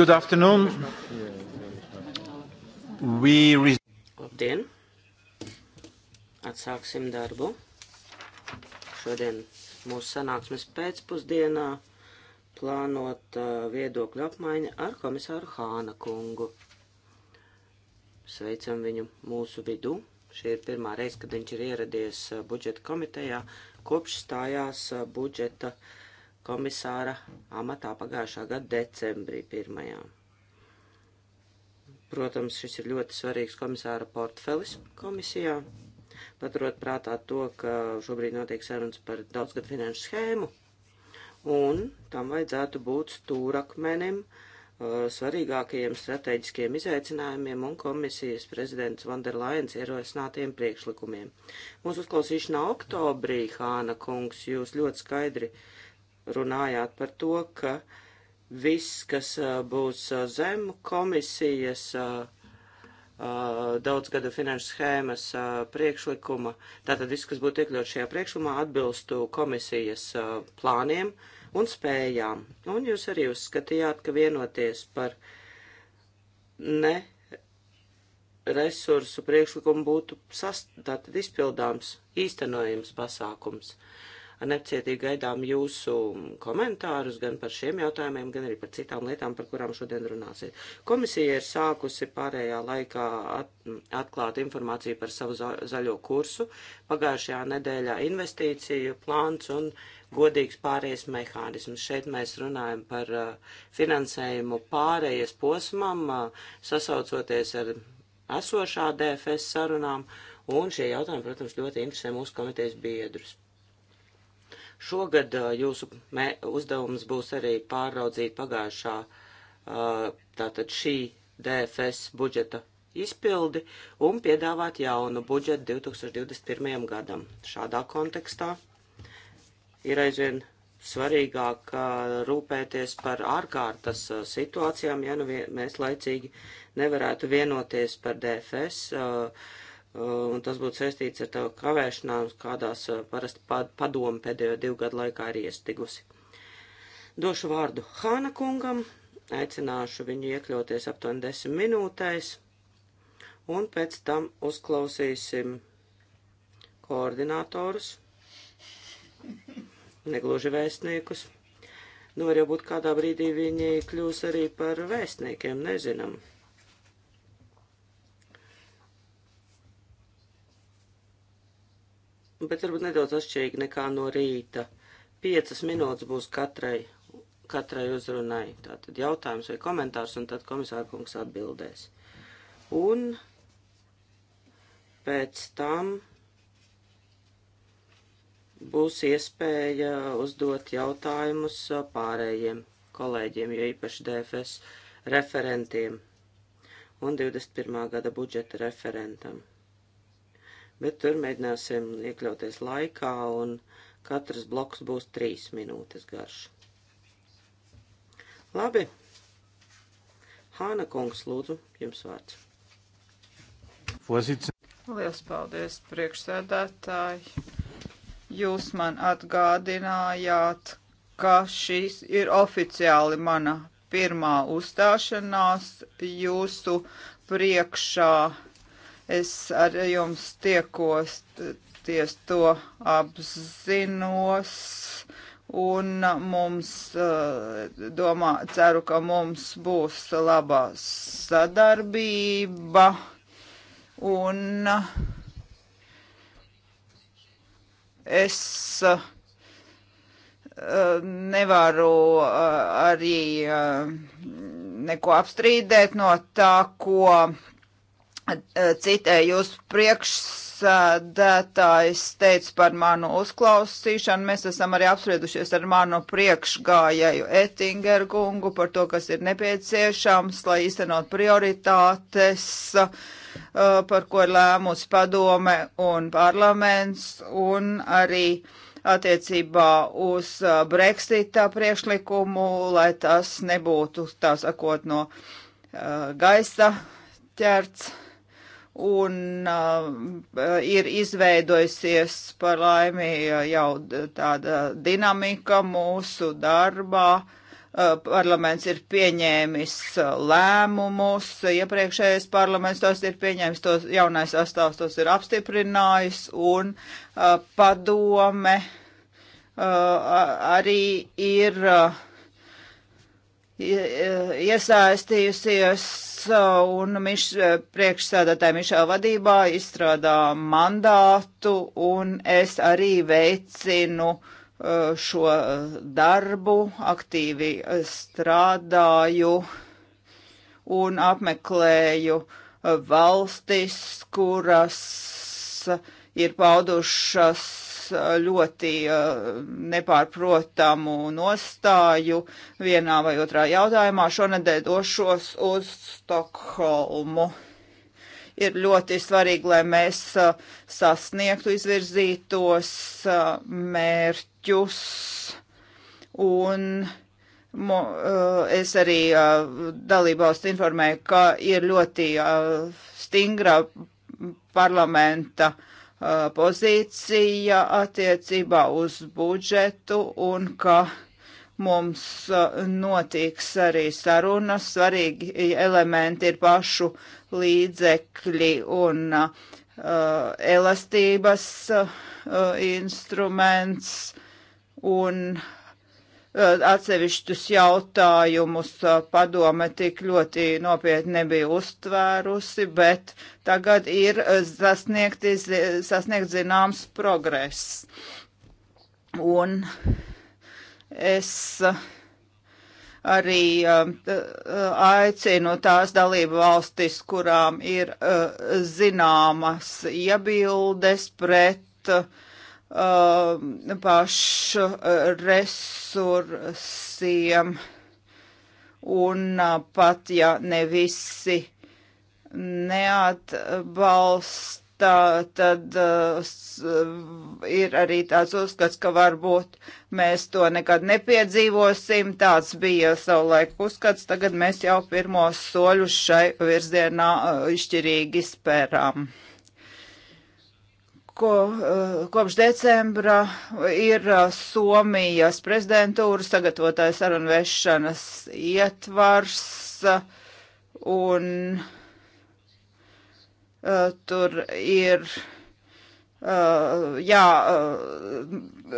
Good afternoon. We re... Labdien! Atsāksim darbu. Šodien mūsu sanāksmes pēcpusdienā plānot uh, viedokļu apmaiņa ar komisāru Hāna kungu. Sveicam viņu mūsu vidū. Šī ir pirmā reize, kad viņš ir ieradies uh, budžeta komitejā, kopš stājās uh, budžeta uh, komisāra amatā pagājušā gada decembrī pirmajā. Protams, šis ir ļoti svarīgs komisāra portfelis komisijā, paturot prātā to, ka šobrīd notiek sarunas par daudzgadu finanšu schēmu, un tam vajadzētu būt stūrakmenim uh, svarīgākajiem strateģiskiem izaicinājumiem un komisijas prezidents Vanderlains ierosinātiem priekšlikumiem. Mūsu uzklausīšanā oktobrī, Hāna kungs, jūs ļoti skaidri uh, runājāt par to, ka viss, kas būs zem komisijas daudzgada finanšu schēmas priekšlikuma, tātad viss, kas būtu iekļauts šajā priekšlikumā, atbilstu komisijas plāniem un spējām. Un jūs arī uzskatījāt, ka vienoties par ne resursu priekšlikumu būtu sast, tātad izpildāms, īstenojams pasākums. Uh, Ar nepacietību gaidām jūsu komentārus gan par šiem jautājumiem, gan arī par citām lietām, par kurām šodien runāsiet. Komisija ir sākusi pārējā laikā at, atklāt informāciju par savu za, zaļo kursu, pagājušajā nedēļā investīciju plāns un godīgs pārējais mehānisms. Šeit mēs runājam par uh, finansējumu pārējais posmam, uh, sasaucoties ar esošā DFS sarunām, un šie jautājumi, protams, ļoti interesē mūsu komitejas biedrus. Šogad jūsu uzdevums būs arī pārraudzīt pagājušā tātad šī DFS budžeta izpildi un piedāvāt jaunu budžetu 2021. gadam. Šādā kontekstā ir aizvien svarīgāk rūpēties par ārkārtas situācijām, ja nu vien, mēs laicīgi nevarētu vienoties par DFS. Uh, Uh, un tas būtu saistīts ar tavu kavēšanām, kādās uh, parasti padomu pēdējo divu gadu laikā ir iestigusi. Došu vārdu Hāna kungam, aicināšu viņu iekļauties aptuveni desmit minūtēs, un pēc tam uzklausīsim koordinatorus, negluži vēstniekus. Nu, var jau būt kādā brīdī viņi kļūs arī par vēstniekiem, nezinām. bet varbūt nedaudz atšķirīgi nekā no rīta. Piecas minūtes būs katrai, katrai uzrunai. Tātad jautājums vai komentārs, un tad komisārkungs atbildēs. Un pēc tam būs iespēja uzdot jautājumus pārējiem kolēģiem, jo īpaši DFS referentiem un 21. gada budžeta referentam bet tur mēģināsim iekļauties laikā un katrs bloks būs trīs minūtes garš. Labi. Hāna kungs, lūdzu, jums vārds. Pozicija. Lielas paldies, priekšsēdētāji. Jūs man atgādinājāt, ka šīs ir oficiāli mana pirmā uzstāšanās jūsu priekšā Es ar jums tiekos, ties to apzinos, un mums, eh, domā, ceru, ka mums būs labā sadarbība, un es eh, nevaru eh, arī neko apstrīdēt no tā, ko Eh, citēju jūs priekšsādātājs teica par manu uzklausīšanu. Mēs esam arī apspriedušies ar manu priekšgājēju Ettingeru kungu par to, kas ir nepieciešams, lai īstenot prioritātes, eh, par ko ir lēmusi padome un parlaments un arī attiecībā uz eh, Brexita priekšlikumu, lai tas nebūtu, tā sakot, no gaisa ķerts un uh, ir izveidojusies par laimi uh, jau tāda dinamika mūsu darbā. Uh, parlaments ir pieņēmis uh, lēmumus, iepriekšējais parlaments tos ir pieņēmis, tos jaunais sastāvs tos ir apstiprinājis, un uh, padome uh, arī ir uh, iesaistījusies uh, un miš, uh, priekšsēdētāja Mišela vadībā izstrādā mandātu un es arī veicinu uh, šo darbu, aktīvi strādāju un apmeklēju valstis, kuras ir paudušas ļoti eh, nepārprotamu nostāju vienā vai otrā jautājumā. Šonadēļ došos uz Stokholmu. Ir ļoti svarīgi, lai mēs eh, sasniegtu izvirzītos eh, mērķus un Mo, es arī dalībvalstu informēju, ka ir ļoti stingra parlamenta uh, pozīcija attiecībā uz budžetu un ka mums notiks arī sarunas. Svarīgi elementi ir pašu līdzekļi un uh, elastības uh, instruments un uh, Eh, atsevišķus jautājumus eh, padome tik ļoti nopietni nebija uztvērusi, bet tagad ir eh, sasniegts zināms progress. Un es arī aicinu tās dalību valstis, kurām ir zināmas iebildes pret uh, Uh, pašu uh, resursiem. Un uh, pat ja ne visi neatbalsta, tad ir arī tāds uzskats, ka varbūt mēs to nekad nepiedzīvosim. Tāds bija savulaik uzskats, tagad mēs jau pirmos soļus šai virzienā izšķirīgi spērām ko, eh, kopš decembra ir eh, Somijas prezidentūra sagatavotāja sarunvešanas ietvars un eh, tur ir jā,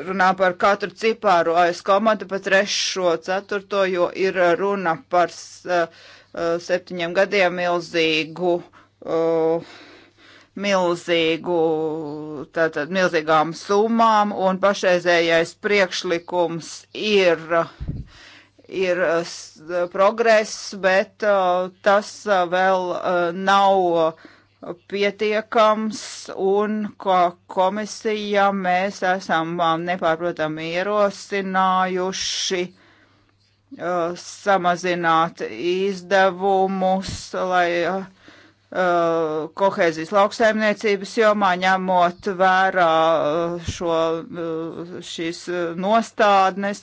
runā par katru cipāru AS komatu pa trešo, ceturto, jo ir runa par septiņiem gadiem ilzīgu uh, milzīgu, tātad milzīgām summām, un pašreizējais priekšlikums ir, ir progress, bet uh, tas uh, vēl uh, nav pietiekams, un kā komisija mēs esam uh, nepārprotami ierosinājuši uh, samazināt izdevumus, lai uh, Uh, kohēzijas lauksaimniecības jomā, ņemot vērā uh, šo, uh, šīs uh, nostādnes,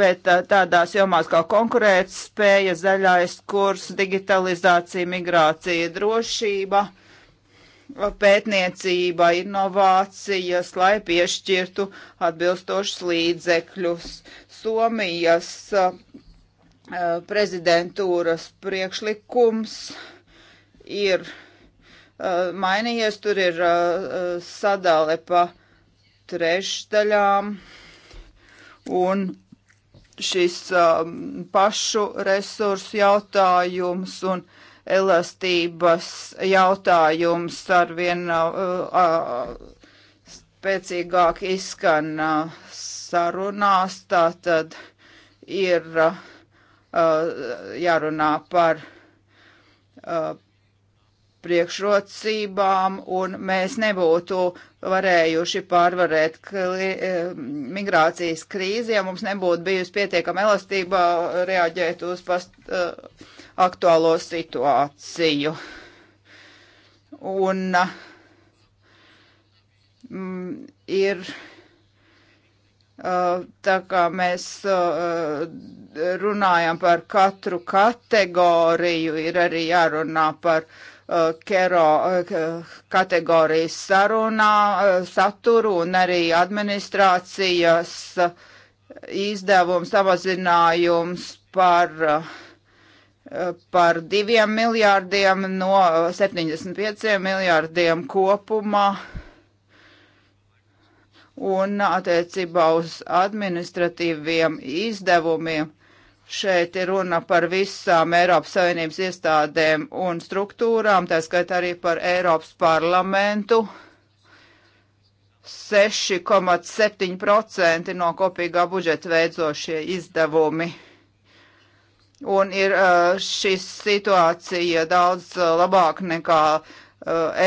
bet uh, tādās jomās kā konkurētspēja, zaļais kurs, digitalizācija, migrācija, drošība, pētniecība, inovācijas, lai piešķirtu atbilstošus līdzekļus. Somijas uh, prezidentūras priekšlikums uh, ir uh, mainījies, tur ir uh, uh sadale pa trešdaļām un šis uh, pašu resursu jautājums un elastības jautājums arvien uh, uh, spēcīgāk izskan sarunās, tātad ir uh, jārunā par uh, priekšrocībām, un mēs nebūtu varējuši pārvarēt kli, e, migrācijas krīzi, ja mums nebūtu bijusi pietiekama elastība reaģēt uz past, uh, aktuālo situāciju. Un uh, ir tā kā mēs runājam par katru kategoriju, ir arī jārunā par uh, kero eh, kategorijas sarunā eh, saturu un arī administrācijas eh, izdevums samazinājums par, par diviem miljārdiem no 75 miljārdiem kopumā. Un attiecībā uz administratīviem izdevumiem Šeit ir runa par visām Eiropas Savienības iestādēm un struktūrām, tā skaitā arī par Eiropas parlamentu. 6,7% no kopīgā budžeta veidzošie izdevumi. Un ir šī situācija daudz labāk nekā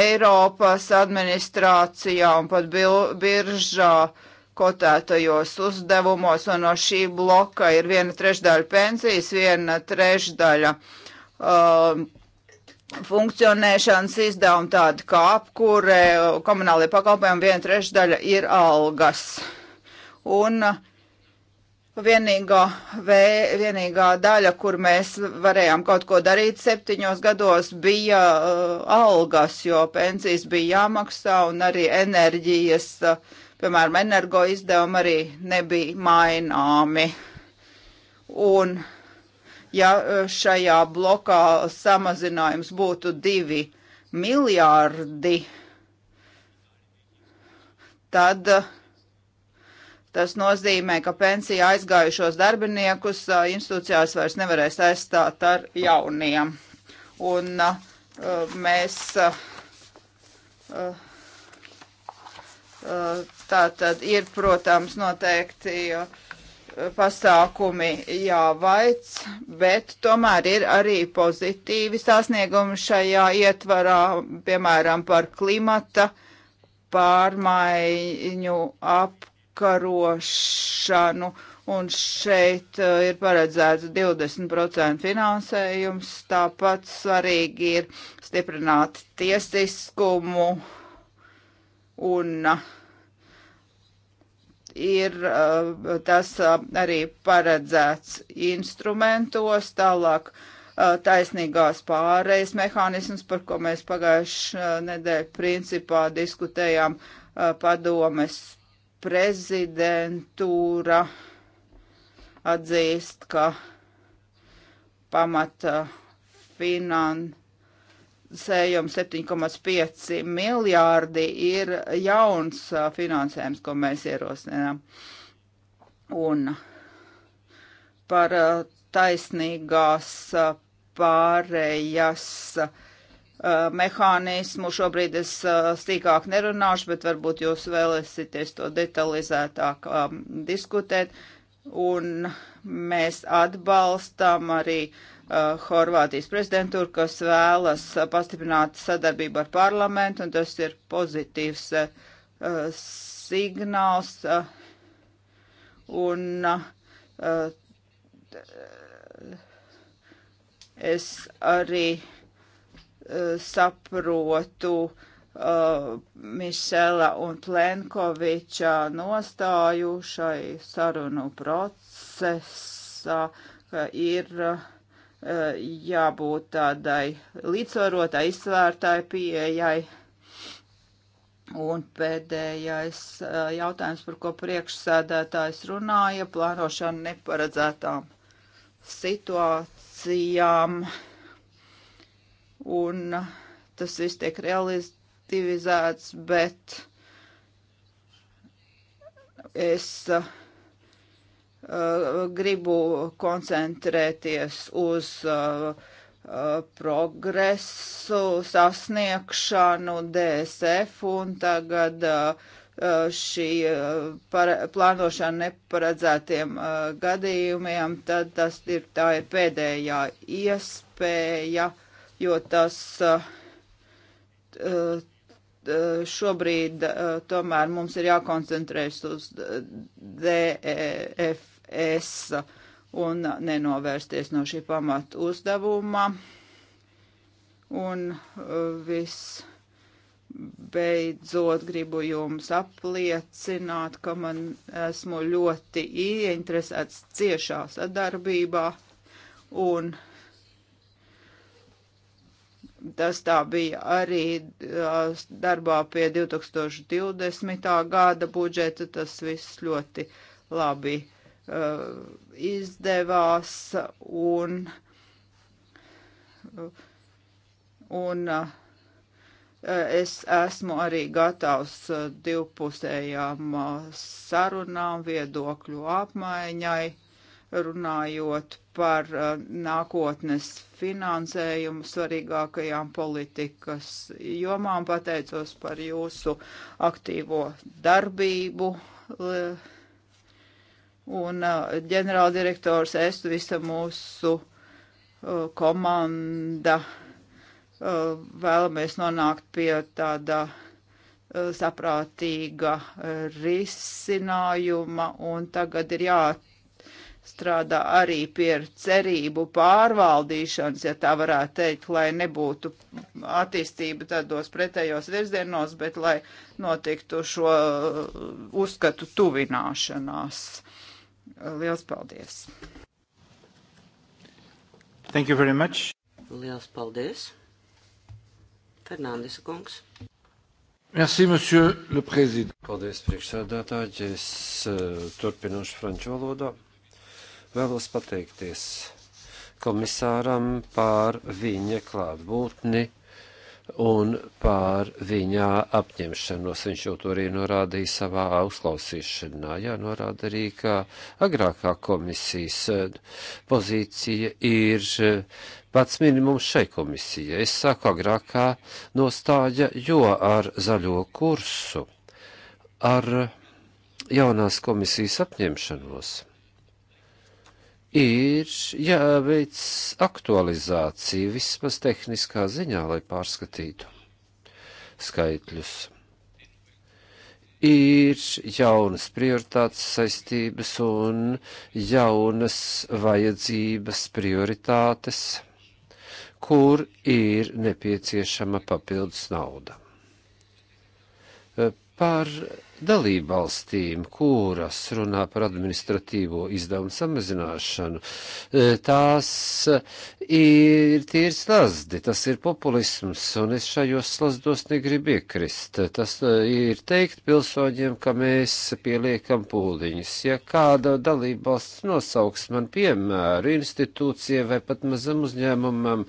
Eiropas administrācijā un pat biržā kotētajos uzdevumos, un no šī bloka ir viena trešdaļa pensijas, viena trešdaļa um, funkcionēšanas izdevumi tādi kā apkūre, komunālie pakalpojumi, viena trešdaļa ir algas. Un uh, vienīgā, vē, vienīgā daļa, kur mēs varējām kaut ko darīt septiņos gados, bija uh, algas, jo pensijas bija jāmaksā un arī enerģijas uh, piemēram, energo izdevumi arī nebija maināmi. Un, ja e, šajā blokā samazinājums būtu divi miljārdi, tad e, tas nozīmē, ka pensijā aizgājušos darbiniekus e, institūcijās vairs nevarēs aizstāt ar jauniem. Un mēs Tā tad ir, protams, noteikti uh, pasākumi jāvaic, bet tomēr ir arī pozitīvi sasniegumi šajā ietvarā, piemēram, par klimata pārmaiņu apkarošanu. Un šeit uh, ir paredzēts 20% finansējums. Tāpat svarīgi ir stiprināt tiesiskumu un uh, ir uh, tas uh, arī paredzēts instrumentos, tālāk uh, taisnīgās pārējas mehānisms, par ko mēs pagājušajā nedēļā principā diskutējām padomes prezidentūra atzīst, ka pamata finansējums finansējumu 7,5 miljārdi ir jauns finansējums, ko mēs ierosinām. Un par taisnīgās pārējas mehānismu šobrīd es stīkāk nerunāšu, bet varbūt jūs vēlēsieties to detalizētāk um, diskutēt. Un mēs atbalstam arī uh, Eh, Horvātijas prezidentūru, kas vēlas pastiprināt sadarbību ar parlamentu, un tas ir pozitīvs uh, signāls. Uh, un uh, es arī saprotu Mišela un Plenkoviča nostāju šai sarunu procesā, ka ir uh, Eh, jābūt tādai līdzsvarotai, izsvērtai pieejai. Un pēdējais eh, jautājums, par ko priekšsēdētājs runāja, plānošana neparedzētām situācijām. Un tas viss tiek realizēts, bet es uh, Eh, gribu koncentrēties uz eh, eh, progresu, sasniegšanu, DSF un tagad šī para, plānošana neparedzētiem uh, gadījumiem, tad tas ir tā ir pēdējā iespēja, jo tas uh, uh, šobrīd tomēr mums ir jākoncentrēs uz DEF ESA un nenovērsties no šī pamata uzdevuma. Un uh, viss beidzot gribu jums apliecināt, ka man esmu ļoti ieinteresēts ciešā sadarbībā un tas tā bija arī uh, darbā pie 2020. gada budžeta, tas viss ļoti labi Uh, izdevās un, un uh, es esmu arī gatavs uh, divpusējām sarunām, viedokļu apmaiņai, runājot par nākotnes finansējumu svarīgākajām politikas jomām. Pateicos par jūsu aktīvo darbību un uh, ģenerāldirektors es visa mūsu uh, komanda uh, vēlamies nonākt pie tāda uh, saprātīga risinājuma un tagad ir jāstrādā arī pie cerību pārvaldīšanas, ja tā varētu teikt, lai nebūtu attīstība tādos pretējos virzienos, bet lai notiktu šo uh, uzskatu tuvināšanās. Uh, Liels paldies! Thank you very much! Liels paldies! Fernandes kungs. Merci, monsieur le président. Paldies, priekšsēdētāji. Es uh, turpināšu franču valodā. Vēlos pateikties komisāram par viņa klātbūtni un pār viņā apņemšanos. Viņš jau to arī norādīja savā uzklausīšanā. Jā, norāda arī, ka agrākā komisijas eh, pozīcija ir eh, pats minimums šai komisijai. Es saku agrākā nostāja, jo ar zaļo kursu, ar jaunās komisijas apņemšanos ir jāveic aktualizācija vismaz tehniskā ziņā, lai pārskatītu skaitļus. Ir jaunas prioritātes saistības un jaunas vajadzības prioritātes, kur ir nepieciešama papildus nauda. Par dalību valstīm, kuras runā par administratīvo izdevumu samazināšanu, e, tās ir tīrs lazdi, tas ir populisms, un es šajos lazdos negribu iekrist. Tas e, ir teikt pilsoņiem, ka mēs pieliekam pūliņus. Ja kāda dalība valsts nosauks man piemēru institūcijai vai pat mazam uzņēmumam,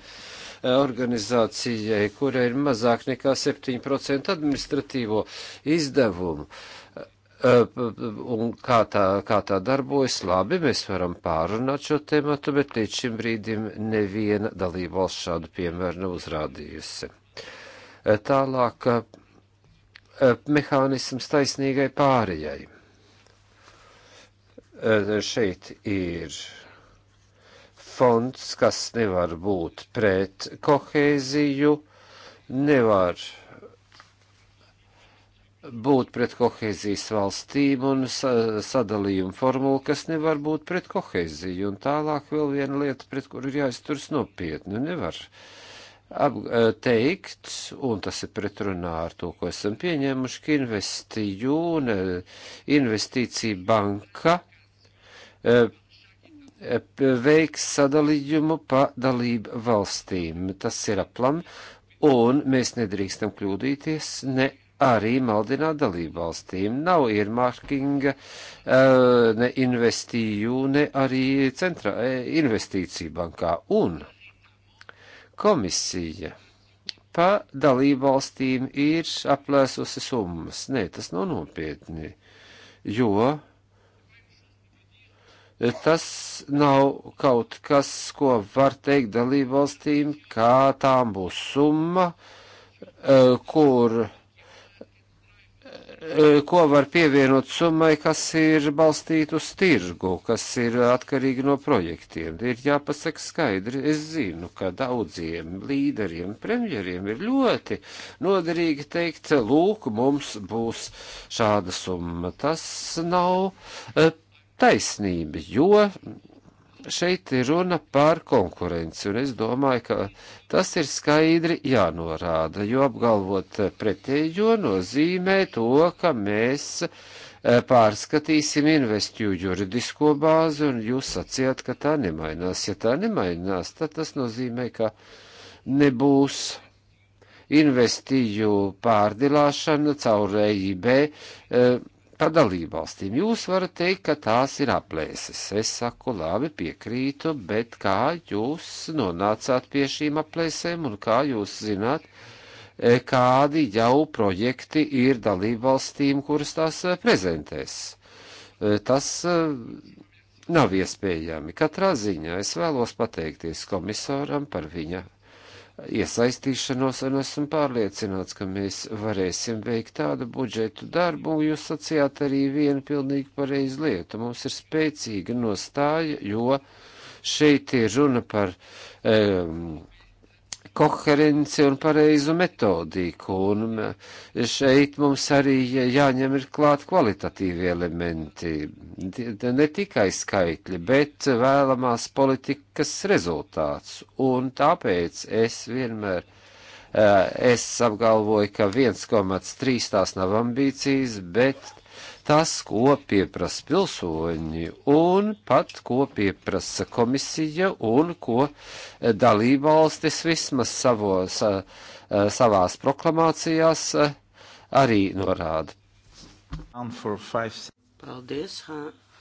organizācijai, kurai ir mazāk nekā 7% administratīvo izdevumu. E, un kā tā, kā tā darbojas, labi, mēs varam pārunāt šo tematu, bet līdz šim brīdim neviena dalībvalsts šādu piemēru nav uzrādījusi. E, tālāk e, mehānisms taisnīgai pārējai. Šeit ir fonds, kas nevar būt pret kohēziju, nevar būt pret kohēzijas valstīm un sadalījumu formulu, kas nevar būt pret kohēziju. Un tālāk vēl viena lieta, pret kuru ir jāizturas nopietni. Nu, nevar e, teikt, un tas ir pretrunā ar to, ko esam pieņēmuši, ka investiju un e, investīcija banka e, veiks sadalījumu pa dalību valstīm. Tas ir aplam, un mēs nedrīkstam kļūdīties ne arī maldināt dalību valstīm. Nav earmarkinga, eh, ne investīju, ne arī centra, eh, investīciju bankā. Un komisija pa dalību valstīm ir aplēsusi summas. Nē, tas nav nopietni, jo tas nav kaut kas, ko var teikt dalībvalstīm, kā tām būs summa, e, kur, e, ko var pievienot summai, kas ir balstīta uz tirgu, kas ir atkarīgi no projektiem. Ir jāpasaka skaidri, es zinu, ka daudziem līderiem, premjeriem ir ļoti noderīgi teikt, lūk, mums būs šāda summa. Tas nav e, taisnība, jo šeit ir runa par konkurenci, un es domāju, ka tas ir skaidri jānorāda, jo apgalvot pretējo nozīmē to, ka mēs e, pārskatīsim investiju juridisko bāzi, un jūs sacījāt, ka tā nemainās. Ja tā nemainās, tad tas nozīmē, ka nebūs investiju pārdilāšana caur EIB. Uh, e, par dalībvalstīm. Jūs varat teikt, ka tās ir aplēses. Es saku, labi, piekrītu, bet kā jūs nonācāt pie šīm aplēsēm un kā jūs zināt, e, kādi jau projekti ir dalībvalstīm, kuras tās e, prezentēs? E, tas nav iespējami. Katrā ziņā es vēlos pateikties komisāram par viņa iesaistīšanos, un esmu pārliecināts, ka mēs varēsim veikt tādu budžetu darbu, un jūs sacījāt arī vienu pilnīgi pareizu lietu. Mums ir spēcīga nostāja, jo šeit ir runa par um, koherenci un pareizu metodiku, un šeit mums arī jāņem ir klāt kvalitatīvi elementi, ne tikai skaitļi, bet vēlamās politikas rezultāts, un tāpēc es vienmēr es apgalvoju, ka 1,3 tās nav ambīcijas, bet tas, ko pieprasa pilsoņi un pat ko pieprasa komisija un ko eh, dalībvalstis vismaz savos, eh, savās proklamācijās eh, arī norāda. Paldies,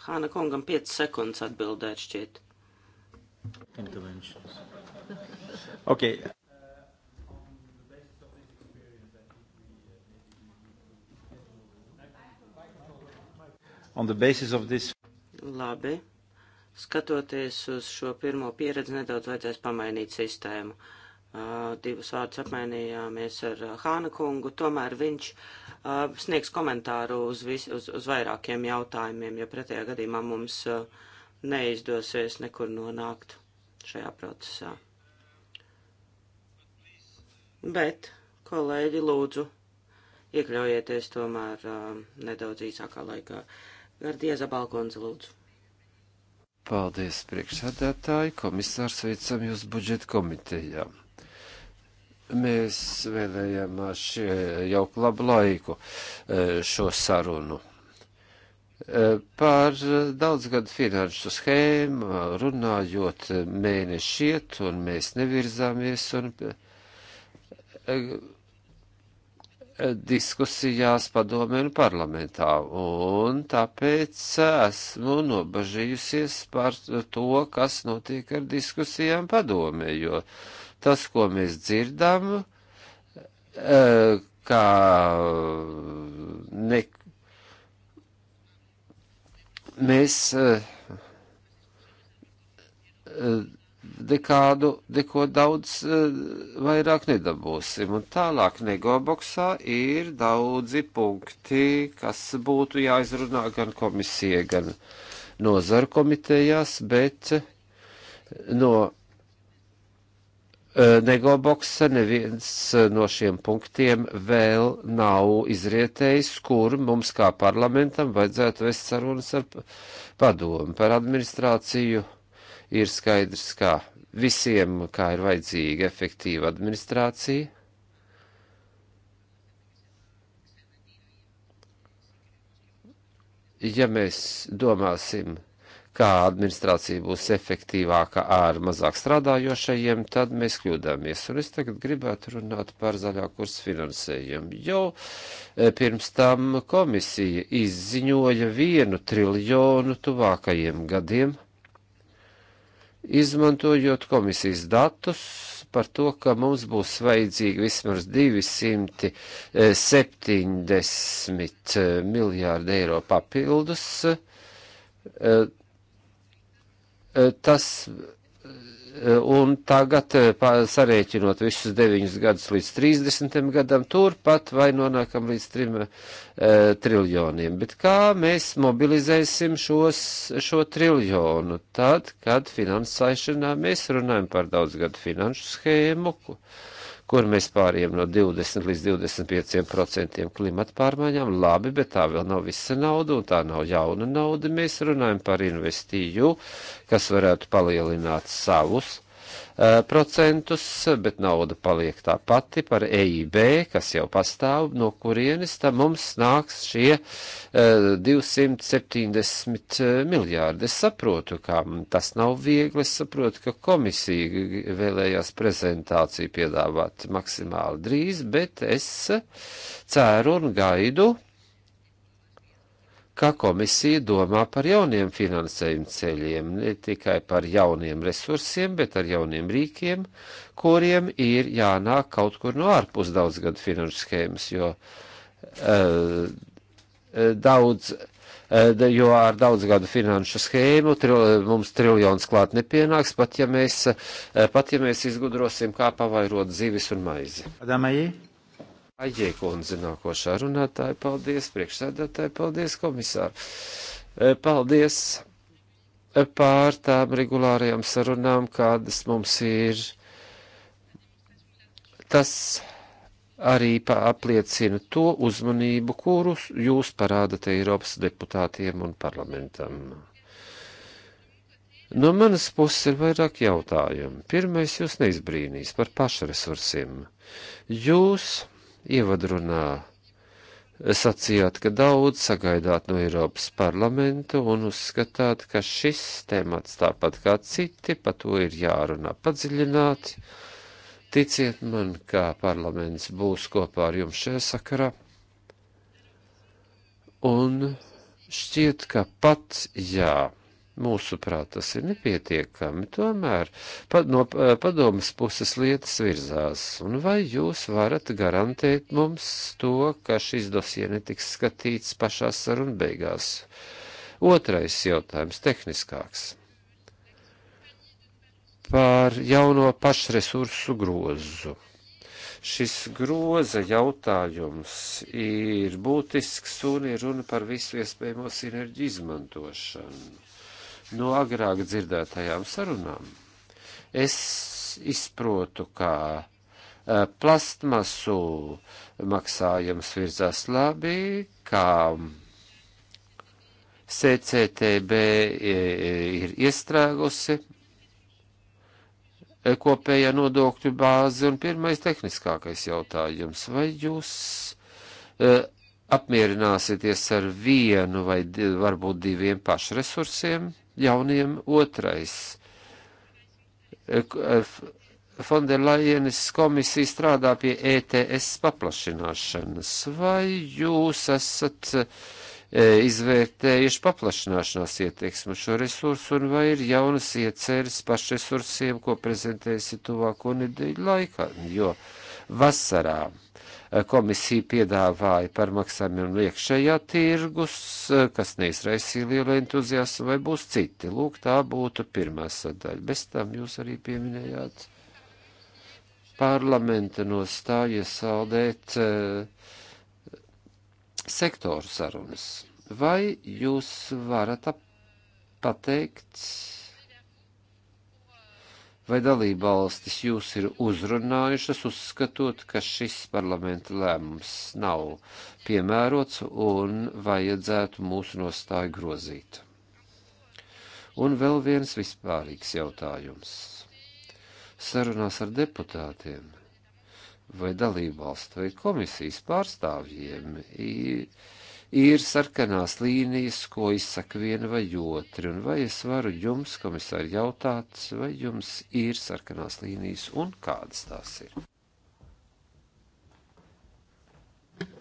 Hāna kungam 5 sekundes atbildēt šķiet. Interventions. okay. on the basis of this. Labi. Skatoties uz šo pirmo pieredzi, nedaudz vajadzēs pamainīt sistēmu. Uh, divus vārdus apmainījāmies ar uh, Hāna kungu, tomēr viņš uh, sniegs komentāru uz, vis, uz, uz vairākiem jautājumiem, jo pretējā gadījumā mums uh, neizdosies nekur nonākt šajā procesā. Bet, kolēģi, lūdzu, iekļaujieties tomēr uh, nedaudz īsākā laikā. Uh, Gardieza Balkons, lūdzu. Paldies, priekšsēdētāji, komisārs, veicam jūs budžeta komitejā. Mēs vēlējāmies jau labu laiku e, šo sarunu. E, par daudzgadu finanšu schēmu runājot mēneši iet, un mēs nevirzāmies, un e, diskusijās padomē un parlamentā, un tāpēc esmu nobažījusies par to, kas notiek ar diskusijām padomē, jo tas, ko mēs dzirdam, eh, kā ne, mēs eh, dekādu neko daudz eh, vairāk nedabūsim. Un tālāk negoboksā ir daudzi punkti, kas būtu jāizrunā gan komisija, gan nozaru komitejās, bet eh, no eh, negoboksa neviens no šiem punktiem vēl nav izrietējis, kur mums kā parlamentam vajadzētu vest sarunas ar padomu par administrāciju ir skaidrs, kā visiem, kā ir vajadzīga efektīva administrācija. Ja mēs domāsim, kā administrācija būs efektīvāka ar mazāk strādājošajiem, tad mēs kļūdāmies. Un es tagad gribētu runāt par zaļā kursa finansējumu. Jau e, pirms tam komisija izziņoja vienu triljonu tuvākajiem gadiem izmantojot komisijas datus par to, ka mums būs vajadzīgi vismaz 270 eh, eh, miljārdi eiro papildus. Eh, tas Un tagad, eh, sarēķinot visus 9 gadus līdz 30 gadam, turpat vai nonākam līdz 3 e, eh, triljoniem. Bet kā mēs mobilizēsim šos, šo triljonu? Tad, kad finansēšanā mēs runājam par daudzgadu finanšu schēmu, ko, uh, kur mēs pāriem no 20 līdz 25% klimata pārmaiņām. Labi, bet tā vēl nav visa nauda un tā nav jauna nauda. Mēs runājam par investīju, kas varētu palielināt savus Eh, procentus, bet nauda paliek tā pati par EIB, kas jau pastāv, no kurienes tam mums nāks šie uh, eh, 270 eh, miljārdi. Es saprotu, ka tas nav viegli, es saprotu, ka komisija vēlējās prezentāciju piedāvāt maksimāli drīz, bet es ceru un gaidu ka komisija domā par jauniem finansējuma ceļiem, ne tikai par jauniem resursiem, bet ar jauniem rīkiem, kuriem ir jānāk kaut kur no ārpus daudzgadu finanšu schēmas, jo uh, daudz eh, jo ar daudzgadu finanšu schēmu tril, mums triljons klāt nepienāks, pat ja mēs, pat ja mēs izgudrosim, kā pavairot zivis un maizi. Adamai. Aģē kundze nākošā runātāja, paldies, priekšsēdētāji, paldies, komisāri. E, paldies pār tām regulārajām sarunām, kādas mums ir. Tas arī apliecina to uzmanību, kuru jūs parādat Eiropas deputātiem un parlamentam. No manas puses ir vairāk jautājumu. Pirmais jūs neizbrīnīs par pašresursiem. Jūs ievadrunā sacījāt, ka daudz sagaidāt no Eiropas parlamentu un uzskatāt, ka šis temats tāpat kā citi, pa to ir jārunā padziļināti. Ticiet man, kā parlaments būs kopā ar jums šajā sakarā. Un šķiet, ka pat jā. Ja Mūsuprāt, tas ir nepietiekami. Tomēr pad, no eh, padomas puses lietas virzās. Un vai jūs varat garantēt mums to, ka šis dosie netiks skatīts pašā saruna beigās? Otrais jautājums - tehniskāks. Par jauno pašresursu grozu. Šis groza jautājums ir būtisks un ir runa par visu iespējamo sinerģiju izmantošanu no agrāk dzirdētajām sarunām. Es izprotu, kā e, plastmasu maksājums virzās labi, kā CCTB e, e, ir iestrēgusi kopējā nodokļu bāze un pirmais tehniskākais jautājums. Vai jūs apmierināsieties ar vienu vai varbūt diviem pašresursiem? jauniem otrais. Fonderlajenes komisija strādā pie ETS paplašināšanas. Vai jūs esat e, izvērtējuši paplašināšanās ieteiksmu šo resursu un vai ir jaunas ieceres pašresursiem, ko prezentēsi tuvāko nedēļu laikā, jo vasarā komisija piedāvāja par maksājumiem liekšējā tirgus, kas neizraisīja lielu entuziasmu, vai būs citi. Lūk, tā būtu pirmā sadaļa. Bez tam jūs arī pieminējāt parlamenta nostāju iesaldēt eh, sektoru sarunas. Vai jūs varat pateikt? vai dalība valstis jūs ir uzrunājušas, uzskatot, ka šis parlamenta lēmums nav piemērots un vajadzētu mūsu nostāju grozīt. Un vēl viens vispārīgs jautājums. Sarunās ar deputātiem vai dalību valstu vai komisijas pārstāvjiem ir ir sarkanās līnijas, ko izsaka viena vai otra, un vai es varu jums, komisāri, jautāt, vai jums ir sarkanās līnijas un kādas tās ir?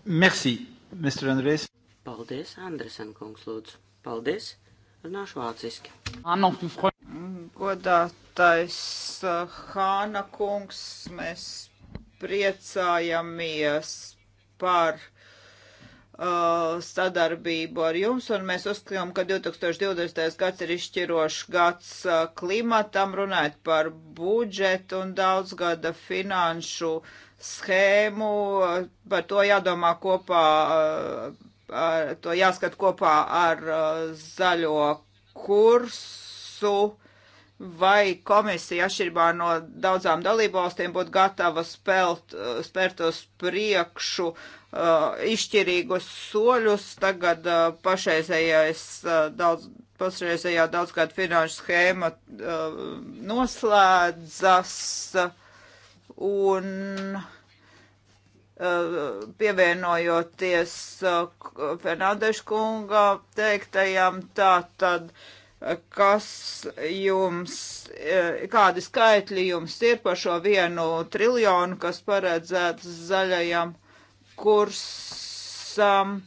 Merci, Mr. Andrēs. Paldies, Andresen kungs, lūdzu. Paldies, runāšu vāciski. Ah, Godātais uh, Hāna kungs, mēs priecājamies par Uh, sadarbību ar jums, un mēs uzskatām, ka 2020. gads ir izšķirošs gads uh, klimatam, runājot par budžetu un daudzgada finanšu schēmu. Uh, par to jādomā kopā, ar, to jāskat kopā ar zaļo kursu. Vai komisija atšķirībā no daudzām dalībvalstīm būtu gatava spelt, spērt uz priekšu uh, uh, izšķirīgus soļus. Tagad uh, pašreizējais uh, daudz, pašreizējā daudzgad finanšu schēma uh, noslēdzas un uh, pievienojoties uh, Fernandeša kunga teiktajam, tā tad, uh, kas jums, kādi skaitļi jums ir par šo vienu triljonu, kas paredzēts zaļajam kursam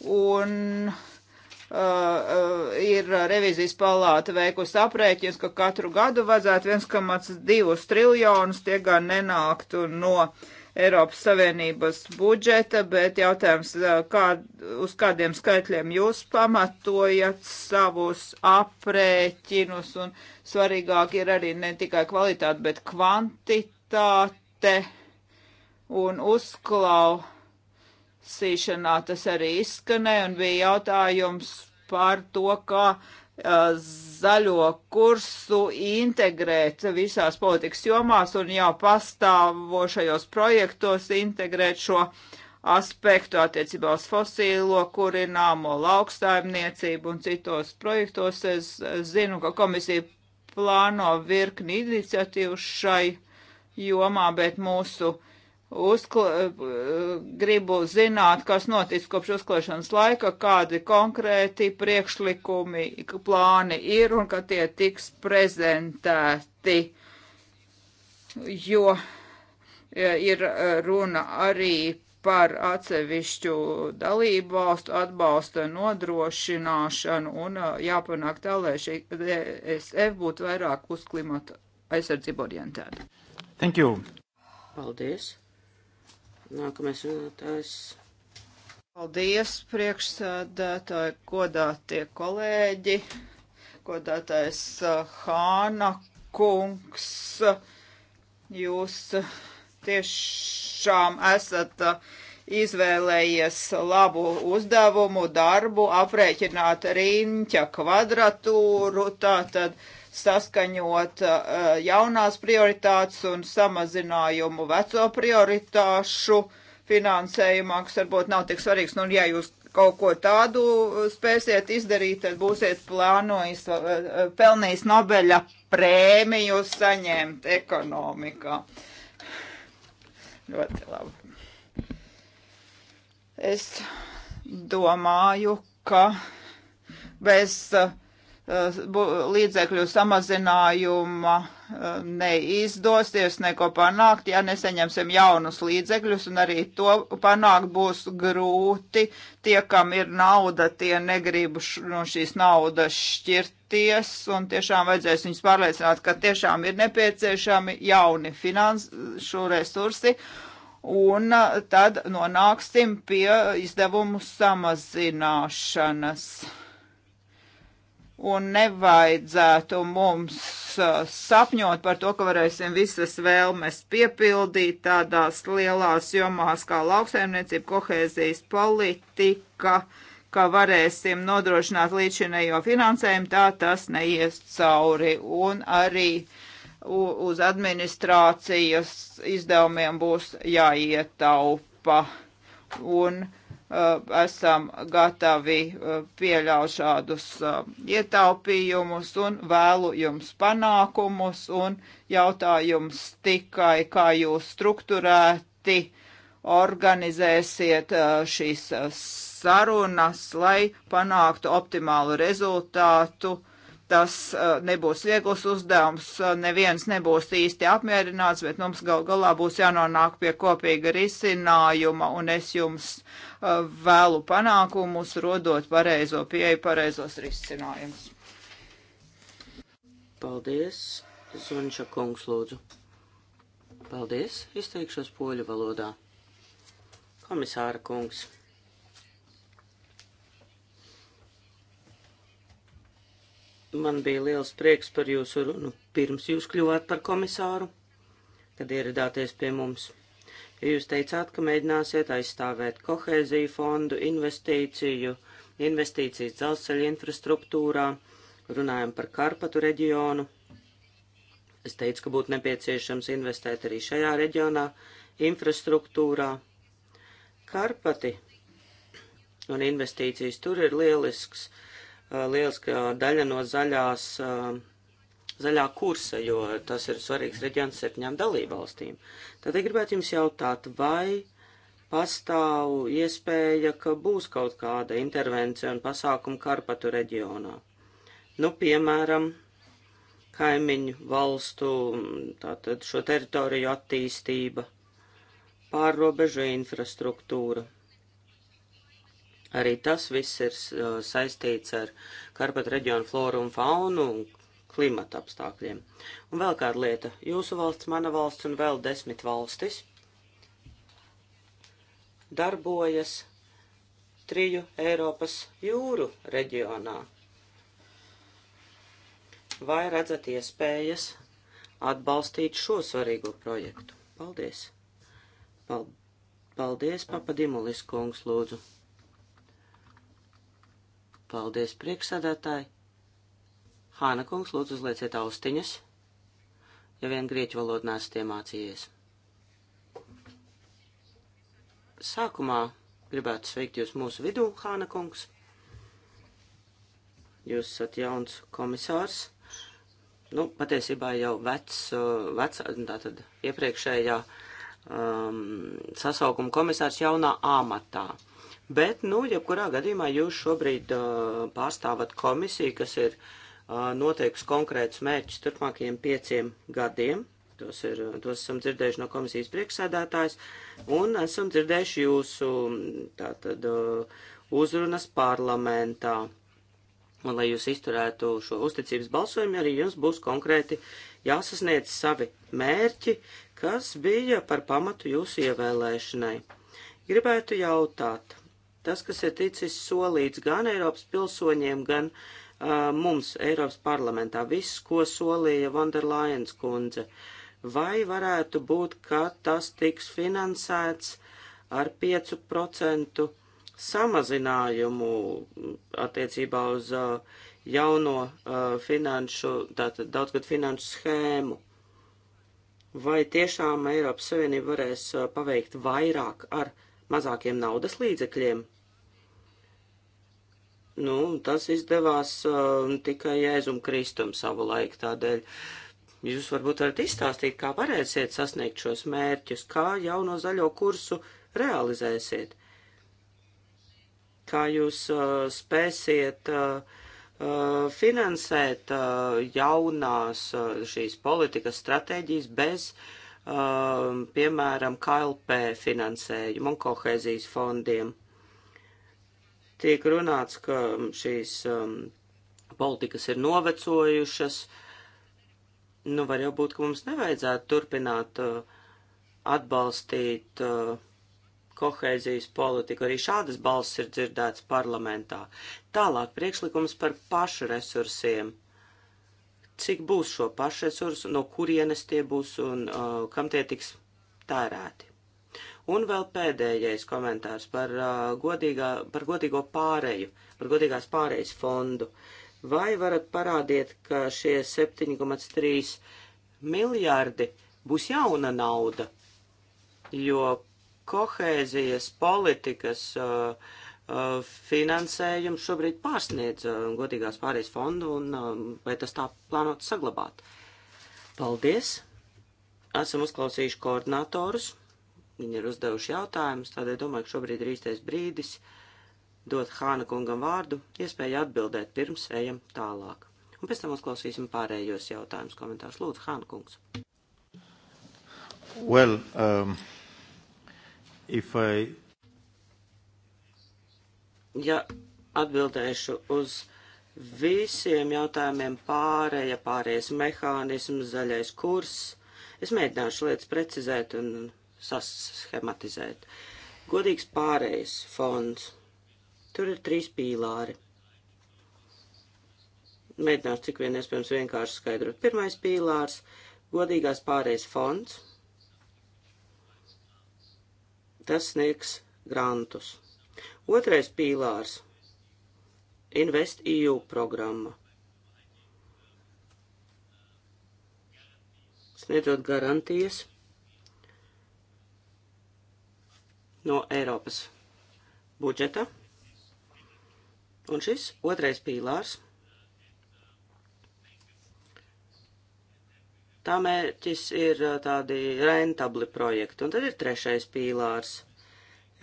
un uh, uh, ir revizijas palāta veikusi aprēķins, ka katru gadu vajadzētu 1,2 triljonus tie gan nenāktu no Eiropas Savienības budžeta, bet jautājums, uh, kā, uz kādiem skaitļiem jūs pamatojat savus aprēķinus, un svarīgāk ir arī ne tikai kvalitāte, bet kvantitāte un uzklau lasīšanā tas arī izskanēja un bija jautājums par to, kā zaļo kursu integrēt visās politikas jomās un jau pastāvošajos projektos integrēt šo aspektu attiecībā uz fosīlo kurināmo lauksaimniecību un citos projektos. Es zinu, ka komisija plāno virkni iniciatīvu šai jomā, bet mūsu uh, Uzkla, eh, gribu zināt, kas notiks kopš uzklāšanas laika, kādi konkrēti priekšlikumi, plāni ir un kad tie tiks prezentēti, jo eh, ir eh, runa arī par atsevišķu dalību valstu atbalsta nodrošināšanu un jāpanāk tā, lai šī DSF būtu vairāk uz klimatu aizsardzību orientēta. Thank you. Paldies. Nākamais runātājs. Paldies, priekšsēdētāji, godātie kolēģi, godātais eh, Hāna kungs. Jūs eh, tiešām esat eh, izvēlējies labu uzdevumu, darbu, aprēķināt riņķa kvadratūru, tātad saskaņot eh, jaunās prioritātes un samazinājumu veco prioritāšu finansējumā, kas varbūt nav tik svarīgs. Nu, ja jūs kaut ko tādu spēsiet izdarīt, tad būsiet plānojis, eh, pelnījis Nobeļa prēmiju saņemt ekonomikā. Ļoti labi. Es domāju, ka bez uh, Eh, līdzekļu samazinājuma eh, neizdosies neko panākt, ja neseņemsim jaunus līdzekļus, un arī to panākt būs grūti. Tie, kam ir nauda, tie negrib no šīs naudas šķirties, un tiešām vajadzēs viņus pārliecināt, ka tiešām ir nepieciešami jauni finanšu resursi, un eh, tad nonāksim pie izdevumu samazināšanas un nevajadzētu mums uh, sapņot par to, ka varēsim visas vēlmes piepildīt tādās lielās jomās kā lauksaimniecība, kohēzijas politika, ka varēsim nodrošināt līdzinējo finansējumu, tā tas neies cauri un arī uz administrācijas izdevumiem būs jāietaupa. Un uh, Eh, esam gatavi eh, pieļaut šādus eh, ietaupījumus un vēlu jums panākumus un jautājums tikai, kā jūs strukturēti organizēsiet šīs sarunas, lai panāktu optimālu rezultātu. Tas nebūs viegls uzdevums, neviens nebūs īsti apmierināts, bet mums gal galā būs jānonāk pie kopīga risinājuma, un es jums uh, vēlu panākumus, rodot pareizo pieeju, pareizos risinājumus. Paldies, Zunča kungs, lūdzu. Paldies, izteikšos poļu valodā. Komisāra kungs. Man bija liels prieks par jūsu runu pirms jūs kļuvāt par komisāru, kad ieradāties pie mums. Jūs teicāt, ka mēģināsiet aizstāvēt kohēziju fondu, investīciju, investīcijas dzelzceļa infrastruktūrā, runājam par Karpatu reģionu. Es teicu, ka būtu nepieciešams investēt arī šajā reģionā, infrastruktūrā. Karpati un investīcijas tur ir lielisks, uh, lieliska daļa no zaļās uh, zaļā kursa, jo tas ir svarīgs reģions septiņām dalībvalstīm. Tad es gribētu jums jautāt, vai pastāv iespēja, ka būs kaut kāda intervencija un pasākuma Karpatu reģionā. Nu, piemēram, kaimiņu valstu, tātad šo teritoriju attīstība, pārrobežu infrastruktūra. Arī tas viss ir saistīts ar Karpatu reģionu floru un faunu, klimata apstākļiem. Un vēl kāda lieta - jūsu valsts, mana valsts un vēl desmit valstis darbojas triju Eiropas jūru reģionā. Vai redzat iespējas atbalstīt šo svarīgo projektu? Paldies! Paldies, papadimulis kungs, lūdzu! Paldies, priekšsēdētāji! Hāna kungs, lūdzu uzlieciet austiņas, ja vien grieķu valodu nesat iemācījies. Sākumā gribētu sveikt jūs mūsu vidū, Hāna kungs. Jūs esat jauns komisārs. Nu, patiesībā jau vecs, vecs tātad iepriekšējā um, sasaukuma komisārs jaunā amatā. Bet, nu, jebkurā gadījumā jūs šobrīd uh, pārstāvat komisiju, kas ir uh, noteikusi konkrētus mērķus turpmākajiem pieciem gadiem. Tos, ir, tos esam dzirdējuši no komisijas priekšsēdētājs un esam dzirdējuši jūsu tātad, uzrunas parlamentā. Un, lai jūs izturētu šo uzticības balsojumu, arī jums būs konkrēti jāsasniedz savi mērķi, kas bija par pamatu jūsu ievēlēšanai. Gribētu jautāt, tas, kas ir ticis solīts gan Eiropas pilsoņiem, gan uh, mums Eiropas parlamentā, viss, ko solīja Vanderlajens kundze. Vai varētu būt, ka tas tiks finansēts ar 5% samazinājumu attiecībā uz jauno finanšu, tātad daudzgad finanšu schēmu? Vai tiešām Eiropas Savienība varēs paveikt vairāk ar mazākiem naudas līdzekļiem? Nu, tas izdevās uh, tikai Jēzum Kristum savu laiku tādēļ. Jūs varbūt varat izstāstīt, kā varēsiet sasniegt šos mērķus, kā jauno zaļo kursu realizēsiet, kā jūs uh, spēsiet uh, uh, finansēt uh, jaunās uh, šīs politikas stratēģijas bez, uh, piemēram, KLP finansējumu un kohēzijas fondiem. Uh, Tiek runāts, ka šīs um, politikas ir novecojušas. Nu, var jau būt, ka mums nevajadzētu turpināt uh, atbalstīt uh, kohēzijas politiku. Arī šādas balss ir dzirdētas parlamentā. Tālāk priekšlikums par pašresursiem cik būs šo pašresursu, no kurienes tie būs un uh, kam tie tiks tērēti. Un vēl pēdējais komentārs par, uh, godīgā, par godīgo pāreju, par godīgās pārejas fondu. Vai varat parādīt, ka šie 7,3 miljardi būs jauna nauda, jo kohēzijas politikas uh, uh, finansējums šobrīd pārsniedz uh, godīgās pārejas fondu, un uh, vai tas tā plānot saglabāt? Paldies! Esam uzklausījuši koordinatorus Viņi ir uzdevuši jautājumus, tādēļ domāju, ka šobrīd ir īstais brīdis dot Hāna kungam vārdu, iespēju atbildēt pirms ejam tālāk. Un pēc tam uzklausīsim pārējos jautājumus komentārus. Lūdzu, Hāna kungs. Well, um, if I... Ja atbildēšu uz visiem jautājumiem pārēja, pārējais mehānisms, zaļais kurs. Es mēģināšu lietas precizēt un saschematizēt. Godīgs pārējais fonds. Tur ir trīs pīlāri. Mēģināšu cik vien iespējams vienkārši skaidrot. Pirmais pīlārs - godīgās pārējais fonds. Tas sniegs grantus. Otrais pīlārs - Invest EU programma. Sniedzot garantijas no Eiropas budžeta. Un šis otrais pīlārs. Tā mērķis ir tādi rentabli projekti. Un tad ir trešais pīlārs.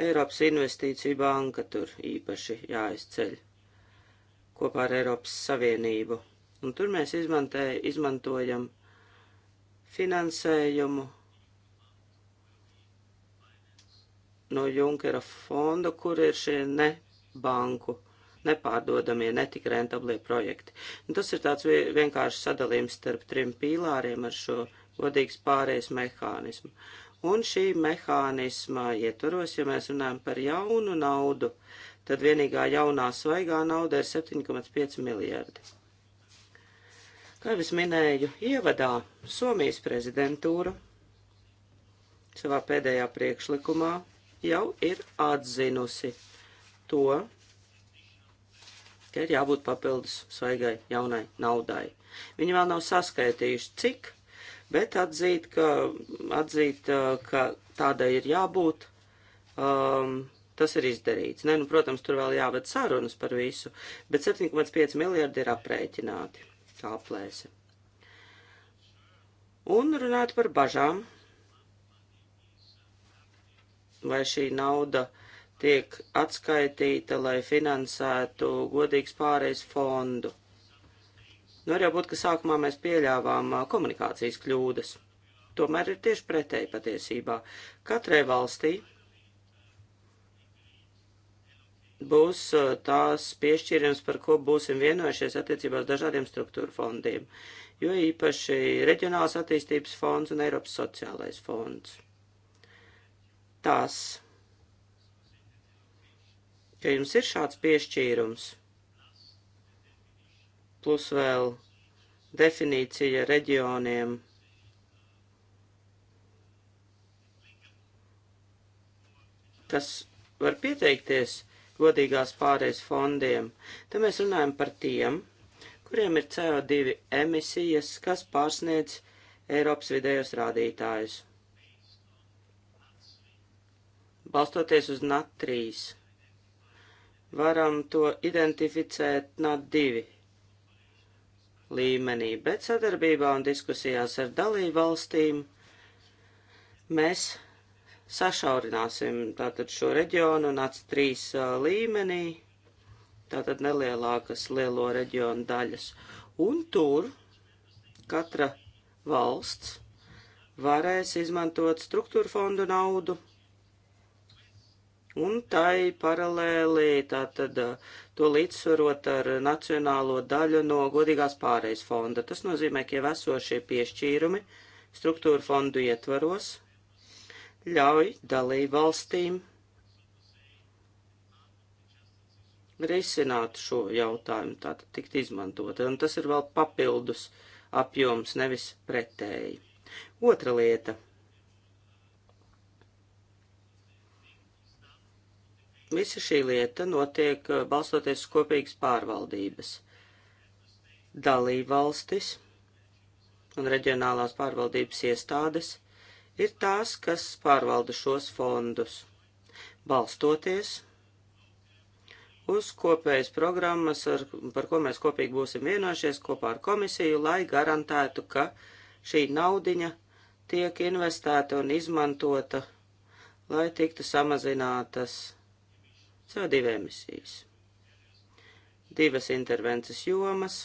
Eiropas investīcija banka tur īpaši jāizceļ kopā ar Eiropas Savienību. Un tur mēs izmantē, izmantojam finansējumu no Junkera fonda, kur ir šie ne banku nepārdodamie, netik rentablie projekti. Un tas ir tāds vienkāršs sadalījums starp trim pīlāriem ar šo godīgs pārējais mehānismu. Un šī mehānisma ietvaros, ja mēs runājam par jaunu naudu, tad vienīgā jaunā svaigā nauda ir 7,5 miljardi. Kā jau es minēju, ievadā Somijas prezidentūra savā pēdējā priekšlikumā jau ir atzinusi to, ka ir jābūt papildus svaigai jaunai naudai. Viņi vēl nav saskaitījuši cik, bet atzīt, ka, atzīt, ka tādai ir jābūt. Um, Tas ir izdarīts. Ne, nu, protams, tur vēl jāved sarunas par visu, bet 7,5 miljardi ir aprēķināti kā aplēse. Un runāt par bažām, vai šī nauda tiek atskaitīta, lai finansētu godīgs pārējais fondu. Nu, var jau būt, ka sākumā mēs pieļāvām komunikācijas kļūdas. Tomēr ir tieši pretēji patiesībā. Katrai valstī būs tās piešķīrums, par ko būsim vienojušies attiecībā uz dažādiem struktūra fondiem, jo īpaši reģionāls attīstības fonds un Eiropas sociālais fonds tās, ka jums ir šāds piešķīrums, plus vēl definīcija reģioniem. kas var pieteikties godīgās pārējas fondiem, tad mēs runājam par tiem, kuriem ir CO2 emisijas, kas pārsniedz Eiropas vidējos rādītājus balstoties uz NAT 3. Varam to identificēt NAT 2 līmenī, bet sadarbībā un diskusijās ar dalību valstīm mēs sašaurināsim tātad šo reģionu NAC 3 uh, līmenī, tātad nelielākas lielo reģionu daļas. Un tur katra valsts varēs izmantot struktūra fondu naudu un tai paralēli tātad uh, to līdzsvarot ar nacionālo daļu no godīgās pārejas fonda. Tas nozīmē, ka jau esošie piešķīrumi struktūra fondu ietvaros ļauj dalību valstīm risināt šo jautājumu, tātad tikt izmantot, un tas ir vēl papildus apjoms, nevis pretēji. Otra lieta Visa šī lieta notiek eh, balstoties uz kopīgas pārvaldības. Dalībvalstis un reģionālās pārvaldības iestādes ir tās, kas pārvalda šos fondus, balstoties uz kopējas programmas, ar, par ko mēs kopīgi būsim vienojušies kopā ar komisiju, lai garantētu, ka šī naudiņa tiek investēta un izmantota, lai tiktu samazinātas CO2 emisijas. Divas intervences jomas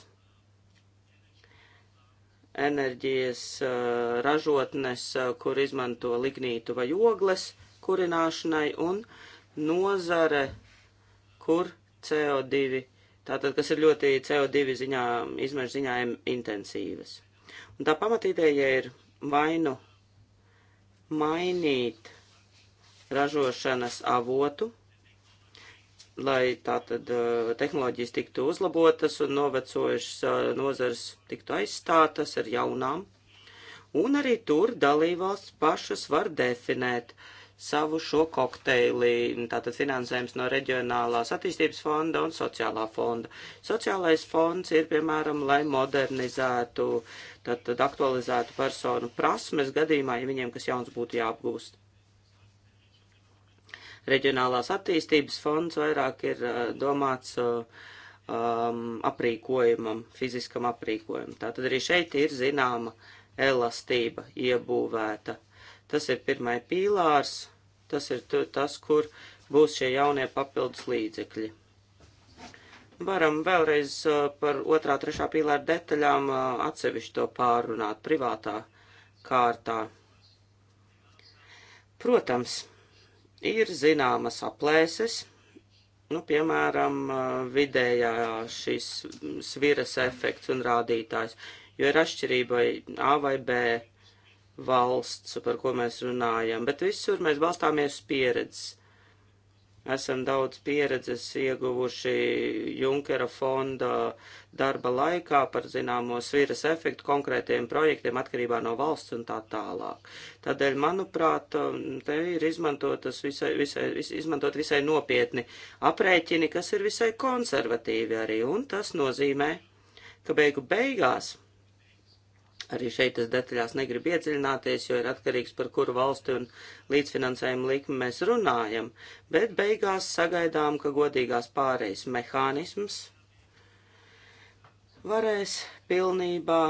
- enerģijas uh, ražotnes, uh, kur izmanto lignītu vai ogles kurināšanai, un nozare, kur CO2, tātad, kas ir ļoti CO2 ziņā, izmešu ziņā intensīvas. Un tā pamatītēja ir vainu mainīt ražošanas avotu, lai tātad eh, tehnoloģijas tiktu uzlabotas un novecojušas eh, nozars tiktu aizstātas ar jaunām. Un arī tur dalībvalsts pašas var definēt savu šo kokteili, tātad finansējums no reģionālās attīstības fonda un sociālā fonda. Sociālais fonds ir, piemēram, lai modernizētu, tātad aktualizētu personu prasmes gadījumā, ja viņiem kas jauns būtu jāapgūst. Reģionālās attīstības fonds vairāk ir uh, domāts uh, um, aprīkojumam, fiziskam aprīkojumam. Tātad arī šeit ir zināma elastība iebūvēta. Tas ir pirmai pīlārs, tas ir tas, kur būs šie jaunie papildus līdzekļi. Varam vēlreiz uh, par otrā, trešā pīlāra detaļām atsevišķi to pārunāt privātā kārtā. Protams, ir zināmas aplēses, nu, piemēram, vidējā šis sviras efekts un rādītājs, jo ir atšķirība vai A vai B valsts, par ko mēs runājam, bet visur mēs balstāmies pieredzes. Esam daudz pieredzes ieguvuši Junkera fonda darba laikā par zināmo sviras efektu konkrētiem projektiem atkarībā no valsts un tā tālāk. Tādēļ, manuprāt, te ir izmantotas visai, visai, vis, izmantot visai nopietni aprēķini, kas ir visai konservatīvi arī, un tas nozīmē, ka beigu beigās Arī šeit es detaļās negribu iedziļināties, jo ir atkarīgs par kuru valsti un līdzfinansējumu likmi mēs runājam, bet beigās sagaidām, ka godīgās pārejas mehānisms varēs pilnībā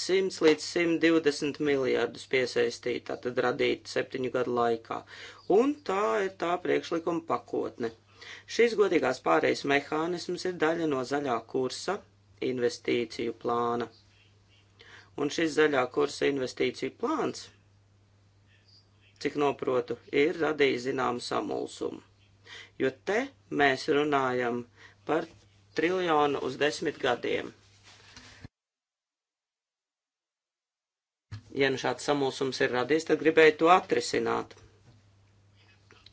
100 līdz 120 miljardus piesaistīt, tātad radīt septiņu gadu laikā. Un tā ir tā priekšlikuma pakotne. Šis godīgās pārejas mehānisms ir daļa no zaļā kursa investīciju plāna. Un šis zaļā kursa investīciju plāns, cik noprotu, ir radījis zināmu samulsumu. Jo te mēs runājam par triljonu uz desmit gadiem. Ja nu šāds samulsums ir radies, tad gribēju to atrisināt.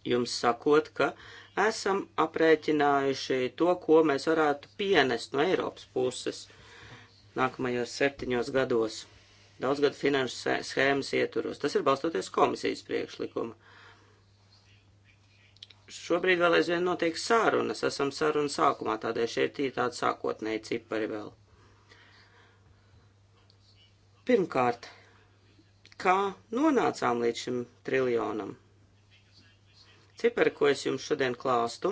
Jums sakot, ka uh, esam aprēķinājuši to, ko mēs varētu pienest no Eiropas puses nākamajos septiņos gados daudzgadu finanšu schēmas ietvaros. Tas ir balstoties komisijas priekšlikuma. Šobrīd vēl aizvien notiek sārunas, esam sarunu sākumā, tādēļ šeit ir tādi sākotnēji cipari vēl. Pirmkārt, kā nonācām līdz šim triljonam? Cipari, ko es jums šodien klāstu,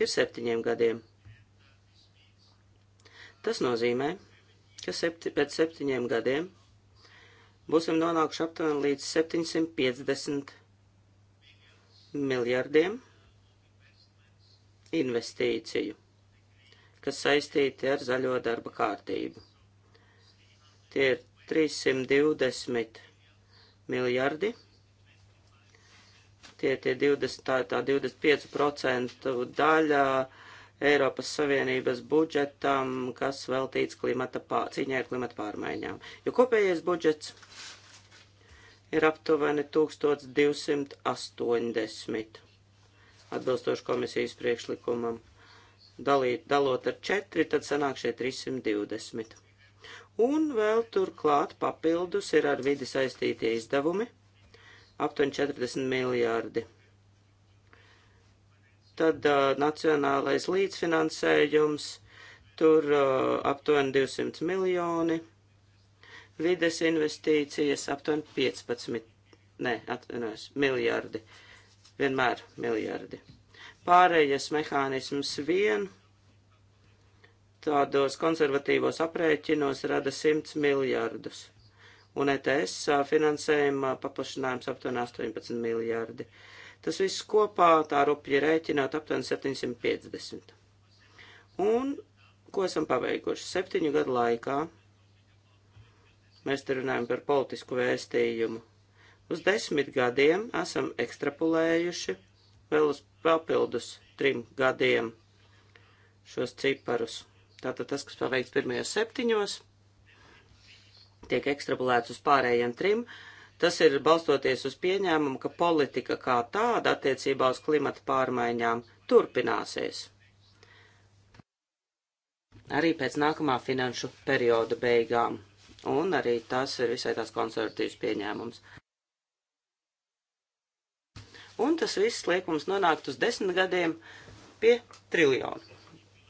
ir septiņiem gadiem. Tas nozīmē, ka septi, pēc septiņiem gadiem būsim nonākuši aptuveni līdz 750 miljardiem investīciju, kas saistīti ar zaļo darba kārtību. Tie ir 320 miljardi tie tie 20, tā, tā 25% daļa Eiropas Savienības budžetam, kas veltīts klimata pār, cīņai ar klimata pārmaiņām. Jo kopējais budžets ir aptuveni 1280, atbilstoši komisijas priekšlikumam. Dalīt, dalot ar 4, tad sanāk šie 320. Un vēl turklāt papildus ir ar vidi saistītie izdevumi aptuveni 40 miljārdi. Tad uh, nacionālais līdzfinansējums, tur uh, aptuveni 200 miljoni, vides investīcijas aptuveni 15, ne, atvainojos, miljārdi, vienmēr miljārdi. Pārējais mehānisms vien tādos konservatīvos aprēķinos rada 100 miljārdus un ETS finansējuma paplašinājums aptuveni 18 miljārdi. Tas viss kopā tā rupja rēķinot aptuveni 750. Un ko esam paveikuši? Septiņu gadu laikā mēs te runājam par politisku vēstījumu. Uz desmit gadiem esam ekstrapolējuši vēl uz papildus trim gadiem šos ciparus. Tātad tas, kas paveikts pirmajos septiņos, tiek ekstrapolēts uz pārējiem trim. Tas ir balstoties uz pieņēmumu, ka politika kā tāda attiecībā uz klimata pārmaiņām turpināsies. Arī pēc nākamā finanšu perioda beigām. Un arī tas ir visai tās konservatīvs pieņēmums. Un tas viss liek mums nonākt uz desmit gadiem pie triljona.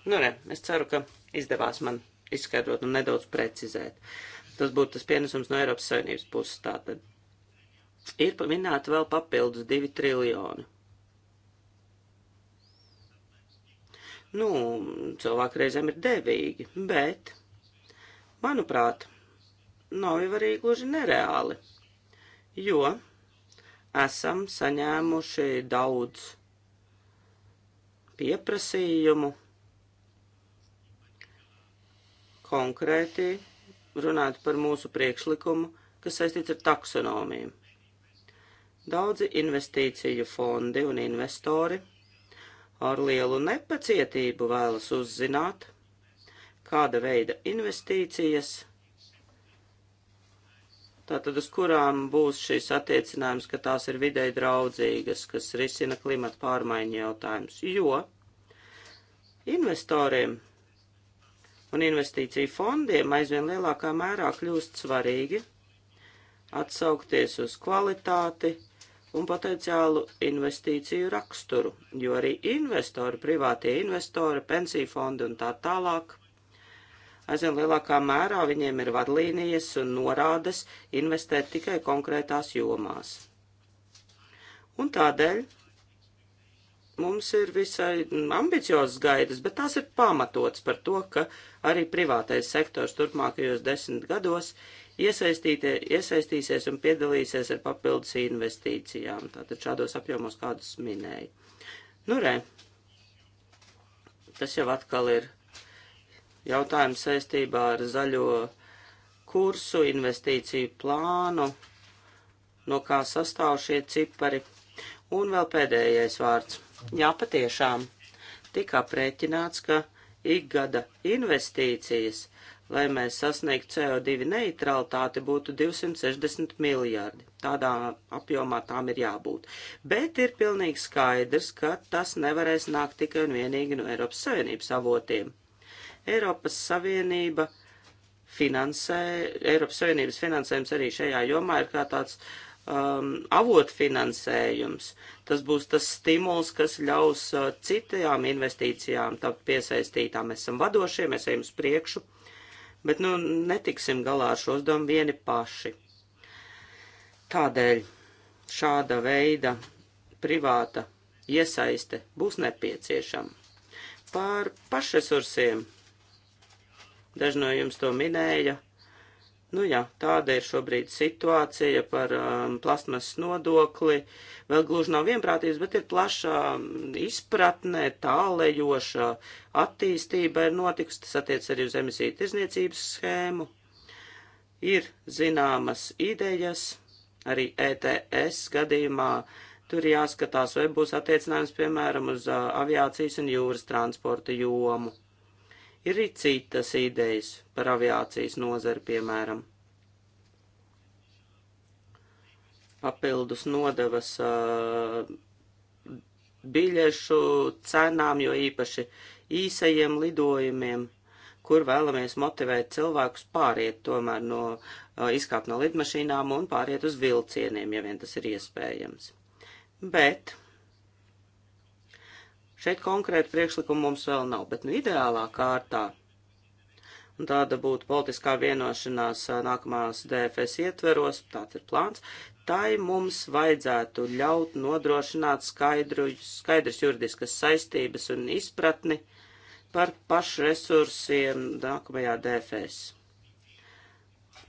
Nu, ne, es ceru, ka izdevās man izskaidrot un nedaudz precizēt. Uh, Tas būtu tas pienesums no Eiropas Savienības puses tātad. Ir minēta vēl papildus divi triljoni. Nu, cilvēki reizēm ir devīgi, bet, manuprāt, nav jau arī gluži nereāli, jo esam saņēmuši daudz pieprasījumu konkrēti runāt par mūsu priekšlikumu, kas saistīts ar taksonomiju. Daudzi investīciju fondi un investori ar lielu nepacietību vēlas uzzināt, kāda veida investīcijas, tātad uz kurām būs šis attiecinājums, ka tās ir videi draudzīgas, kas risina klimata pārmaiņu jautājumus, jo investoriem un investīciju fondiem aizvien lielākā mērā kļūst svarīgi atsaukties uz kvalitāti un potenciālu investīciju raksturu, jo arī investori, privātie investori, pensiju fondi un tā tālāk, aizvien lielākā mērā viņiem ir vadlīnijas un norādes investēt tikai konkrētās jomās. Un tādēļ mums ir visai ambiciozas gaidas, bet tās ir pamatots par to, ka arī privātais sektors turpmākajos desmit gados iesaistīsies un piedalīsies ar papildus investīcijām. Tātad šādos apjomos kādus minēju. Nu, re, tas jau atkal ir jautājums saistībā ar zaļo kursu, investīciju plānu, no kā sastāv šie cipari. Un vēl pēdējais vārds. Jā, patiešām tika aprēķināts, ka ikgada investīcijas, lai mēs sasniegtu CO2 neutralitāti, būtu 260 miljardi. Tādā apjomā tām ir jābūt. Bet ir pilnīgi skaidrs, ka tas nevarēs nākt tikai un vienīgi no Eiropas Savienības avotiem. Eiropas Savienība finansē, Eiropas Savienības finansējums arī šajā jomā ir kā tāds uh, um, avotfinansējums. Tas būs tas stimuls, kas ļaus uh, citām investīcijām tapt piesaistītām. Mēs esam vadošie, mēs ejam uz priekšu, bet nu netiksim galā ar šo uzdevumu vieni paši. Tādēļ šāda veida privāta iesaiste būs nepieciešama. Par pašresursiem. Daži no jums to minēja Nu jā, tāda ir šobrīd situācija par um, plasmasas nodokli. Vēl gluži nav vienprātības, bet ir plašā um, izpratnē, tālējoša attīstība ir notikusi. Tas attiec arī uz emisiju tirzniecības schēmu. Ir zināmas idejas, arī ETS gadījumā tur jāskatās, vai būs attiecinājums, piemēram, uz uh, aviācijas un jūras transporta jomu. Ir arī citas idejas par aviācijas nozari, piemēram. Papildus nodevas uh, biļešu cenām, jo īpaši īsajiem lidojumiem, kur vēlamies motivēt cilvēkus pāriet tomēr no, uh, izkāpt no lidmašīnām un pāriet uz vilcieniem, ja vien tas ir iespējams. Bet Šeit konkrēti priekšlikumu mums vēl nav, bet nu ideālā kārtā. Un tāda būtu politiskā vienošanās nākamās DFS ietveros, tāds ir plāns. Tai mums vajadzētu ļaut nodrošināt skaidru, skaidrs juridiskas saistības un izpratni par pašresursiem nākamajā DFS.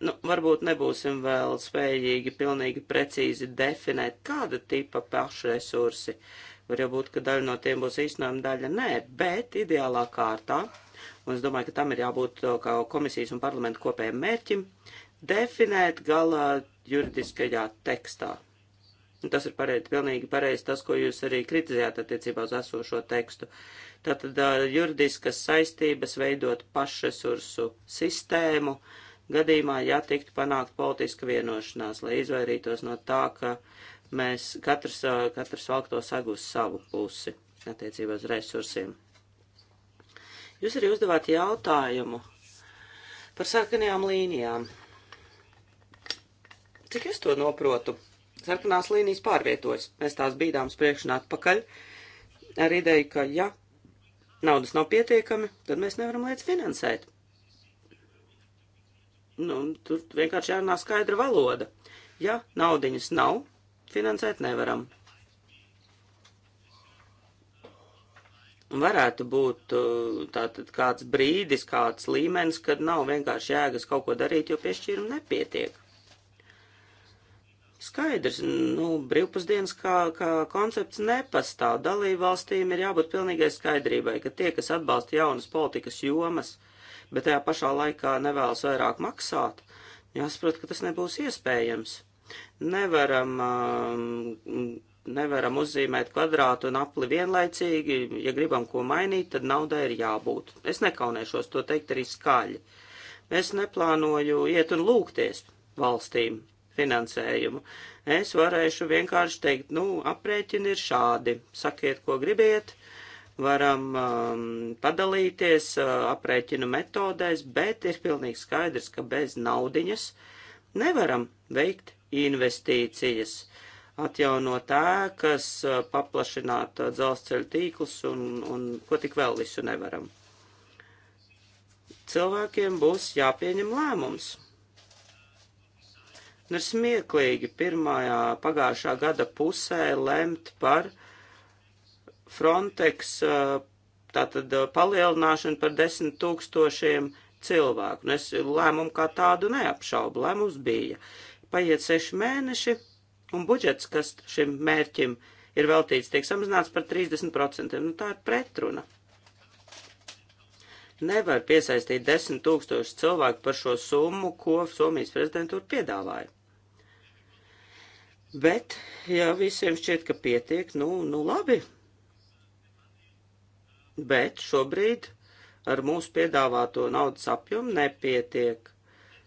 Nu, varbūt nebūsim vēl spējīgi pilnīgi precīzi definēt, kāda tipa pašresursi uh, Var jau būt, ka daļa no tiem būs īstenojama, daļa nē, bet ideālā kārtā, un es domāju, ka tam ir jābūt uh, kā komisijas un parlamenta kopējiem mērķim, definēt galā juridiskajā tekstā. Un tas ir pareizi, pilnīgi pareizi tas, ko jūs arī kritizējāt attiecībā uz esošo tekstu. Tātad uh, juridiskas saistības veidot pašresursu sistēmu gadījumā, ja tiktu panākt politiska vienošanās, lai izvairītos no tā, ka uh, mēs katrs, katrs valkto sagūs savu pusi attiecībā uz resursiem. Jūs arī uzdevāt jautājumu par sarkanajām līnijām. Cik es to noprotu? Sarkanās līnijas pārvietojas. Mēs tās bīdām spriekš un atpakaļ ar ideju, ka ja naudas nav pietiekami, tad mēs nevaram lietas finansēt. Nu, tur vienkārši jārunā skaidra valoda. Ja naudiņas nav, finansēt nevaram. varētu būt uh, tātad kāds brīdis, kāds līmenis, kad nav vienkārši jēgas kaut ko darīt, jo piešķīrumu nepietiek. Skaidrs, nu, brīvpusdienas kā, kā koncepts nepastāv. Dalību valstīm ir jābūt pilnīgai skaidrībai, ka tie, kas atbalsta jaunas politikas jomas, bet tajā pašā laikā nevēlas vairāk maksāt, jāsaprot, ka tas nebūs iespējams. Nevaram, um, nevaram uzzīmēt kvadrātu un apli vienlaicīgi. Ja gribam ko mainīt, tad naudai ir jābūt. Es nekaunēšos to teikt arī skaļi. Es neplānoju iet un lūgties valstīm finansējumu. Es varēšu vienkārši teikt, nu, aprēķini ir šādi. Sakiet, ko gribiet varam um, padalīties uh, aprēķinu metodēs, bet ir pilnīgi skaidrs, ka bez naudiņas nevaram veikt investīcijas, atjaunot ēkas, eh, paplašināt eh, dzelzceļa tīklus un, un ko tik vēl visu nevaram. Cilvēkiem būs jāpieņem lēmums. Un ir smieklīgi pirmajā pagājušā gada pusē lemt par Frontex eh, tātad palielināšanu par desmit tūkstošiem cilvēku. Un nu, es lēmumu kā tādu neapšaubu, lēmums bija. Uh, paiet seši mēneši, un budžets, kas šim mērķim ir veltīts, tiek samazināts par 30%. Nu, tā ir pretruna. Nevar piesaistīt 10 tūkstošus cilvēku par šo summu, ko Somijas prezidentūra piedāvāja. Bet, ja visiem šķiet, ka pietiek, nu, nu labi. Bet šobrīd ar mūsu piedāvāto naudas apjomu nepietiek.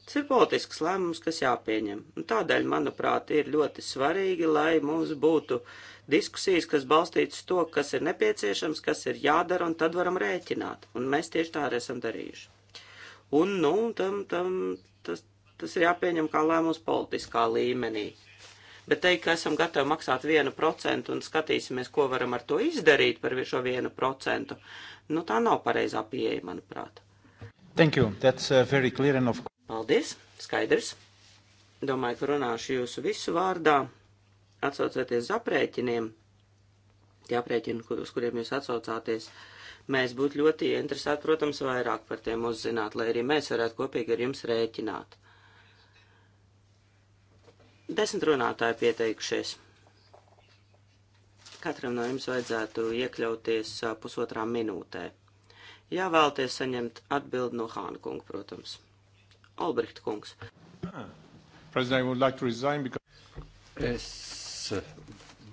Tas ir politisks lēmums, kas jāpieņem. Un tādēļ, manuprāt, ir ļoti svarīgi, lai mums būtu diskusijas, kas balstītas to, kas ir nepieciešams, kas ir jādara, un tad varam rēķināt. Un mēs tieši tā arī esam darījuši. Un, nu, tam, tam, tas, tas ir jāpieņem kā lēmums politiskā līmenī. Bet teikt, ka esam gatavi maksāt vienu procentu un skatīsimies, ko varam ar to izdarīt par šo vienu procentu, nu tā nav pareizā pieeja, manuprāt. Thank you. That's uh, very clear and of course. Paldies, skaidrs. Domāju, ka runāšu jūsu visu vārdā, atsaucoties uz aprēķiniem, tie aprēķini, uz kuriem jūs atsaucāties. Mēs būtu ļoti interesēti, protams, vairāk par tiem uzzināt, lai arī mēs varētu kopīgi ar jums rēķināt. Desmit runātāji pieteikušies. Katram no jums vajadzētu iekļauties pusotrā minūtē. Ja vēlaties saņemt atbildi no Hāna kunga, protams. Albrecht kungs. Es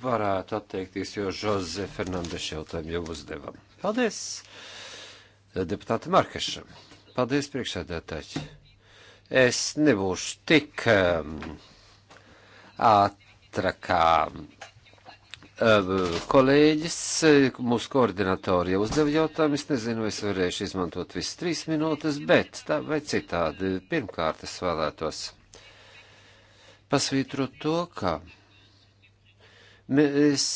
varētu atteikties, jo Žoze Fernandes jautājumu jau uzdevam. Paldies deputāta Markešam. Paldies priekšsēdētāji. Es nebūšu tik um, ātra kā kolēģis, mūsu koordinatori jau uzdeva jautājumu, es nezinu, vai es varēšu izmantot visas trīs minūtes, bet tā vai citādi, pirmkārt es vēlētos pasvītrot to, ka mēs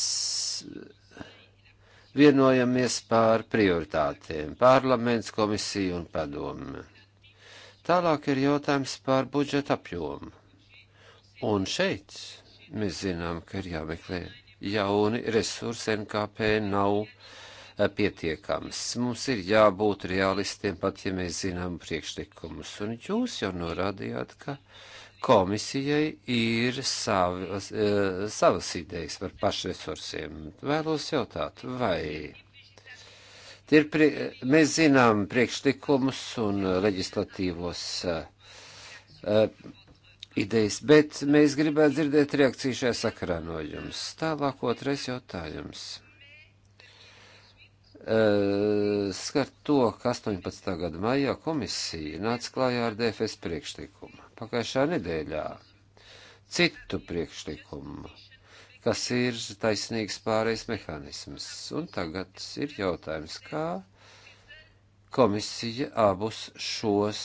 vienojamies pār prioritātiem - parlaments, komisija un padome. Tālāk ir jautājums par budžeta apjomu. Un šeit mēs zinām, ka ir jāmeklē jauni resursi NKP nav e, pietiekams. Mums ir jābūt realistiem, pat ja mēs zinām priekšlikumus. Un jūs jau norādījāt, ka komisijai ir savas, e, savas idejas par pašresursiem. Vēlos jautāt, vai ir, mēs zinām priekšlikumus un leģislatīvos e, idejas, bet mēs gribētu dzirdēt reakciju šajā sakarā no jums. Tālāk otrais jautājums. Uh, skar to, ka 18. gada maijā komisija nāca klājā ar DFS priekšlikumu pagājušā nedēļā. Citu priekšlikumu, kas ir taisnīgs pārējais mehānisms. Un tagad ir jautājums, kā komisija abus šos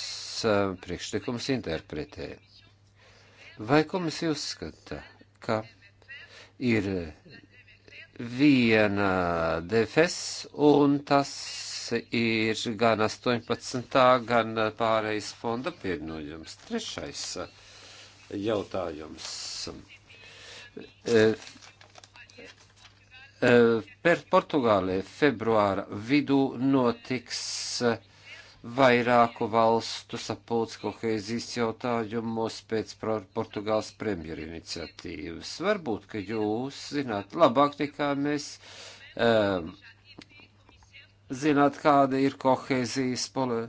uh, priekšlikumus interpretē. Vai komisija uzskata, ka ir viena DFS un tas ir gan 18. gan pārējais fonda pievienojums? Trešais jautājums. E, e Per Portugālē februāra vidū notiks uh, vairāku valstu sapulcs kohēzijas jautājumos pēc Portugāles premjeriniciatīvas. Varbūt, ka jūs zināt labāk nekā mēs. Um, zināt, kāda ir kohēzijas poli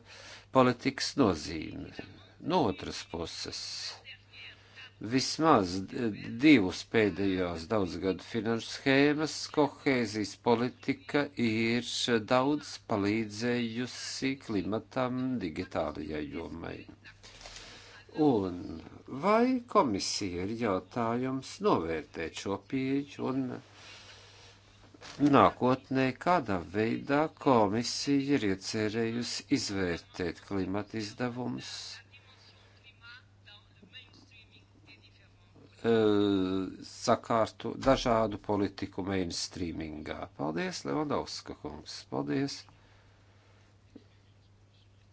politikas nozīme. No otras puses vismaz divus pēdējos daudzgadu finanšu schēmas, kohēzijas politika ir daudz palīdzējusi klimatam digitālajai jomai. Un vai komisija ir jautājums novērtēt šo pieeju un nākotnē kādā veidā komisija ir iecerējusi izvērtēt klimata izdevumus? Eh, sakārtu dažādu politiku mainstreamingā. Paldies, Levandovska kungs! Paldies!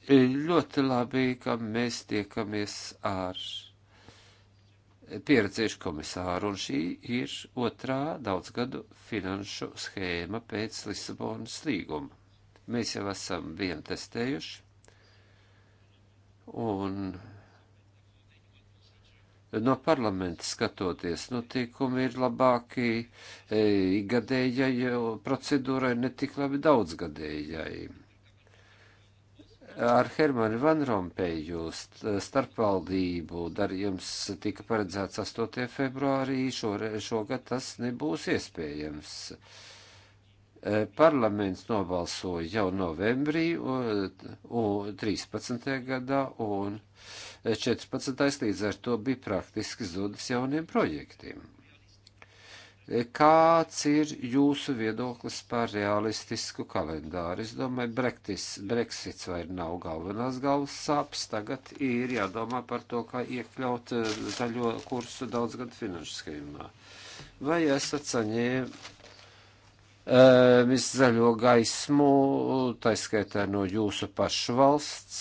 Eh, ļoti labi, ka mēs tiekamies ar pieredzējušu komisāru, un šī ir otrā daudzgadu finanšu schēma pēc Lisabonas līguma. Mēs jau esam vienu testējuši, un no parlamenta skatoties, notiekumi nu, ir labāki e, gadējai, jo e, procedūra ir netik labi daudzgadējai. Ar Hermanu Van Rompēju e, starpvaldību darījums tika paredzēts 8. februārī, šogad šo tas nebūs iespējams. Uh, E, parlaments nobalsoja jau novembrī un, un 13. gadā un 14. līdz ar to bija praktiski zudis jauniem projektiem. E, kāds ir jūsu viedoklis par realistisku kalendāru? Es domāju, Brektis, Brexits vai nav galvenās galvas sāpes. Tagad ir jādomā par to, kā iekļaut e, zaļo kursu daudzgad finanšu schēmā. Vai esat saņēmuši Eh, zaļo gaismu, taiskaitā no jūsu pašu valsts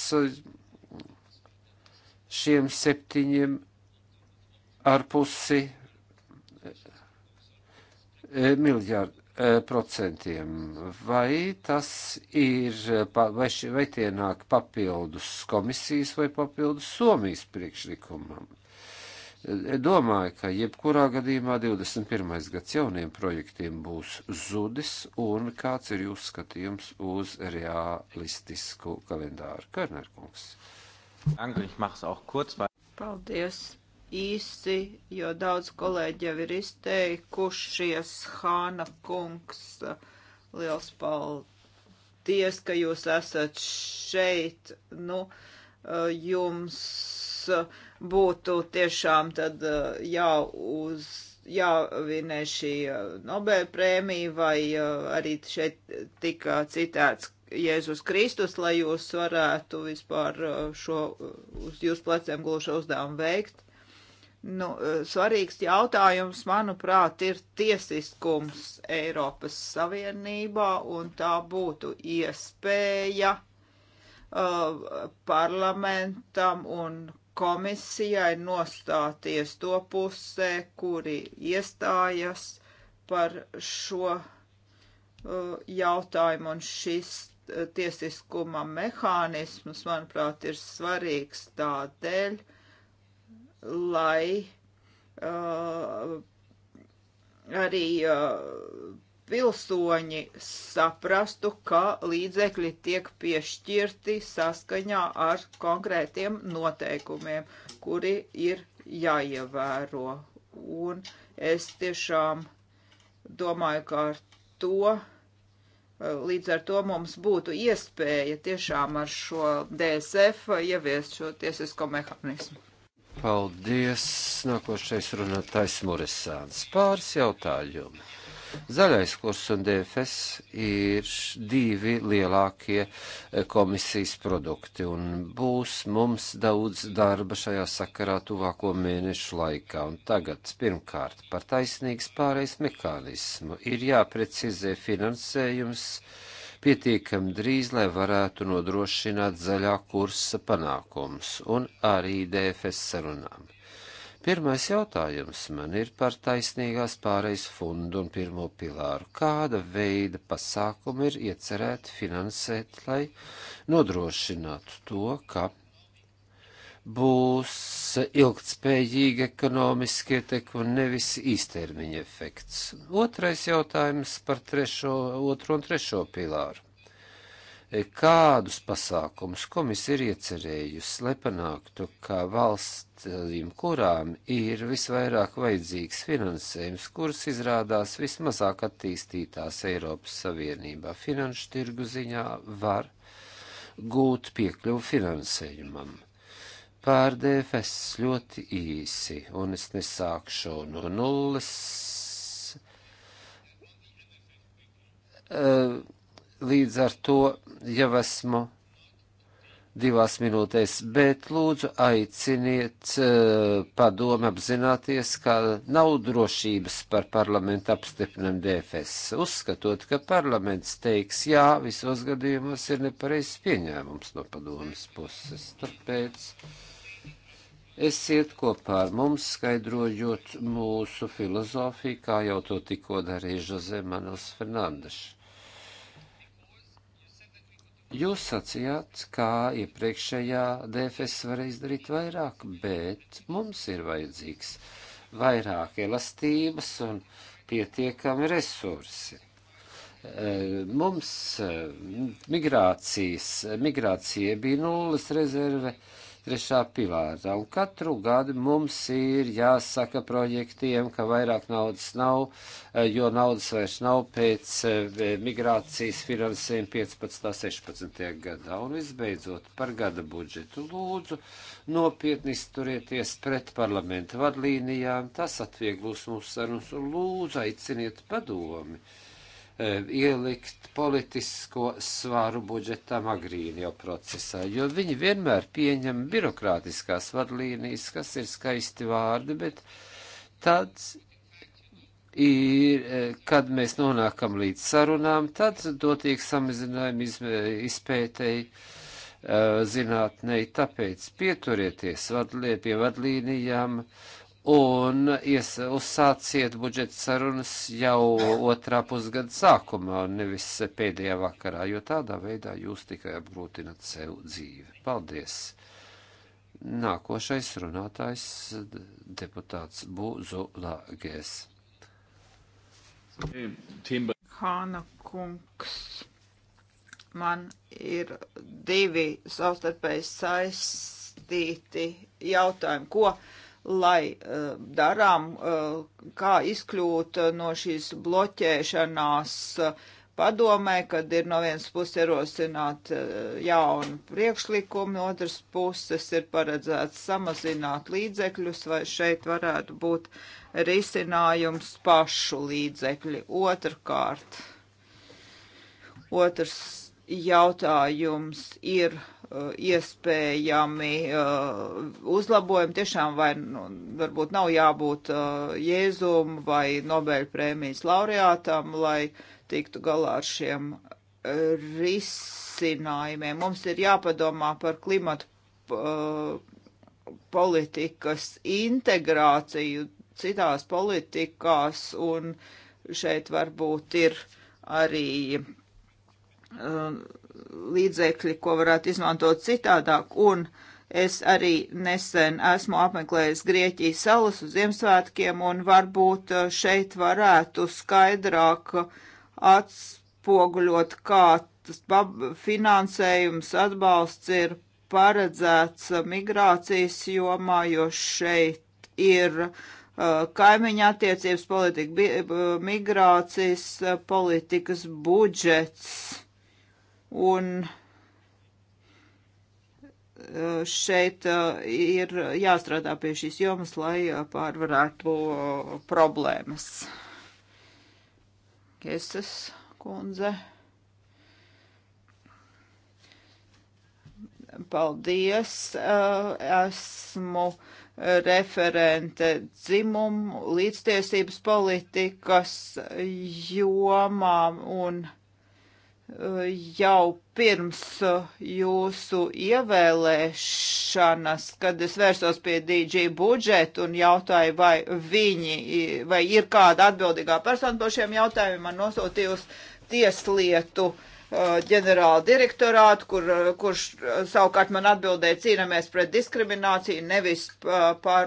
šiem septiņiem ar pusi eh, miljārdu eh, procentiem. Vai tas ir, vai, ši, vai tie nāk papildus komisijas vai papildus Somijas priekšlikumam? Domāju, ka jebkurā gadījumā 21. gads jauniem projektiem būs zudis, un kāds ir jūsu skatījums uz realistisku kalendāru? Karnerkungs. Paldies! Īsi, jo daudz kolēģi jau ir izteikušies. Hāna kungs, liels paldies, ka jūs esat šeit. Nu, uh, Eh, jums eh, būtu tiešām tad eh, jāuz, jāvinē šī Nobelprēmija vai arī šeit tika citēts Jēzus Kristus, lai jūs varētu vispār šo uz jūsu pleciem glušo uzdevumu veikt. Nu, svarīgs jautājums, manuprāt, ir tiesiskums Eiropas Savienībā, un tā būtu iespēja Uh, parlamentam un komisijai nostāties to pusē, kuri iestājas par šo uh, jautājumu un šis uh, tiesiskuma mehānisms, manuprāt, ir svarīgs tādēļ, lai uh, arī uh, pilsoņi saprastu, ka līdzekļi tiek piešķirti saskaņā ar konkrētiem noteikumiem, kuri ir jāievēro. Un es tiešām domāju, ka ar to, līdz ar to mums būtu iespēja tiešām ar šo DSF ieviest šo tiesisko mehānismu. Paldies! Nākošais runātājs Murisāns. Pāris jautājumi. Zaļais kurs un DFS ir divi lielākie eh, komisijas produkti, un būs mums daudz darba šajā sakarā tuvāko mēnešu laikā. Un tagad pirmkārt par taisnīgas pārejas mehānismu ir jāprecizē finansējums pietiekami drīz, lai varētu nodrošināt zaļā kursa panākums un arī DFS sarunām. Pirmais jautājums man ir par taisnīgās pārejas fundu un pirmo pilāru. Kāda veida pasākumi ir iecerēti finansēt, lai nodrošinātu to, ka būs ilgtspējīgi ekonomiski ietekmi un nevis īstermiņa efekts. Otrais jautājums par trešo, otro un trešo pilāru kādus pasākumus komisija ir iecerējusi, lai panāktu, ka valstīm, kurām ir visvairāk vajadzīgs finansējums, kuras izrādās vismazāk attīstītās Eiropas Savienībā finanšu tirgu ziņā, var gūt piekļuvu finansējumam. Pār DFS ļoti īsi, un es nesākšu no nulles. Uh, Līdz ar to jau esmu divās minūtēs, bet lūdzu aiciniet eh, padomu apzināties, ka nav drošības par parlamentu apstiprinājumu DFS, uzskatot, ka parlaments teiks jā, visos gadījumos ir nepareizs pieņēmums no padomas puses. Tāpēc esiet kopā ar mums, skaidrojot mūsu filozofiju, kā jau to tikko darīja Žozē Manos Fernandeša. Jūs sacījāt, kā iepriekšējā DFS var izdarīt vairāk, bet mums ir vajadzīgs vairāk elastības un pietiekami resursi eh, mums eh, migrācijas, migrācija bija nulles rezerve, trešā pilārā. Un katru gadu mums ir jāsaka projektiem, ka vairāk naudas nav, eh, jo naudas vairs nav pēc eh, migrācijas finansējuma 15. 16. gadā. Un visbeidzot par gada budžetu lūdzu nopietni izturieties pret parlamenta vadlīnijām, tas atvieglos mūsu sarunas un lūdzu aiciniet padomi. Uh, Eh, ielikt politisko svaru budžetā Magrīnio procesā, jo viņi vienmēr pieņem birokrātiskās vadlīnijas, kas ir skaisti vārdi, bet tad ir, eh, kad mēs nonākam līdz sarunām, tad dotiek samazinājumi izpētēji eh, zinātnei, tāpēc pieturieties vadlī, pie vadlīnijām, uh, un ies, uzsāciet budžeta sarunas jau otrā pusgada sākumā, nevis pēdējā vakarā, jo tādā veidā jūs tikai apgrūtinat sev dzīvi. Paldies! Nākošais runātājs deputāts Būzu Lāgēs. Hāna kungs, man ir divi savstarpēji saistīti jautājumi. Ko? lai eh, darām, eh, kā izkļūt eh, no šīs bloķēšanās padomē, kad ir no vienas puses ierosināt jaunu priekšlikumu, no otras puses ir paredzēts samazināt līdzekļus, vai šeit varētu būt risinājums pašu līdzekļi. Otrkārt, otrs jautājums ir Eh, iespējami eh, uzlabojumi. Tiešām vai nu, varbūt nav jābūt eh, Jēzum vai Nobelprēmijas laureātam, lai tiktu galā ar šiem risinājumiem. Mums ir jāpadomā par klimatu politikas integrāciju citās politikās, un šeit varbūt ir arī uh, līdzekļi, ko varētu izmantot citādāk, un es arī nesen esmu apmeklējis Grieķijas salas uz Ziemassvētkiem, un varbūt eh, šeit varētu skaidrāk atspoguļot, kā tas finansējums atbalsts ir paredzēts eh, migrācijas jomā, jo šeit ir uh, kaimiņa attiecības politika, migrācijas politikas budžets Un e, šeit e, ir jāstrādā pie šīs jomas, lai e, pārvarētu problēmas. Kesas kundze. Paldies. Esmu referente dzimumu līdztiesības politikas jomām un jau pirms uh, jūsu ievēlēšanas, kad es vērsos pie DJ budžetu un jautāju, vai viņi, vai ir kāda atbildīgā persona par šiem jautājumiem, man nosūtīja uz tieslietu uh, ģenerāla direktorātu, kur, uh, kurš savukārt man atbildēja, cīnāmies pret diskrimināciju, nevis par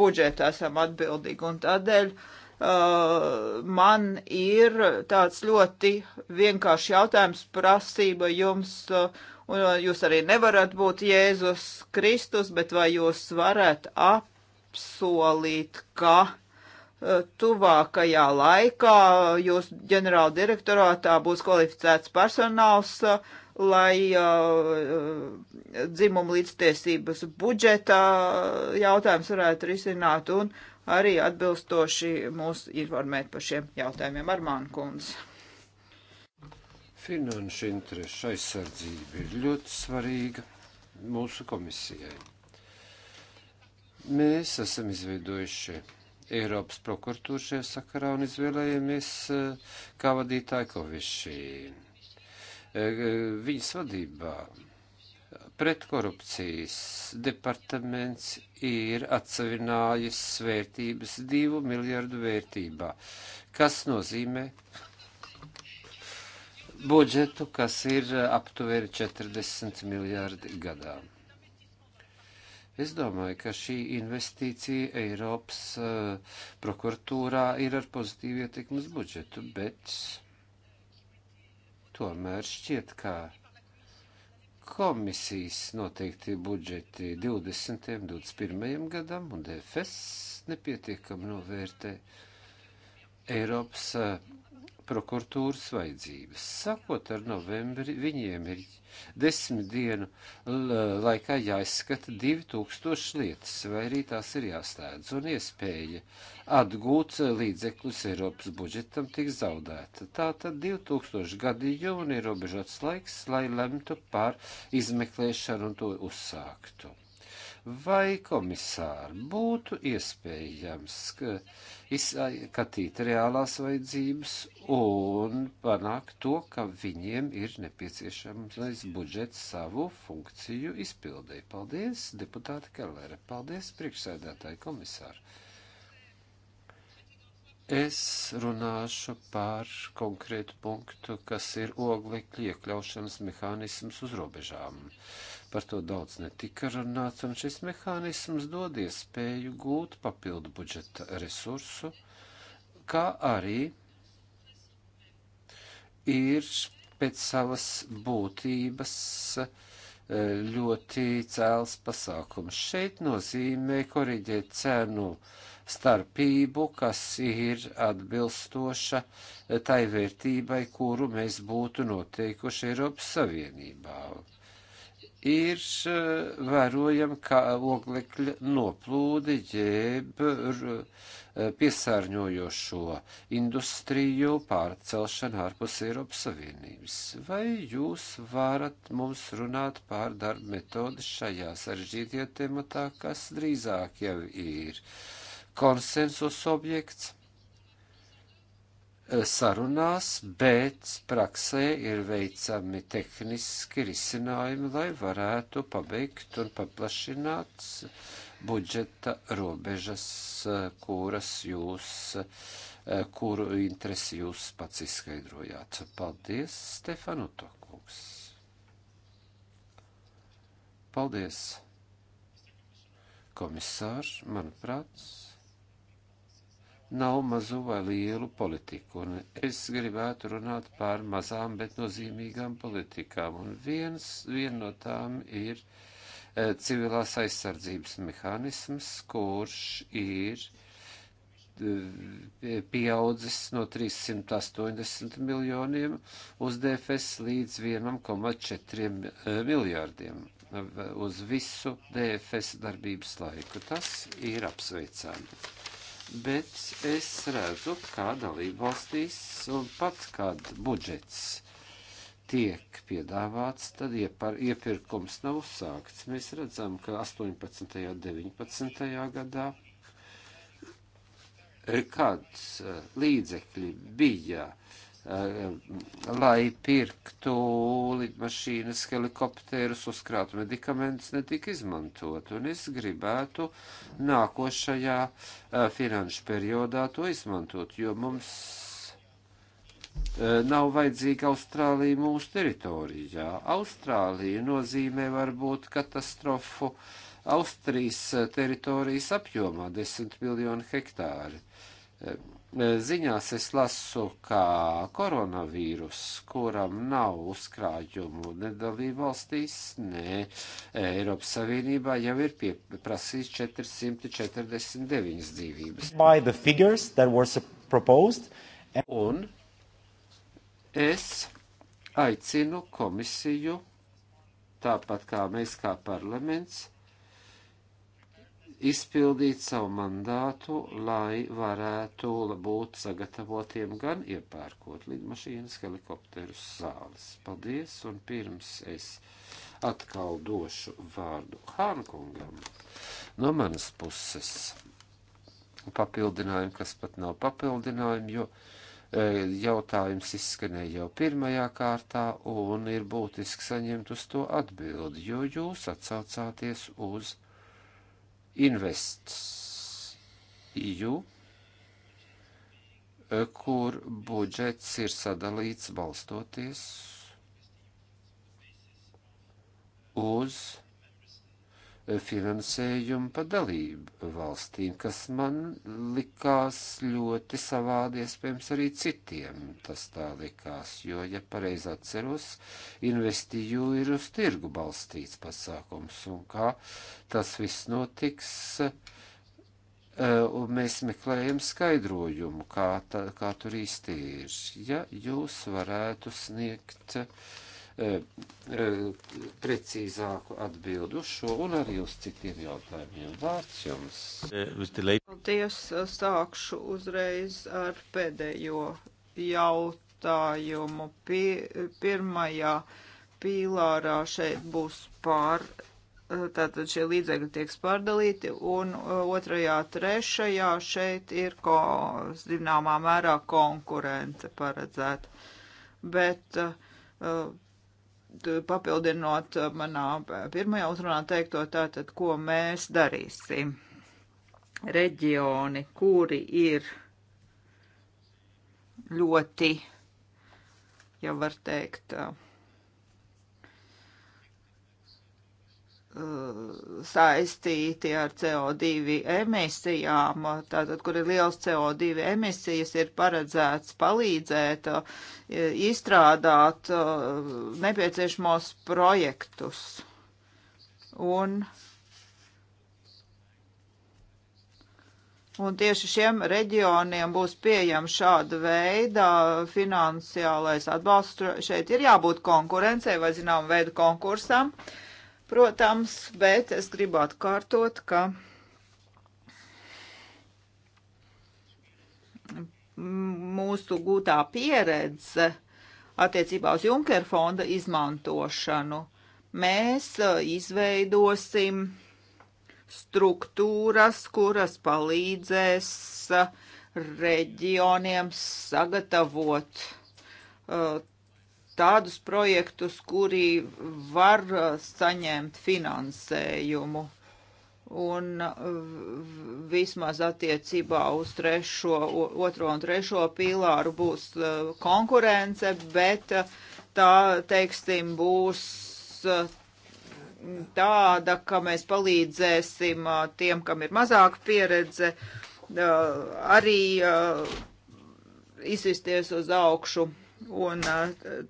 budžetu esam atbildīgi. Un tādēļ uh, Uh, man ir tāds ļoti vienkāršs jautājums, prasība jums, uh, un jūs arī nevarat būt Jēzus Kristus, bet vai jūs varat apsolīt, ka uh, tuvākajā laikā jūs ģenerāla direktorātā būs kvalificēts personāls, uh, lai uh, dzimumu līdztiesības budžeta uh, jautājums varētu risināt un uh, arī atbilstoši mūs informēt par šiem jautājumiem ar Mānu kundzi. Finanšu interešu aizsardzība ir ļoti svarīga mūsu komisijai. Mēs esam izveidojuši Eiropas prokuratūru šajā sakarā un izvēlējamies eh, kā vadītāju Kovišī. Eh, eh, viņas vadībā pretkorupcijas departaments ir atsevinājis svērtības divu miljardu vērtībā, kas nozīmē budžetu, kas ir aptuveni 40 miljardi gadā. Es domāju, ka šī investīcija Eiropas uh, prokuratūrā ir ar pozitīvu ietekmi uz budžetu, bet tomēr šķiet, ka komisijas noteikti budžeti 20. un 21. gadam un DFS nepietiekami novērtē Eiropas eh, prokuratūras vajadzības. Sākot ar novembri, viņiem ir desmit dienu laikā jāizskata 2000 lietas, vai arī tās ir jāslēdz, un iespēja atgūt līdzekļus Eiropas budžetam tiks zaudēta. Tātad 2000 gadījumu un ierobežots laiks, lai lemtu par izmeklēšanu un to uzsāktu vai komisāri būtu iespējams skatīt reālās vajadzības un panākt to, ka viņiem ir nepieciešams budžets savu funkciju izpildēji. Paldies, deputāte Kellere. Paldies, priekšsēdētāji komisāri. Es runāšu par konkrētu punktu, kas ir oglekļa iekļaušanas mehānisms uz robežām. Par to daudz netika runāts, un šis mehānisms dod iespēju gūt papildu budžeta resursu, kā arī ir pēc savas būtības eh, ļoti cēls pasākums. Šeit nozīmē koriģēt cenu starpību, kas ir atbilstoša eh, tai vērtībai, kuru mēs būtu noteikuši Eiropas Savienībā ir eh, vērojama kā oglekļa noplūde jeb eh, piesārņojošo industriju pārcelšana ārpus Eiropas Savienības. Vai jūs varat mums runāt par darba metodi šajā sarežģītajā tematā, kas drīzāk jau ir konsensus objekts? sarunās, bet praksē ir veicami tehniski risinājumi, lai varētu pabeigt un paplašināt budžeta robežas, eh, kuras jūs, eh, kuru interesi jūs pats izskaidrojāt. Paldies, Stefanuto kungs! Paldies, komisārs, manuprāt! nav mazu vai lielu politiku, un es gribētu runāt par mazām, bet nozīmīgām politikām, un viens, viena no tām ir e, civilās aizsardzības mehānisms, kurš ir e, pieaudzis no 380 miljoniem uz DFS līdz 1,4 e, miljārdiem uz visu DFS darbības laiku. Tas ir apsveicami bet es redzu, kā dalība valstīs un pat kad budžets tiek piedāvāts, tad iepar, iepirkums nav uzsākts. Mēs redzam, ka 18. un 19. gadā, eh, kad eh, līdzekļi bija uh, Eh, lai pirktu lidmašīnas, helikopterus, uzkrātu medikamentus, netika izmantot. Un es gribētu nākošajā eh, finanšu periodā to izmantot, jo mums eh, nav vajadzīga Austrālija mūsu teritorijā. Austrālija nozīmē varbūt katastrofu Austrijas teritorijas apjomā 10 miljonu hektāri E, ziņās es lasu, ka koronavīrus, kuram nav uzkrājumu nedalību valstīs, ne Eiropas Savienībā, jau ir pieprasījis 449 dzīvības. Proposed, and... Un es aicinu komisiju, tāpat kā mēs kā parlaments, izpildīt savu mandātu, lai varētu būt sagatavotiem gan iepērkot lidmašīnas, helikopterus, zāles. Paldies, un pirms es atkal došu vārdu Hānkungam no manas puses papildinājumu, kas pat nav papildinājumu, jo e, jautājums izskanēja jau pirmajā kārtā un ir būtiski saņemt uz to atbildi, jo jūs atsaucāties uz investiju, eh, kur budžets ir sadalīts balstoties uz finansējumu pa dalību valstīm, kas man likās ļoti savādi, iespējams, arī citiem tas tā likās, jo, ja pareizi atceros, investīju ir uz tirgu balstīts pasākums, un kā tas viss notiks, e, un mēs meklējam skaidrojumu, kā, tā, kā tur īsti ir. Ja jūs varētu sniegt uh, E, e, precīzāku atbildu uz šo un arī uz citiem jautājumiem. Vārds jums. Paldies, sākšu uzreiz ar pēdējo jautājumu. Pie, pirmajā pīlārā šeit būs pār tātad šie līdzekļi tiek pārdalīti, un e, otrajā, trešajā šeit ir, ko, zināmā mērā, konkurence paredzēta. Bet uh, papildinot uh, manā uh, pirmajā uzrunā teikto, tātad, ko mēs darīsim. Reģioni, kuri ir ļoti, ja var teikt, uh, saistīti ar CO2 emisijām, tātad, kur ir liels CO2 emisijas, ir paredzēts palīdzēt e, izstrādāt e, nepieciešamos projektus. Un, un tieši šiem reģioniem būs pieejama šāda veida finansiālais atbalsts. Šeit ir jābūt konkurencei vai zinām veidu konkursam. Uh, protams, bet es gribu atkārtot, ka mūsu gūtā pieredze attiecībā uz Junkera fonda izmantošanu mēs izveidosim struktūras, kuras palīdzēs reģioniem sagatavot uh, tādus projektus, kuri var uh, saņemt finansējumu. Un uh, vismaz attiecībā uz trešo, otro un trešo pīlāru būs uh, konkurence, bet tā, teiksim, būs tāda, ka mēs palīdzēsim tiem, kam ir mazāk pieredze, arī izvisties uz augšu. Un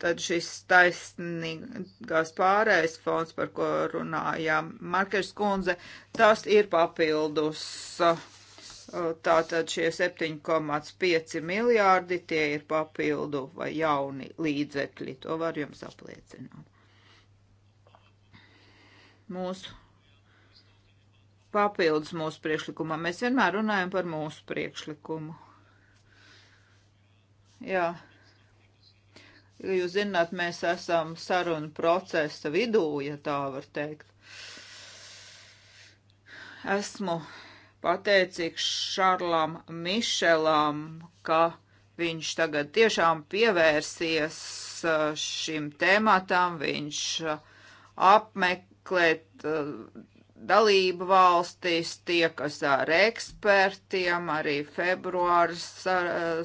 tad šis taisnīgās pārējais fonds, par ko runājām Markers kundze, tas ir papildus. Tātad šie 7,5 miljārdi, tie ir papildu vai jauni līdzekļi. To var jums apliecināt. Mūsu papildus mūsu priekšlikumam. Mēs vienmēr runājam par mūsu priekšlikumu. Jā. Yeah Jūs zināt, mēs esam sarunu procesa vidū, ja tā var teikt. Esmu pateicīgs Šarlam Mišelam, ka viņš tagad tiešām pievērsies uh, šim tematam, viņš uh, apmeklēt uh, dalību valstis, tiekas ar ekspertiem, arī februāris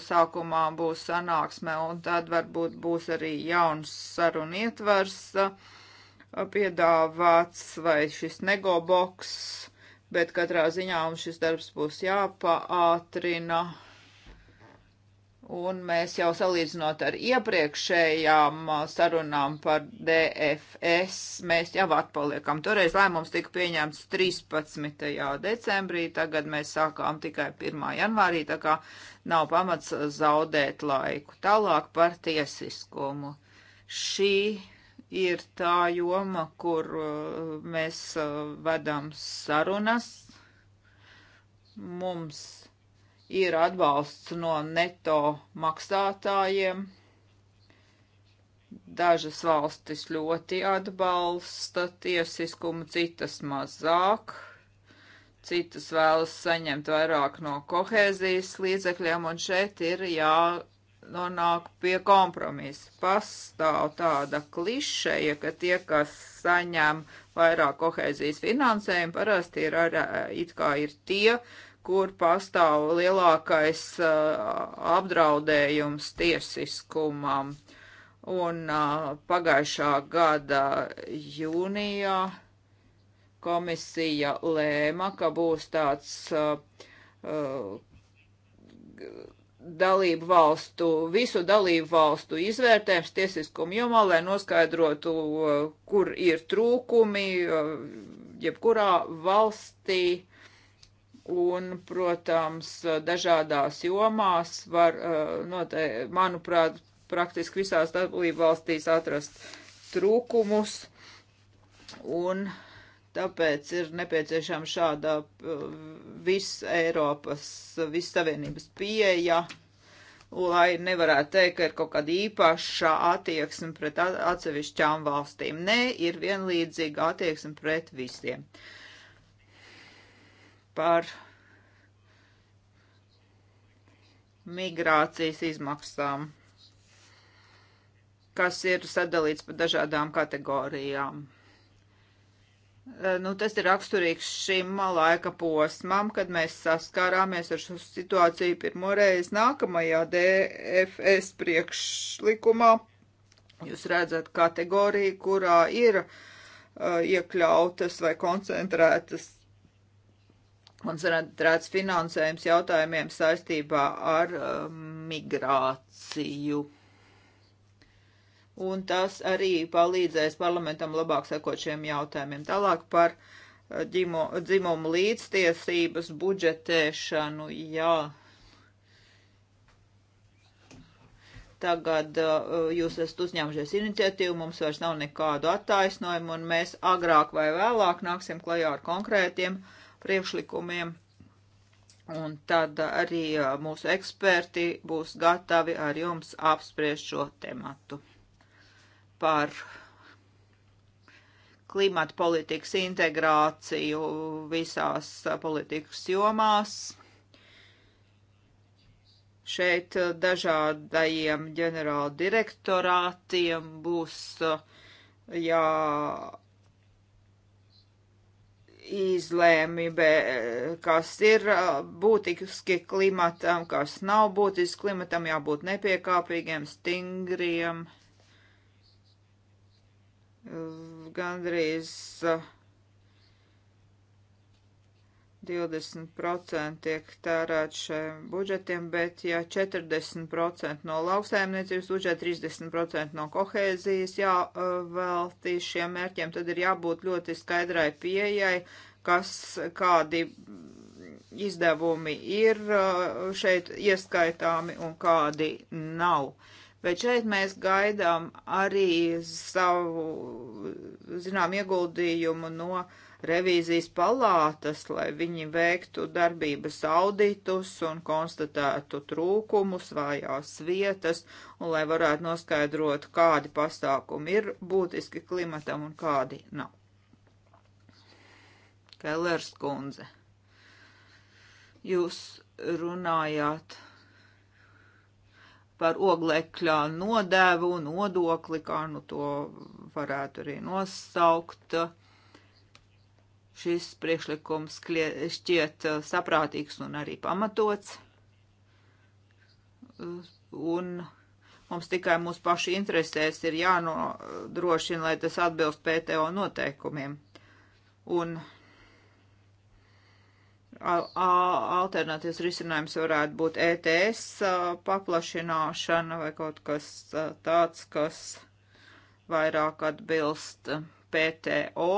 sākumā būs sanāksme, un tad varbūt būs arī jauns sarunu ietvars piedāvāts vai šis negoboks, bet katrā ziņā mums šis darbs būs jāpaātrina. Un mēs jau salīdzinot ar iepriekšējām uh, sarunām par DFS, mēs jau atpaliekam. Toreiz lēmums tika pieņemts 13. decembrī, tagad mēs sākām tikai 1. janvārī, tā kā nav pamats zaudēt laiku. Tālāk par tiesiskumu. Šī ir tā joma, kur uh, mēs uh, vedam sarunas. Mums ir atbalsts no neto maksātājiem. Dažas valstis ļoti atbalsta tiesiskumu, citas mazāk, citas vēlas saņemt vairāk no kohēzijas līdzekļiem, un šeit ir jānonāk pie kompromisa. Pastāv tāda klišeja, ka tie, kas saņem vairāk kohēzijas finansējumu, parasti ir ar, it kā ir tie, uh, kur pastāv lielākais uh, apdraudējums tiesiskumam. Un uh, pagājušā gada jūnijā komisija lēma, ka būs tāds uh, dalību valstu, visu dalību valstu izvērtējums tiesiskuma jomā, lai noskaidrotu, kur ir trūkumi, jebkurā valstī Un, protams, dažādās jomās var, eh, note, manuprāt, praktiski visās dalību valstīs atrast trūkumus, un tāpēc ir nepieciešama šāda eh, viss Eiropas, viss Savienības pieeja, lai nevarētu teikt, ka ir kaut kāda īpaša attieksme pret atsevišķām valstīm. Nē, ir vienlīdzīga attieksme pret visiem. Uh, par migrācijas izmaksām, kas ir sadalīts pa dažādām kategorijām. E, nu, tas ir raksturīgs šim laika posmam, kad mēs saskārāmies ar šo situāciju pirmoreiz nākamajā DFS priekšlikumā. Jūs redzat kategoriju, kurā ir uh, iekļautas vai koncentrētas koncentrēts finansējums jautājumiem saistībā ar um, migrāciju. Un tas arī palīdzēs parlamentam labāk sekot šiem jautājumiem. Tālāk par uh, ģimo, dzimumu līdztiesības budžetēšanu. Jā, tagad uh, jūs esat uzņēmušies iniciatīvu, mums vairs nav nekādu attaisnojumu, un mēs agrāk vai vēlāk nāksim klajā ar konkrētiem uh, priekšlikumiem. Un tad arī mūsu eksperti būs gatavi ar jums apspriest šo tematu par klimata politikas integrāciju visās politikas jomās. Šeit dažādajiem ģenerāla direktorātiem būs jā izlēmi, be, kas ir uh, būtiski klimatam, kas nav būtiski klimatam, jābūt nepiekāpīgiem, stingriem, gandrīz uh, 20% tiek tērēt šiem budžetiem, bet ja 40% no lauksaimniecības budžeta, 30% no kohēzijas jāveltī šiem mērķiem, tad ir jābūt ļoti skaidrai pieejai, kas, kādi izdevumi ir uh, šeit ieskaitāmi un kādi nav. Bet šeit mēs gaidām arī savu, zinām, ieguldījumu no uh, revīzijas palātas, lai viņi veiktu darbības auditus un konstatētu trūkumus, vājās vietas, un lai varētu noskaidrot, kādi pasākumi ir būtiski klimatam un kādi nav. Kellers kundze, jūs runājāt par oglekļa nodevu, nodokli, kā nu to varētu arī nosaukt. Uh, Šis priekšlikums šķiet uh, saprātīgs un arī pamatots. Uh, un mums tikai mūsu pašu interesēs ir jānodrošina, lai tas atbilst PTO noteikumiem. Un alternatīvs risinājums varētu būt ETS uh, paplašināšana vai kaut kas tāds, kas vairāk atbilst PTO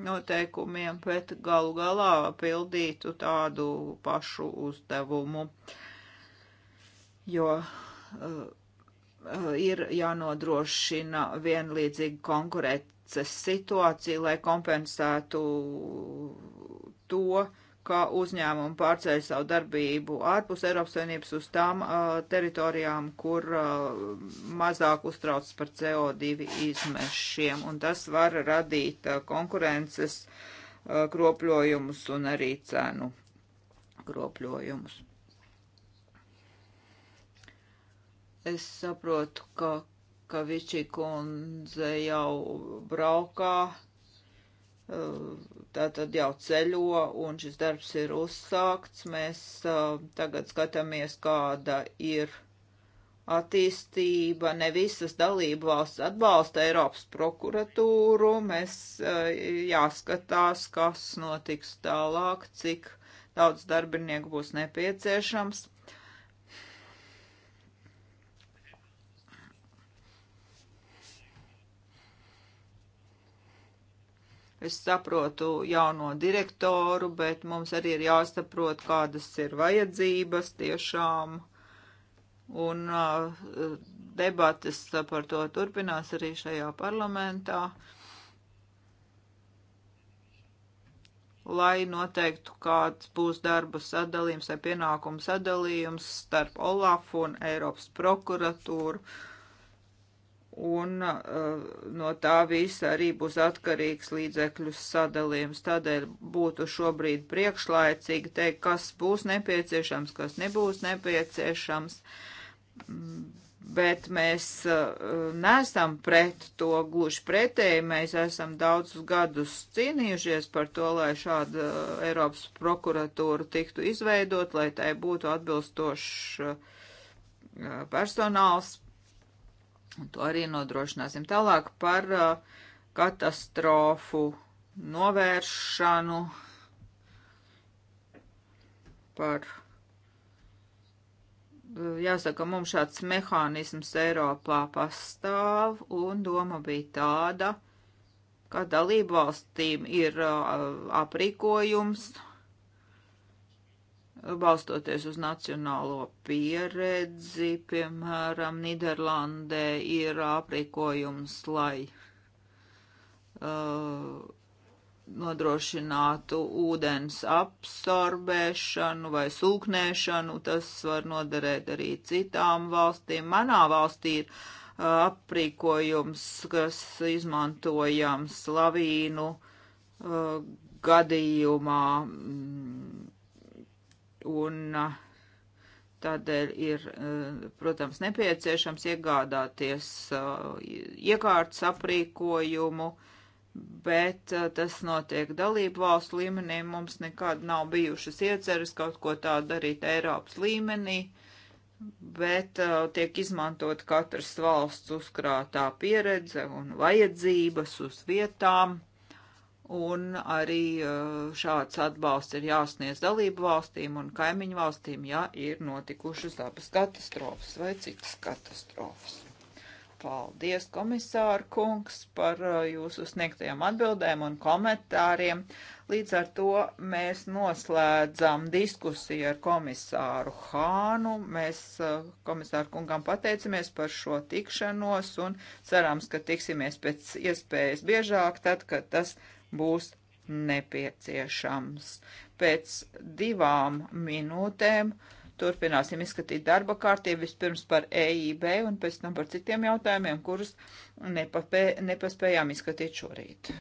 noteikumiem, bet galu galā pildītu tādu pašu uzdevumu, jo uh, uh ir jānodrošina vienlīdzīga konkurences situācija, lai kompensētu to, ka uzņēmumi pārceļ savu darbību ārpus Eiropas Savienības uz tām uh, teritorijām, kur uh, mazāk uztrauc par CO2 izmešiem, un tas var radīt uh, konkurences uh, kropļojumus un arī cenu kropļojumus. Es saprotu, ka Kaviči kundze jau braukā tā tad jau ceļo un šis darbs ir uzsākts. Mēs tagad skatāmies, kāda ir attīstība. Ne visas dalību valsts atbalsta Eiropas prokuratūru. Mēs jāskatās, kas notiks tālāk, cik daudz darbinieku būs nepieciešams. Es saprotu jauno direktoru, bet mums arī ir jāsaprot, kādas ir vajadzības tiešām. Un uh, debatas par to turpinās arī šajā parlamentā, lai noteiktu, kāds būs darba sadalījums vai pienākumu sadalījums starp Olafu un Eiropas prokuratūru. Uh, un uh, no tā visa arī būs atkarīgs līdzekļu sadalījums. Tādēļ būtu šobrīd priekšlaicīgi teikt, kas būs nepieciešams, kas nebūs nepieciešams, mm, bet mēs uh, nesam pret to gluži pretēji. Mēs esam daudzus gadus cīnījušies par to, lai šāda eh, Eiropas prokuratūra tiktu izveidot, lai tai būtu atbilstošs uh, personāls Un to arī nodrošināsim tālāk par uh, katastrofu novēršanu, par uh, jāsaka, mums šāds mehānisms Eiropā pastāv, un doma bija tāda, ka dalību valstīm ir uh, aprīkojums, balstoties uz nacionālo pieredzi, piemēram, Niderlandē ir aprīkojums, lai uh, nodrošinātu ūdens absorbēšanu vai sūknēšanu. Tas var noderēt arī citām valstīm. Manā valstī ir uh, aprīkojums, kas izmantojams lavīnu uh, gadījumā. Mm, Un uh, tādēļ ir, uh, protams, nepieciešams iegādāties uh, iekārtas aprīkojumu, bet tas notiek dalību valstu līmenī. Mums nekad nav bijušas ieceras kaut ko tādu darīt Eiropas līmenī, bet tiek izmantot katras valsts uzkrātā pieredze un vajadzības uz vietām un arī eh, šāds atbalsts ir jāsniedz dalību valstīm un kaimiņu valstīm, ja ir notikušas dabas katastrofas vai citas katastrofas. Paldies, komisāra kungs, par eh, jūsu sniegtajām atbildēm un komentāriem. Līdz ar to mēs noslēdzam diskusiju ar komisāru Hānu. Mēs eh, komisāru kungam pateicamies par šo tikšanos un cerams, ka tiksimies pēc iespējas biežāk, tad, kad tas būs nepieciešams. Pēc divām minūtēm turpināsim izskatīt darba kārtību vispirms par EIB un pēc tam par citiem jautājumiem, kurus nepapē, nepaspējām izskatīt šorīt.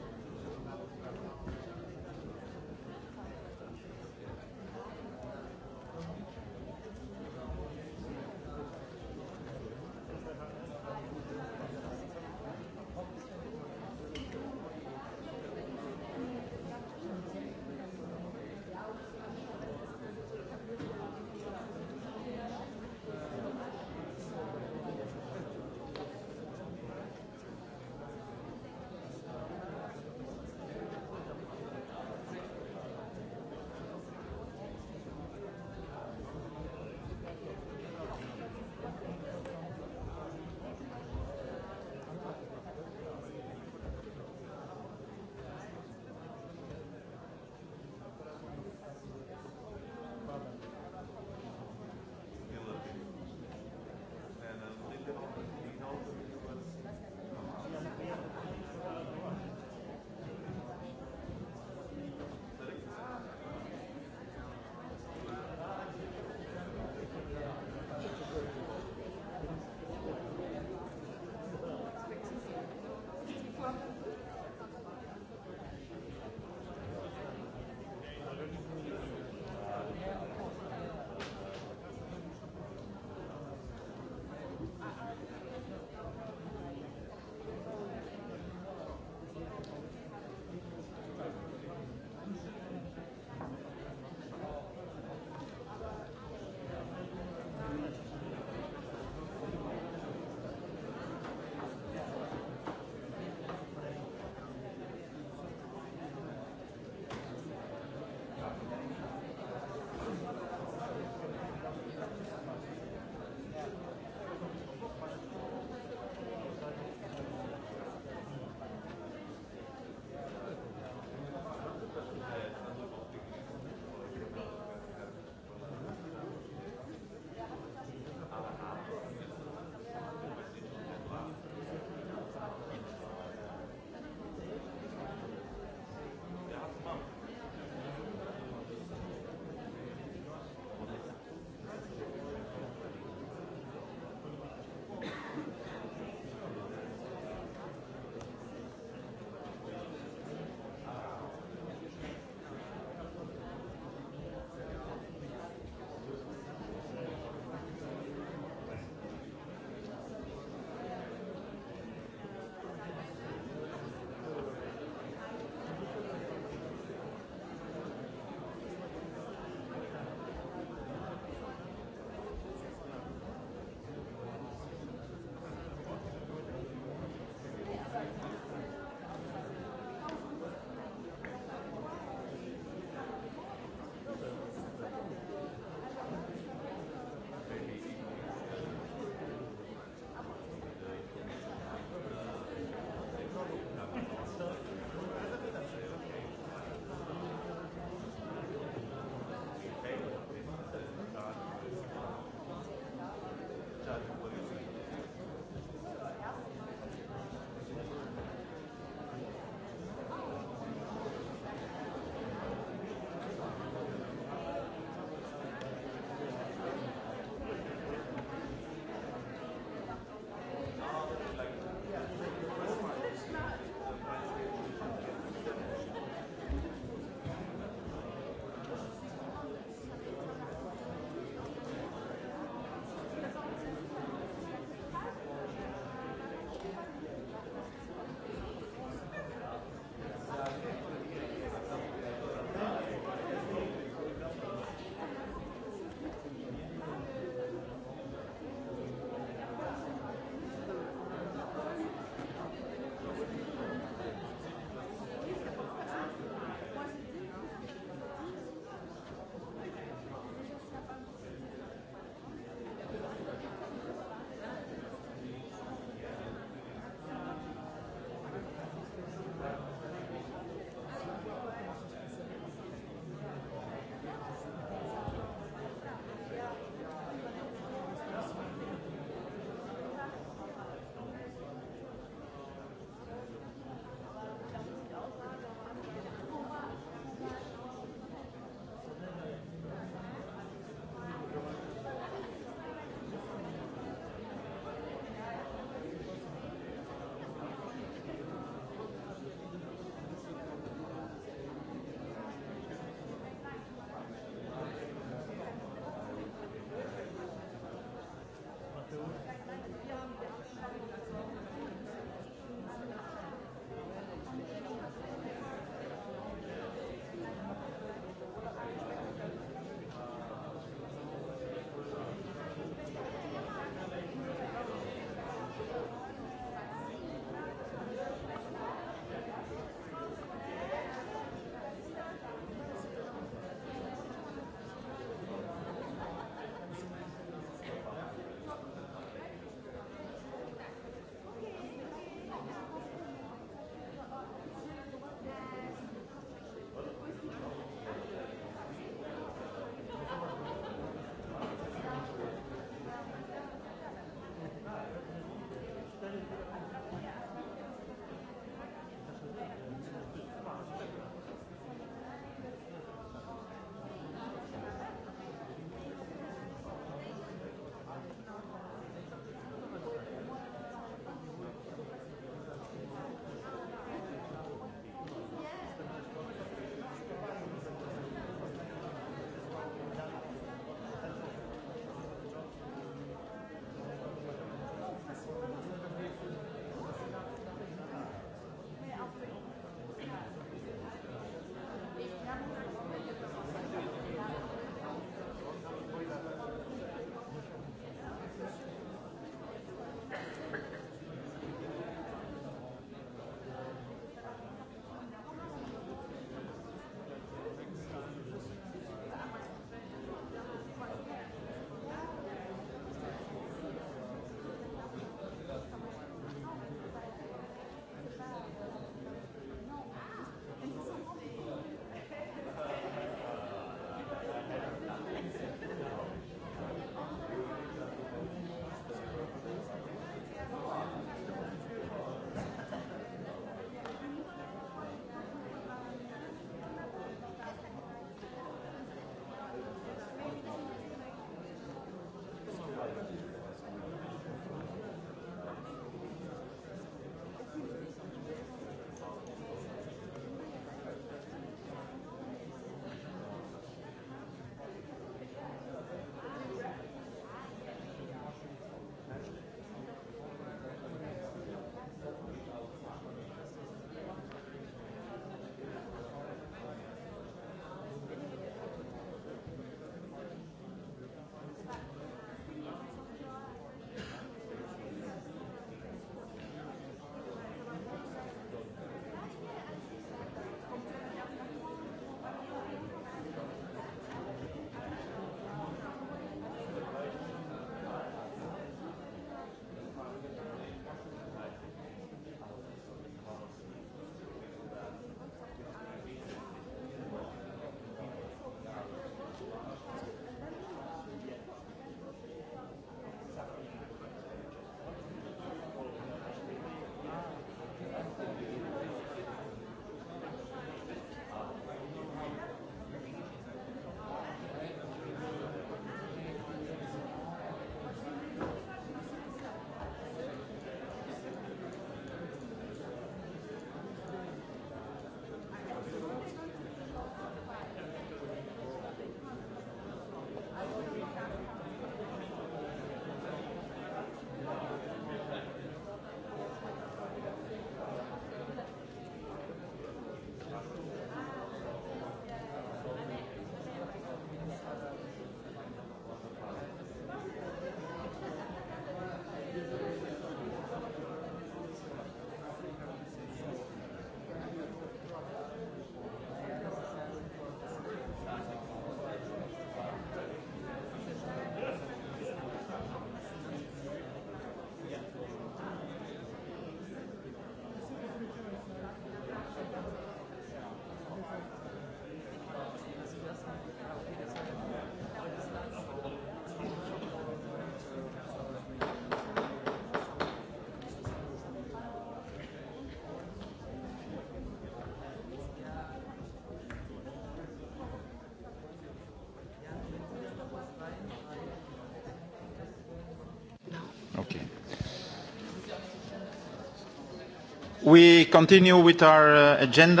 We continue with our uh, agenda.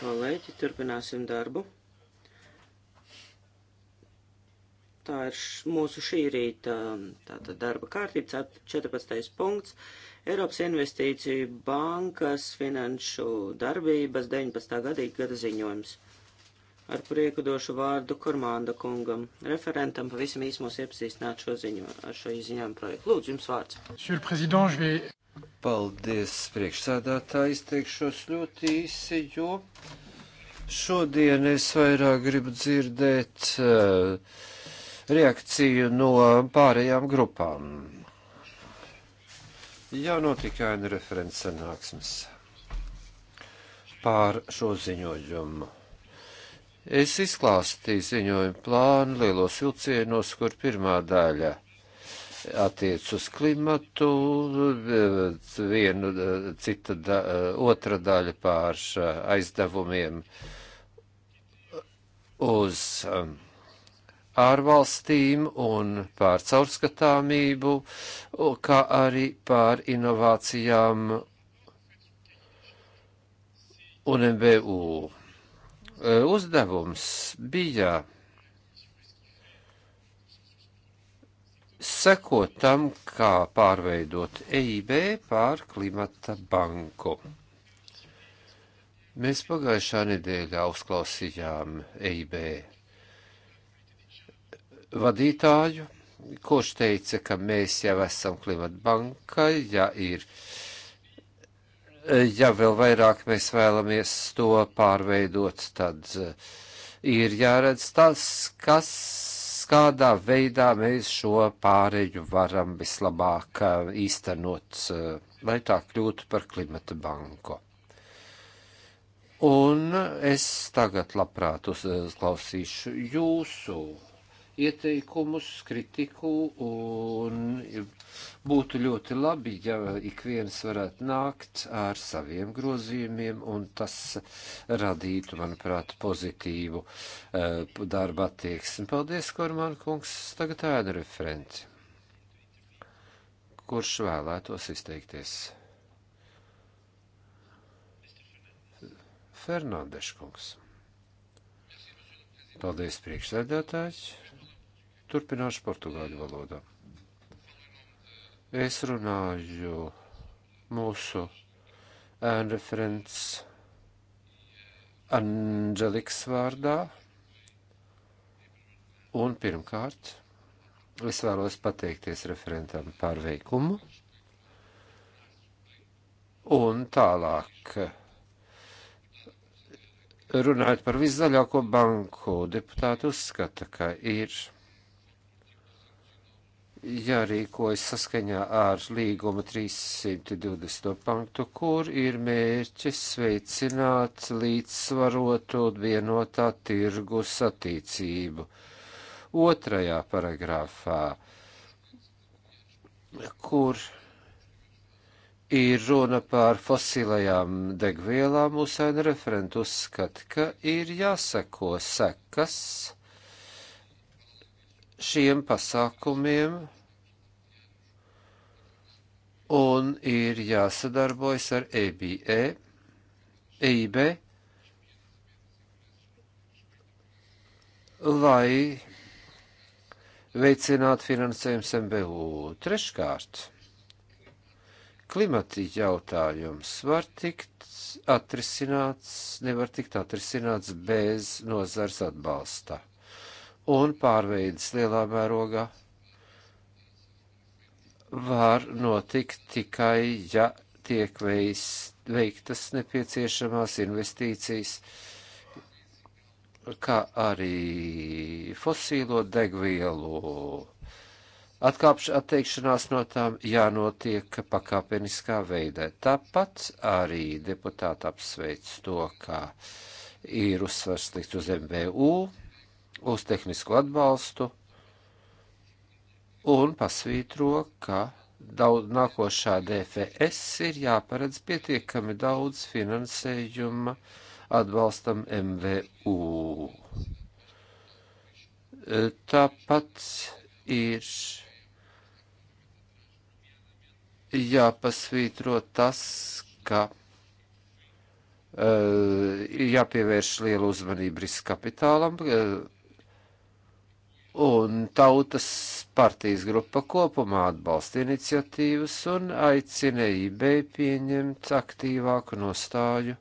Kolēģi, turpināsim darbu. Tā ir š, mūsu šī rīta um, tātad darba kārtība, 14. punkts. Eiropas investīciju bankas finanšu darbības 19. gadīga gada ziņojums. Ar prieku došu vārdu Kormanda kungam, referentam, pavisam īsmos iepazīstināt šo ziņu, ar šo ziņām projektu. Lūdzu, jums vārds. Paldies, priekšsēdētāji, izteikšos ļoti īsi, jo šodien es vairāk gribu dzirdēt uh, reakciju no pārējām grupām. Jā, notika aina referents sanāksmes pār šo ziņojumu. Es izklāstīju ziņojumu plānu lielos vilcienos, kur pirmā daļa attiec uz klimatu, vienu cita, da, otra daļa pār aizdevumiem uz um, ārvalstīm un pār caurskatāmību, kā arī pār inovācijām un MBU. Uzdevums bija sekot tam, kā pārveidot EIB pār klimata banku. Mēs pagājušā nedēļā uzklausījām EIB vadītāju, kurš teica, ka mēs jau esam klimata banka, ja ir, ja vēl vairāk mēs vēlamies to pārveidot, tad ir jāredz tas, kas kādā veidā mēs šo pāreju varam vislabāk īstenot, lai tā kļūtu par klimata banku. Un es tagad labprāt uzklausīšu jūsu ieteikumus, kritiku, un būtu ļoti labi, ja ik viens varētu nākt ar saviem grozījumiem, un tas radītu, manuprāt, pozitīvu uh, darba attieksmi. Paldies, Kormāna kungs, tagad ēna referenci. Kurš vēlētos izteikties? Fernandeša kungs. Paldies, priekšsēdētājs. Turpināšu portugāļu valodā. Es runāju mūsu ēnu referents Anģeliks vārdā. Un pirmkārt, es vēlos pateikties referentam par veikumu. Un tālāk, runājot par viszaļāko banku, deputāti uzskata, ka ir jārīkojas saskaņā ar līguma 320. pantu, kur ir mērķis veicināt līdzsvarotu vienotā tirgus attīcību. Otrajā paragrāfā, kur ir runa par fosilajām degvielām, mūsu referentu uzskata, ka ir jāsako sekas šiem pasākumiem un ir jāsadarbojas ar EBE, EIB, lai veicinātu finansējums MBU. Treškārt, klimati jautājums var tikt atrisināts, nevar tikt atrisināts bez nozars atbalsta un pārveidas lielā mērogā var notikt tikai, ja tiek veis, veiktas nepieciešamās investīcijas, kā arī fosīlo degvielu atkāpš, atteikšanās no tām jānotiek pakāpeniskā veidē. Tāpat arī deputāti apsveic to, ka ir uzsvars likt uz MBU uz tehnisko atbalstu un pasvītro, ka daudz, nākošā DFS ir jāparedz pietiekami daudz finansējuma atbalstam MVU. E, tāpat ir jāpasvītro tas, ka ir e, jāpievērš liela uzmanība riska kapitālam, e, un tautas partijas grupa kopumā atbalsta iniciatīvas un aicina IB pieņemt aktīvāku nostāju.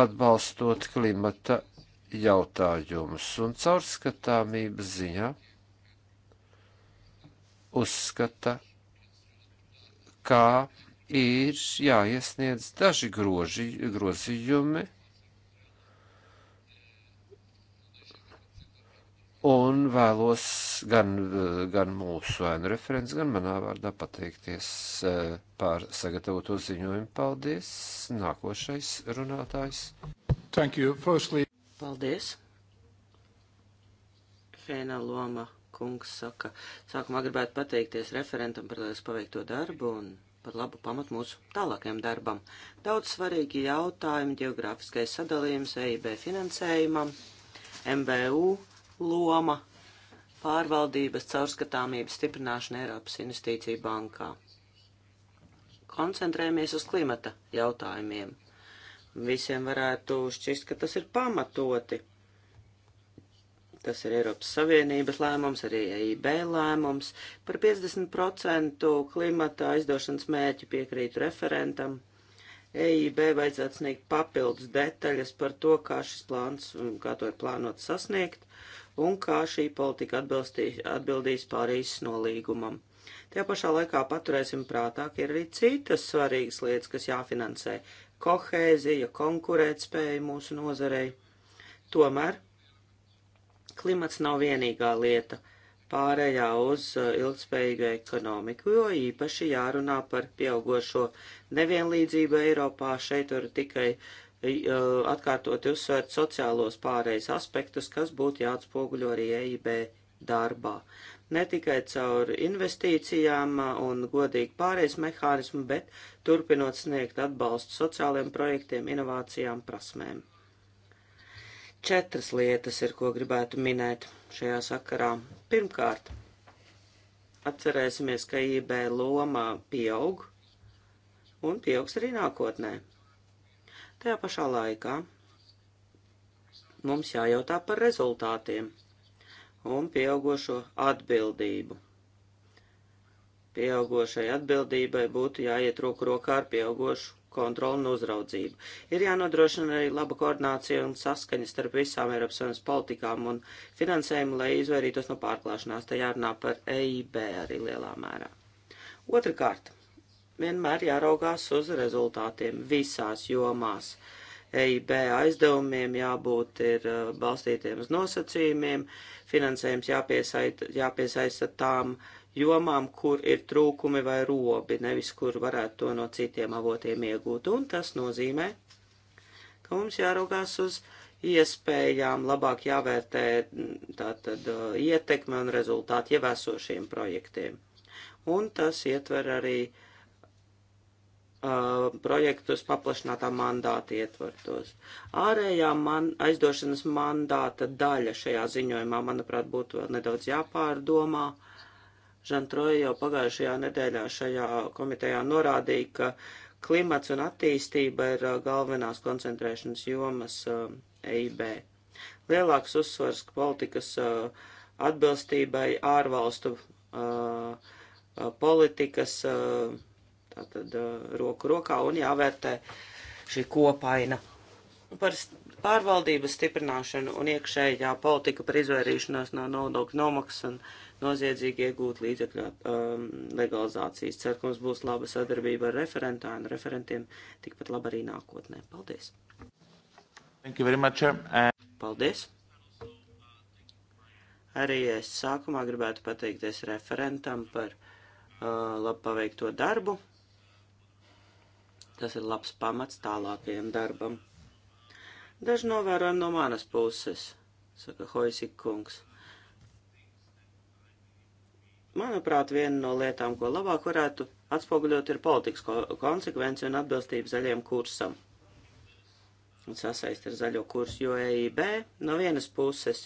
Atbalstot klimata jautājumus un caurskatāmības ziņā uzskata, kā ir jāiesniedz daži groži, grozījumi. Un vēlos gan, gan mūsu ēnu referents, gan manā vārdā pateikties e, par sagatavoto ziņojumu. Paldies! Nākošais runātājs. Thank you. Firstly. Paldies! Hēna Loma kungs saka, sākumā gribētu pateikties referentam par lielisku paveikto darbu un par labu pamatu mūsu tālākajam darbam. Daudz svarīgi jautājumi - geogrāfiskais sadalījums, EIB finansējumam, MBU loma, pārvaldības caurskatāmības stiprināšana Eiropas investīcija bankā. Koncentrējamies uz klimata jautājumiem. Visiem varētu šķist, ka tas ir pamatoti tas ir Eiropas Savienības lēmums, arī EIB lēmums. Par 50% klimata aizdošanas mērķi piekrītu referentam. EIB vajadzētu sniegt papildus detaļas par to, kā šis plāns, kā to ir plānots sasniegt, un kā šī politika atbildīs Pārīzes nolīgumam. Tajā pašā laikā paturēsim prātā, ka ir arī citas svarīgas lietas, kas jāfinansē - kohēzija, konkurētspēja mūsu nozarei. Tomēr Klimats nav vienīgā lieta pārējā uz uh, ilgspējīgu ekonomiku, jo īpaši jārunā par pieaugošo nevienlīdzību Eiropā. Šeit var tikai uh, atkārtot uzsvērt sociālos pārējais aspektus, kas būtu jāatspoguļo arī EIB darbā. Ne tikai caur investīcijām uh, un godīgu pārējais mehānismu, bet turpinot sniegt atbalstu sociāliem projektiem, inovācijām, prasmēm. Četras lietas ir, ko gribētu minēt šajā sakarā. Pirmkārt, atcerēsimies, ka IB loma pieaug un pieaugs arī nākotnē. Tajā pašā laikā mums jājautā par rezultātiem un pieaugošo atbildību. Pieaugošai atbildībai būtu jāiet roku rokā ar pieaugošu kontroli un uzraudzību. Ir jānodrošina arī laba koordinācija un saskaņa starp visām Eiropas Savienības politikām un finansējumu, lai izvairītos no pārklāšanās. Te jārunā par EIB arī lielā mērā. Otrakārt, vienmēr jāraugās uz rezultātiem visās jomās. EIB aizdevumiem jābūt ir uh, balstītiem uz nosacījumiem, finansējums jāpiesaista, jāpiesaista tām uh, jomām, kur ir trūkumi vai robi, nevis kur varētu to no citiem avotiem iegūt. Un tas nozīmē, ka mums jāraugās uz iespējām labāk jāvērtē mm, tātad uh, ietekme un rezultāti ievēsošiem projektiem. Un tas ietver arī uh, projektus paplašinātā mandāta ietvartos. Ārējā man, aizdošanas mandāta daļa šajā ziņojumā, manuprāt, būtu vēl nedaudz jāpārdomā. Uh, Žantroja jau pagājušajā nedēļā šajā komitejā norādīja, ka klimats un attīstība ir uh, galvenās koncentrēšanas jomas uh, EIB. Lielāks uzsvars politikas uh, atbilstībai ārvalstu politikas tātad roku rokā un jāvērtē šī kopaina. Par pārvaldības stiprināšanu un iekšējā politika par izvairīšanos no nodokļu nomaksas un noziedzīgi iegūt līdzekļu um, legalizācijas. Ceru, ka mums būs laba sadarbība ar referentām un referentiem tikpat labi arī nākotnē. Paldies! Much, and... Paldies! Arī es sākumā gribētu pateikties referentam par uh, labi paveikto darbu. Tas ir labs pamats tālākajam darbam. Daži novērojumi no manas puses, saka Hoisik kungs. Manuprāt, viena no lietām, ko labāk varētu atspoguļot, ir politikas ko konsekvence un atbilstība zaļiem kursam. Un sasaist ar zaļo kursu, jo EIB no vienas puses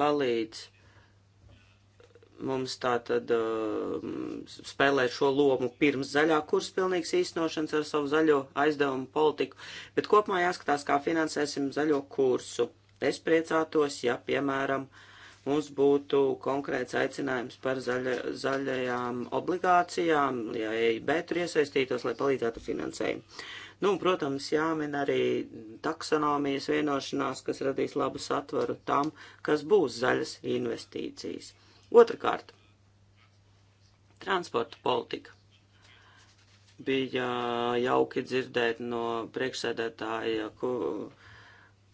palīdz mums tā tad uh, spēlēt šo lomu pirms zaļā kursa pilnīgas īstenošanas ar savu zaļo aizdevumu politiku, bet kopumā jāskatās, kā finansēsim zaļo kursu. Es priecātos, ja, piemēram, uh, mums būtu konkrēts aicinājums par zaļa, zaļajām obligācijām, ja EIB tur iesaistītos, lai palīdzētu finansējumu. Nu, un, protams, jāmin arī taksonomijas vienošanās, kas radīs labu satvaru tam, kas būs zaļas investīcijas. Otrakārt, transporta politika. Bija jauki dzirdēt no priekšsēdētāja, ko. Uh,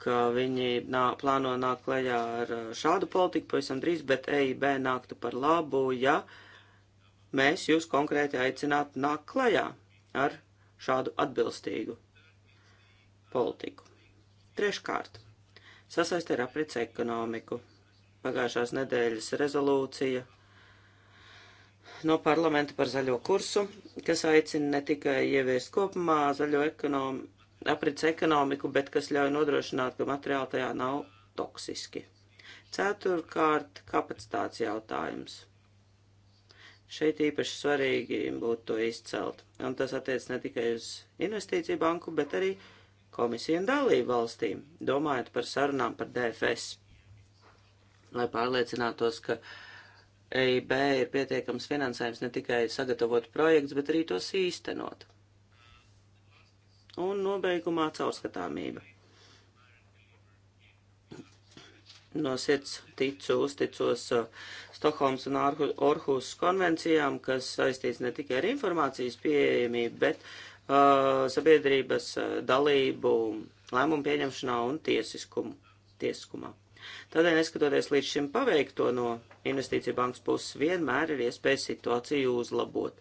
ka viņi nā, plāno nākt klajā ar šādu politiku pavisam drīz, bet EIB nāktu par labu, ja mēs jūs konkrēti aicinātu nākt klajā ar šādu atbilstīgu politiku. Treškārt, sasaist ar aprits ekonomiku. Pagājušās nedēļas rezolūcija no parlamenta par zaļo kursu, kas aicina ne tikai ieviest kopumā zaļo ekonomiku, aprits ekonomiku, bet kas ļauj nodrošināt, ka materiāli tajā nav toksiski. Ceturkārt, kapacitātes jautājums. Šeit īpaši svarīgi būtu to izcelt, un tas attiec ne tikai uz investīciju banku, bet arī komisiju un dalību valstīm, domājot par sarunām par DFS, lai pārliecinātos, ka EIB ir pietiekams finansējums ne tikai sagatavot projekts, bet arī tos īstenot. Un nobeigumā caurskatāmība. No sirds ticu, uzticos uh, Stokholmas un Orhus konvencijām, kas saistīts ne tikai ar informācijas pieejamību, bet uh, sabiedrības uh, dalību lēmumu pieņemšanā un tiesiskumu, tiesiskumā. Tādēļ, neskatoties līdz šim paveikto no investīciju bankas puses, vienmēr ir iespēja situāciju uzlabot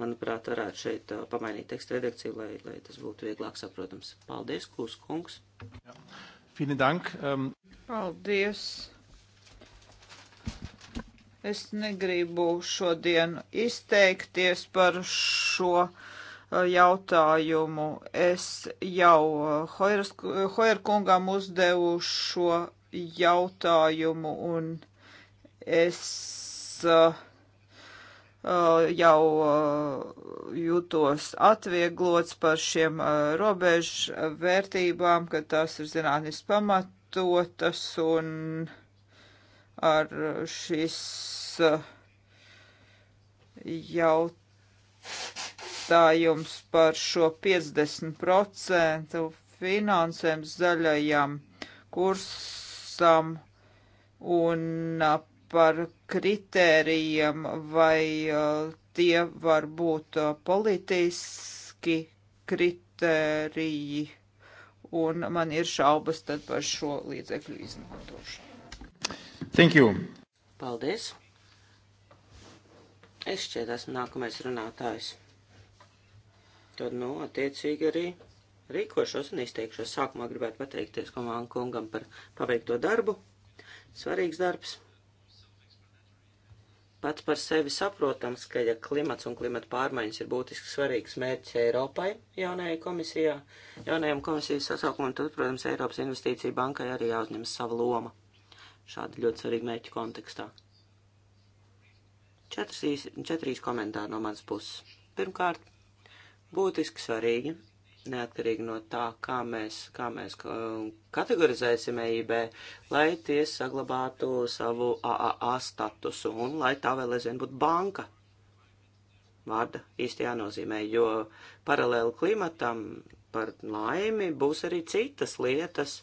manuprāt, varētu šeit uh, pamainīt tekstu redakciju, lai, lai tas būtu vieglāk saprotams. Paldies, Klūs kungs! Jā. Vielen Dank! Um... Paldies! Es negribu šodien izteikties par šo uh, jautājumu. Es jau uh, Hoerkungam uzdevu šo jautājumu un es uh, Eh, jau eh, jūtos atvieglots par šiem eh, robežu vērtībām, ka tās ir zinātnis pamatotas un ar šis jautājums par šo 50% finansēm zaļajam kursam un par kritērijiem, vai uh, tie var būt uh, politiski kritēriji, un man ir šaubas tad par šo līdzekļu izmantošanu. Thank you! Paldies! Es šķiet esmu nākamais runātājs. Tad, nu, attiecīgi arī rīkošos un izteikšos. Sākumā gribētu pateikties komandam kungam par paveikto darbu. Svarīgs darbs. Pats par sevi saprotams, ka ja klimats un klimata pārmaiņas ir būtiski svarīgs mērķis Eiropai jaunajai komisijā, jaunajam komisijas sasaukumam, tad, protams, Eiropas investīcija bankai arī jāuzņemas sava loma šāda ļoti svarīga mērķa kontekstā. Četras, četras komentāri no manas puses. Pirmkārt, būtiski svarīgi neatkarīgi no tā, kā mēs, kā mēs um, kategorizēsim EIB, lai tie saglabātu savu AAA statusu un lai tā vēl aizvien būtu banka vārda īstajā nozīmē, jo paralēli klimatam par laimi būs arī citas lietas,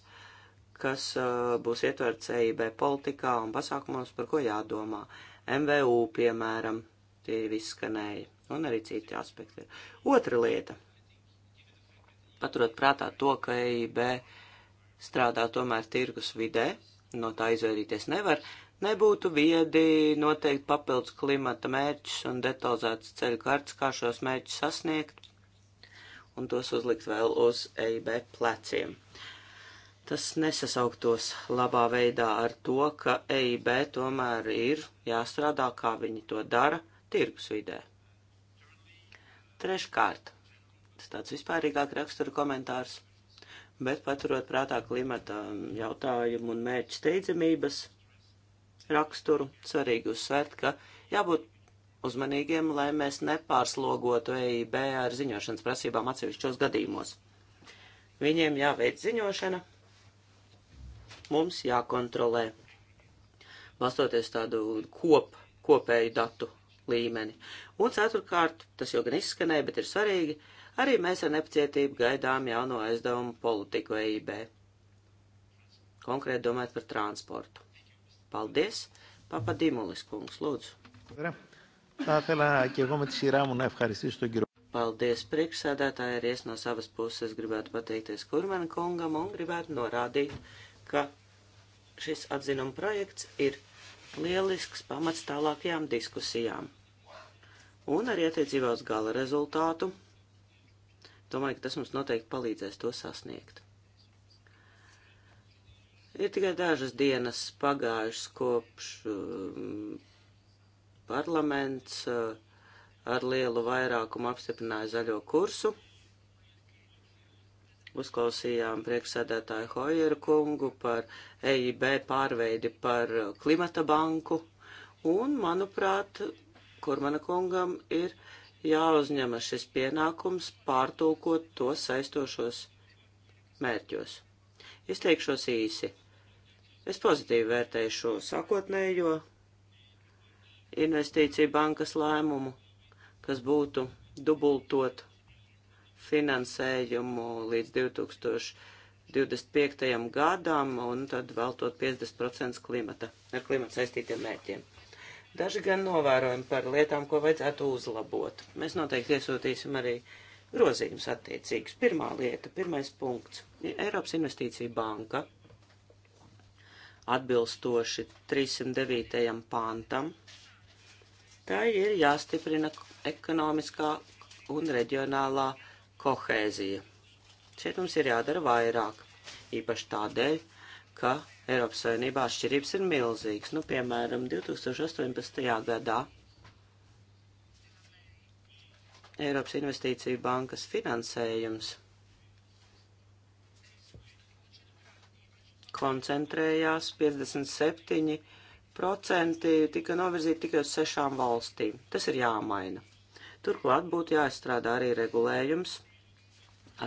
kas uh, būs ietverts EIB politikā un pasākumos, par ko jādomā. MVU, piemēram, tie viss skanēja, un arī citi aspekti. Otra lieta paturot prātā to, ka EIB strādā tomēr tirgus vidē, no tā izvairīties nevar, nebūtu viedi noteikt papildus klimata mērķus un detalizētas ceļu kartas, kā šos mērķus sasniegt un tos uzlikt vēl uz EIB pleciem. Tas nesasauktos labā veidā ar to, ka EIB tomēr ir jāstrādā, kā viņi to dara, tirgus vidē. Treškārt, tāds vispārīgāk rakstura komentārs, bet paturot prātā klimata jautājumu un mērķu steidzamības raksturu, svarīgi uzsvērt, ka jābūt uzmanīgiem, lai mēs nepārslogotu EIB ar ziņošanas prasībām atsevišķos gadījumos. Viņiem jāveic ziņošana, mums jākontrolē, balstoties tādu kop, kopēju datu līmeni. Un ceturkārt, tas jau gan izskanēja, bet ir svarīgi, uh, Arī mēs ar nepacietību gaidām jauno aizdevumu politiku EIB. Konkrēti domājot par transportu. Paldies! Papa Dimulis kungs, lūdzu. Paldies, priekšsēdētāji, arī es no savas puses gribētu pateikties Kurmena kungam un gribētu norādīt, ka šis atzinuma projekts ir lielisks pamats tālākajām diskusijām. Un arī attiecībā uz gala rezultātu Domāju, ka tas mums noteikti palīdzēs to sasniegt. Ir tikai dažas dienas pagājušas kopš um, parlaments uh, ar lielu vairākumu apstiprināja zaļo kursu. Uzklausījām priekšsēdētāju Hojeru kungu par EIB pārveidi par klimata banku. Un, manuprāt, Kurmana kungam ir jāuzņemas šis pienākums pārtulkot to saistošos mērķos. Izteikšos īsi. Es pozitīvi vērtēju šo sākotnējo investīciju bankas lēmumu, kas būtu dubultot finansējumu līdz 2025. gadam un tad vēl tot 50% klimata, ar klimata saistītiem mērķiem daži gan novērojumi par lietām, ko vajadzētu uzlabot. Mēs noteikti iesūtīsim arī grozījums attiecīgs. Pirmā lieta, pirmais punkts - Eiropas investīcija banka atbilstoši 309. pantam. Tā ir jāstiprina ekonomiskā un reģionālā kohēzija. Šeit mums ir jādara vairāk, īpaši tādēļ, ka Eiropas Savienībā atšķirības ir milzīgas. Nu, piemēram, 2018. gadā Eiropas Investīcija bankas finansējums koncentrējās 57% tika novirzīti tikai uz sešām valstīm. Tas ir jāmaina. Turklāt būtu jāizstrādā arī regulējums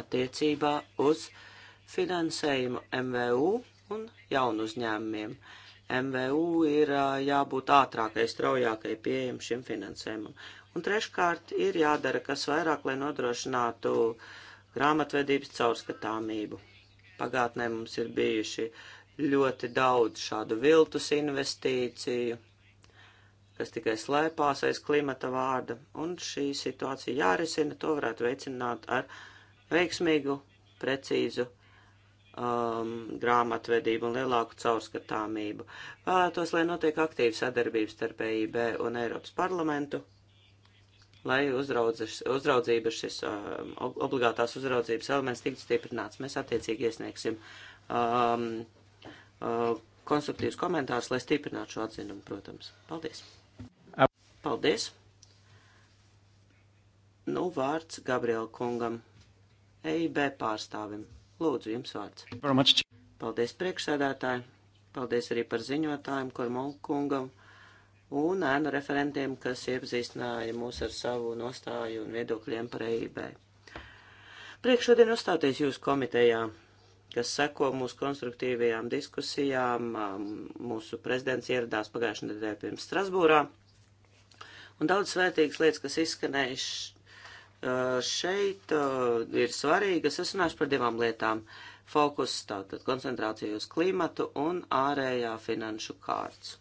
attiecībā uz finansējumu MVU un jaunu uzņēmumiem. MVU ir jābūt ātrākai, straujākai pieejam šim finansējumam. Un treškārt ir jādara kas vairāk, lai nodrošinātu grāmatvedības caurskatāmību. Pagātnē mums ir bijuši ļoti daudz šādu viltus investīciju, kas tikai slēpās aiz klimata vārda, un šī situācija jārisina, to varētu veicināt ar veiksmīgu, precīzu um, grāmatvedību un lielāku caurskatāmību. Vēlētos, lai notiek aktīva sadarbība starp EIB un Eiropas parlamentu, lai uzraudzes, uzraudzība šis um, obligātās uzraudzības elements tiktu stiprināts. Mēs attiecīgi iesniegsim um, uh, konstruktīvus komentārus, lai stiprinātu šo atzinumu, protams. Paldies! Paldies! Nu, vārds Gabriela kungam, EIB pārstāvim. Lūdzu, jums vārds. Paldies priekšsēdētāji, paldies arī par ziņotājiem, Kormulkungam un ēnu referentiem, kas iepazīstināja mūs ar savu nostāju un viedokļiem par EIB. Priekš šodien uzstāties jūsu komitejā, kas seko mūsu konstruktīvajām diskusijām. Um, mūsu prezidents ieradās pagājušajā nedēļā pirms Strasbūrā. Un daudz svētīgas lietas, kas izskanējušas Eh, šeit eh, ir svarīgas. Es runāšu par divām lietām. Fokus tātad koncentrācija uz klimatu un ārējā finanšu kārts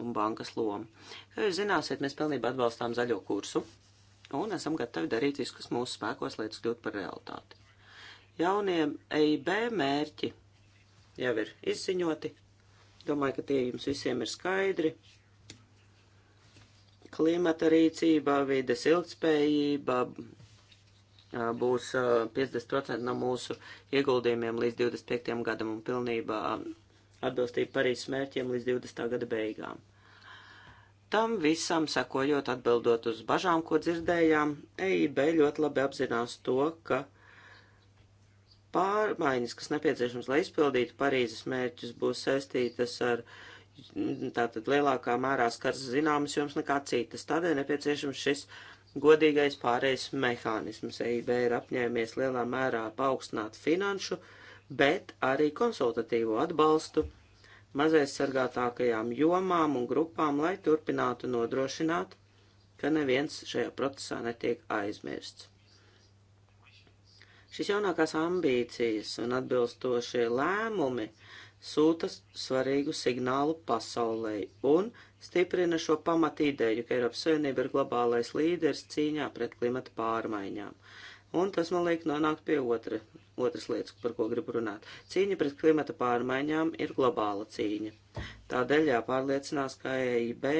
un bankas loma. Kā jūs zināsiet, mēs pilnībā atbalstām zaļo kursu un esam gatavi darīt visu, kas mūsu spēkos, lai tas kļūtu par realitāti. Jaunie EIB mērķi jau ir izziņoti. Domāju, ka tie jums visiem ir skaidri. Klimata rīcība, vides ilgspējība būs 50% no mūsu ieguldījumiem līdz 25. gadam un pilnībā atbilstība Parīzes mērķiem līdz 20. gada beigām. Tam visam sekojot atbildot uz bažām, ko dzirdējām, EIB ļoti labi apzinās to, ka pārmaiņas, kas nepieciešams, lai izpildītu Parīzes mērķus, būs saistītas ar uh, tātad lielākā mērā skars zināmas jums nekā citas. Tādēļ nepieciešams šis godīgais pārējais mehānisms. EIB ir apņēmies lielā mērā paaugstināt finanšu, bet arī konsultatīvo atbalstu mazais sargātākajām jomām un grupām, lai turpinātu nodrošināt, ka neviens šajā procesā netiek aizmirsts. Šis jaunākās ambīcijas un atbilstošie lēmumi uh, sūta svarīgu signālu pasaulē un stiprina šo pamatīdēju, ka Eiropas Savienība ir globālais līderis cīņā pret klimata pārmaiņām. Un tas man liek nonākt pie otra, otras lietas, par ko gribu runāt. Cīņa pret klimata pārmaiņām ir globāla cīņa. Tādēļ jāpārliecinās, ka EIB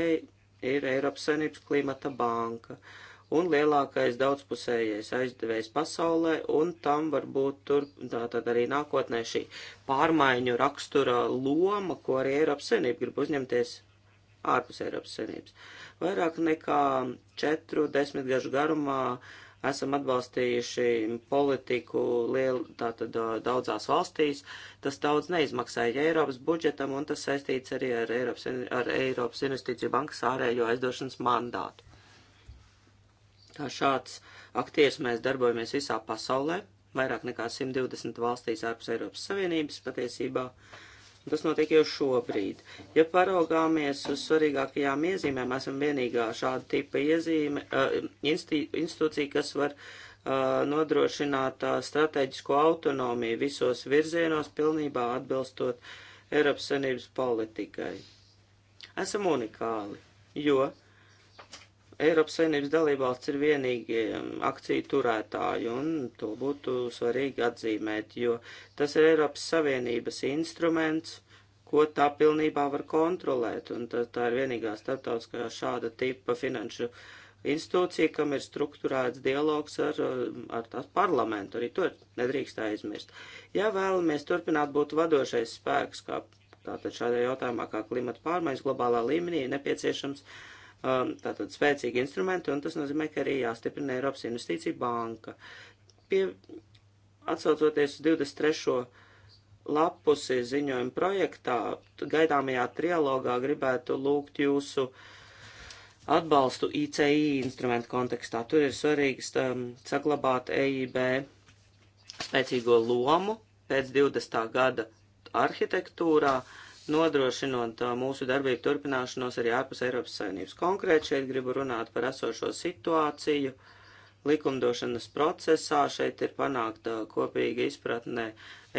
ir Eiropas Savienības klimata banka. Uh, un lielākais daudzpusējais aizdevējs pasaulē, un tam varbūt tur tātad arī nākotnē šī pārmaiņu rakstura loma, ko arī Eiropas Savienība grib uzņemties ārpus Eiropas Savienības. Vairāk nekā četru desmitgažu garumā esam atbalstījuši politiku lielu, tātad daudzās valstīs. Tas daudz neizmaksāja Eiropas budžetam, un tas saistīts arī ar Eiropas, ar Eiropas investīciju bankas ārējo aizdošanas mandātu. Kā šāds aktieris mēs darbojamies visā pasaulē, vairāk nekā 120 valstīs ārpus Eiropas Savienības patiesībā. Tas notiek jau šobrīd. Ja paraugāmies uz svarīgākajām iezīmēm, esam vienīgā šāda tipa iezīme, uh, eh, institū, institūcija, kas var uh, nodrošināt uh, strateģisko autonomiju visos virzienos, pilnībā atbilstot Eiropas Savienības politikai. Esam unikāli, jo Eiropas Savienības dalībvalsts ir vienīgie um, akciju turētāji, un to būtu svarīgi atzīmēt, jo tas ir Eiropas Savienības instruments, ko tā pilnībā var kontrolēt, un tā, tā ir vienīgā starptautiskā šāda tipa finanšu institūcija, kam ir strukturēts dialogs ar, um, ar tās parlamentu, arī to nedrīkst aizmirst. Ja vēlamies turpināt būt vadošais spēks, kā tātad šādā jautājumā kā klimata pārmaiņas globālā līmenī, ir nepieciešams uh, Um, tātad spēcīgi instrumenti, un tas nozīmē, ka arī jāstiprina Eiropas investīcija banka. Pie, atsaucoties uz 23. lapusi ziņojuma projektā, gaidāmajā trialogā gribētu lūgt jūsu atbalstu ICI instrumentu kontekstā. Tur ir svarīgi um, saglabāt EIB spēcīgo lomu pēc 20. gada arhitektūrā. Uh, nodrošinot uh, mūsu darbību turpināšanos arī ārpus Eiropas Savienības. Konkrēt šeit gribu runāt par esošo situāciju likumdošanas procesā. Šeit ir panākta kopīga izpratne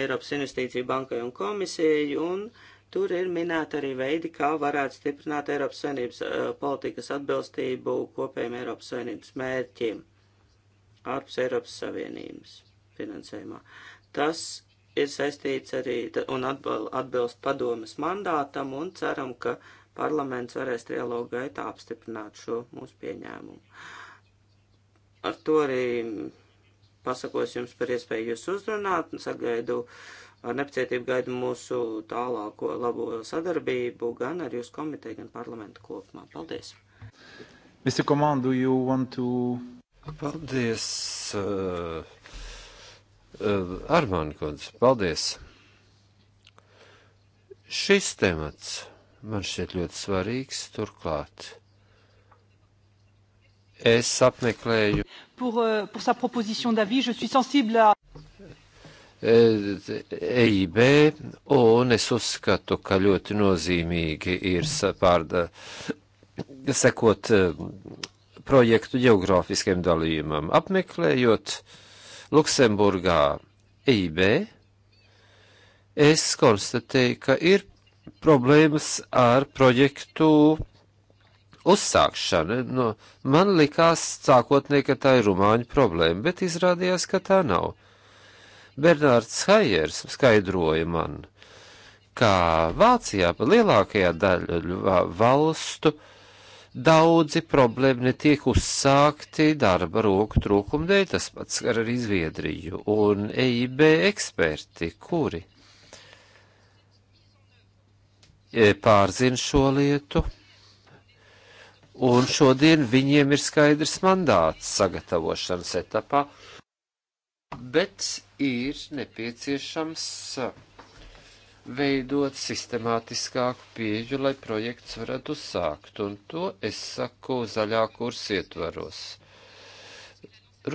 Eiropas Investīciju bankai un komisijai, un tur ir minēta arī veidi, kā varētu stiprināt Eiropas Savienības uh, politikas atbilstību kopējiem Eiropas Savienības mērķiem ārpus Eiropas Savienības finansējumā. Tas ir saistīts arī un atbilst padomas mandātam un ceram, ka parlaments varēs trialogu gaitā apstiprināt šo mūsu pieņēmumu. Ar to arī pasakos jums par iespēju jūs uzrunāt un sagaidu ar nepacietību gaidu mūsu tālāko labo sadarbību gan ar jūsu komiteju, gan parlamentu kopumā. Paldies! Mr. Command, do you want to... Paldies! Uh... Eh, Armāni kundze, paldies! Šis temats man šķiet ļoti svarīgs, turklāt es apmeklēju. Pour, eh, pour sa proposition d'avis, je suis sensible à. EIB, eh, e un es uzskatu, ka ļoti nozīmīgi ir pārda, sekot projektu geogrāfiskiem dalījumam, apmeklējot uh, Luksemburgā EIB, es konstatēju, ka ir problēmas ar projektu uzsākšana. No, nu, man likās sākotnēji, ka tā ir rumāņu problēma, bet izrādījās, ka tā nav. Bernārds Haiers skaidroja man, ka Vācijā lielākajā daļa valstu uh, daudzi problēma netiek uzsākti darba roku trūkuma dēļ, tas pats ar arī Zviedriju un EIB eksperti, kuri e, pārzina šo lietu. Un šodien viņiem ir skaidrs mandāts sagatavošanas etapā, bet ir nepieciešams uh, veidot sistemātiskāku pieju, lai projekts varētu uzsākt, un to es saku zaļā kursa ietvaros.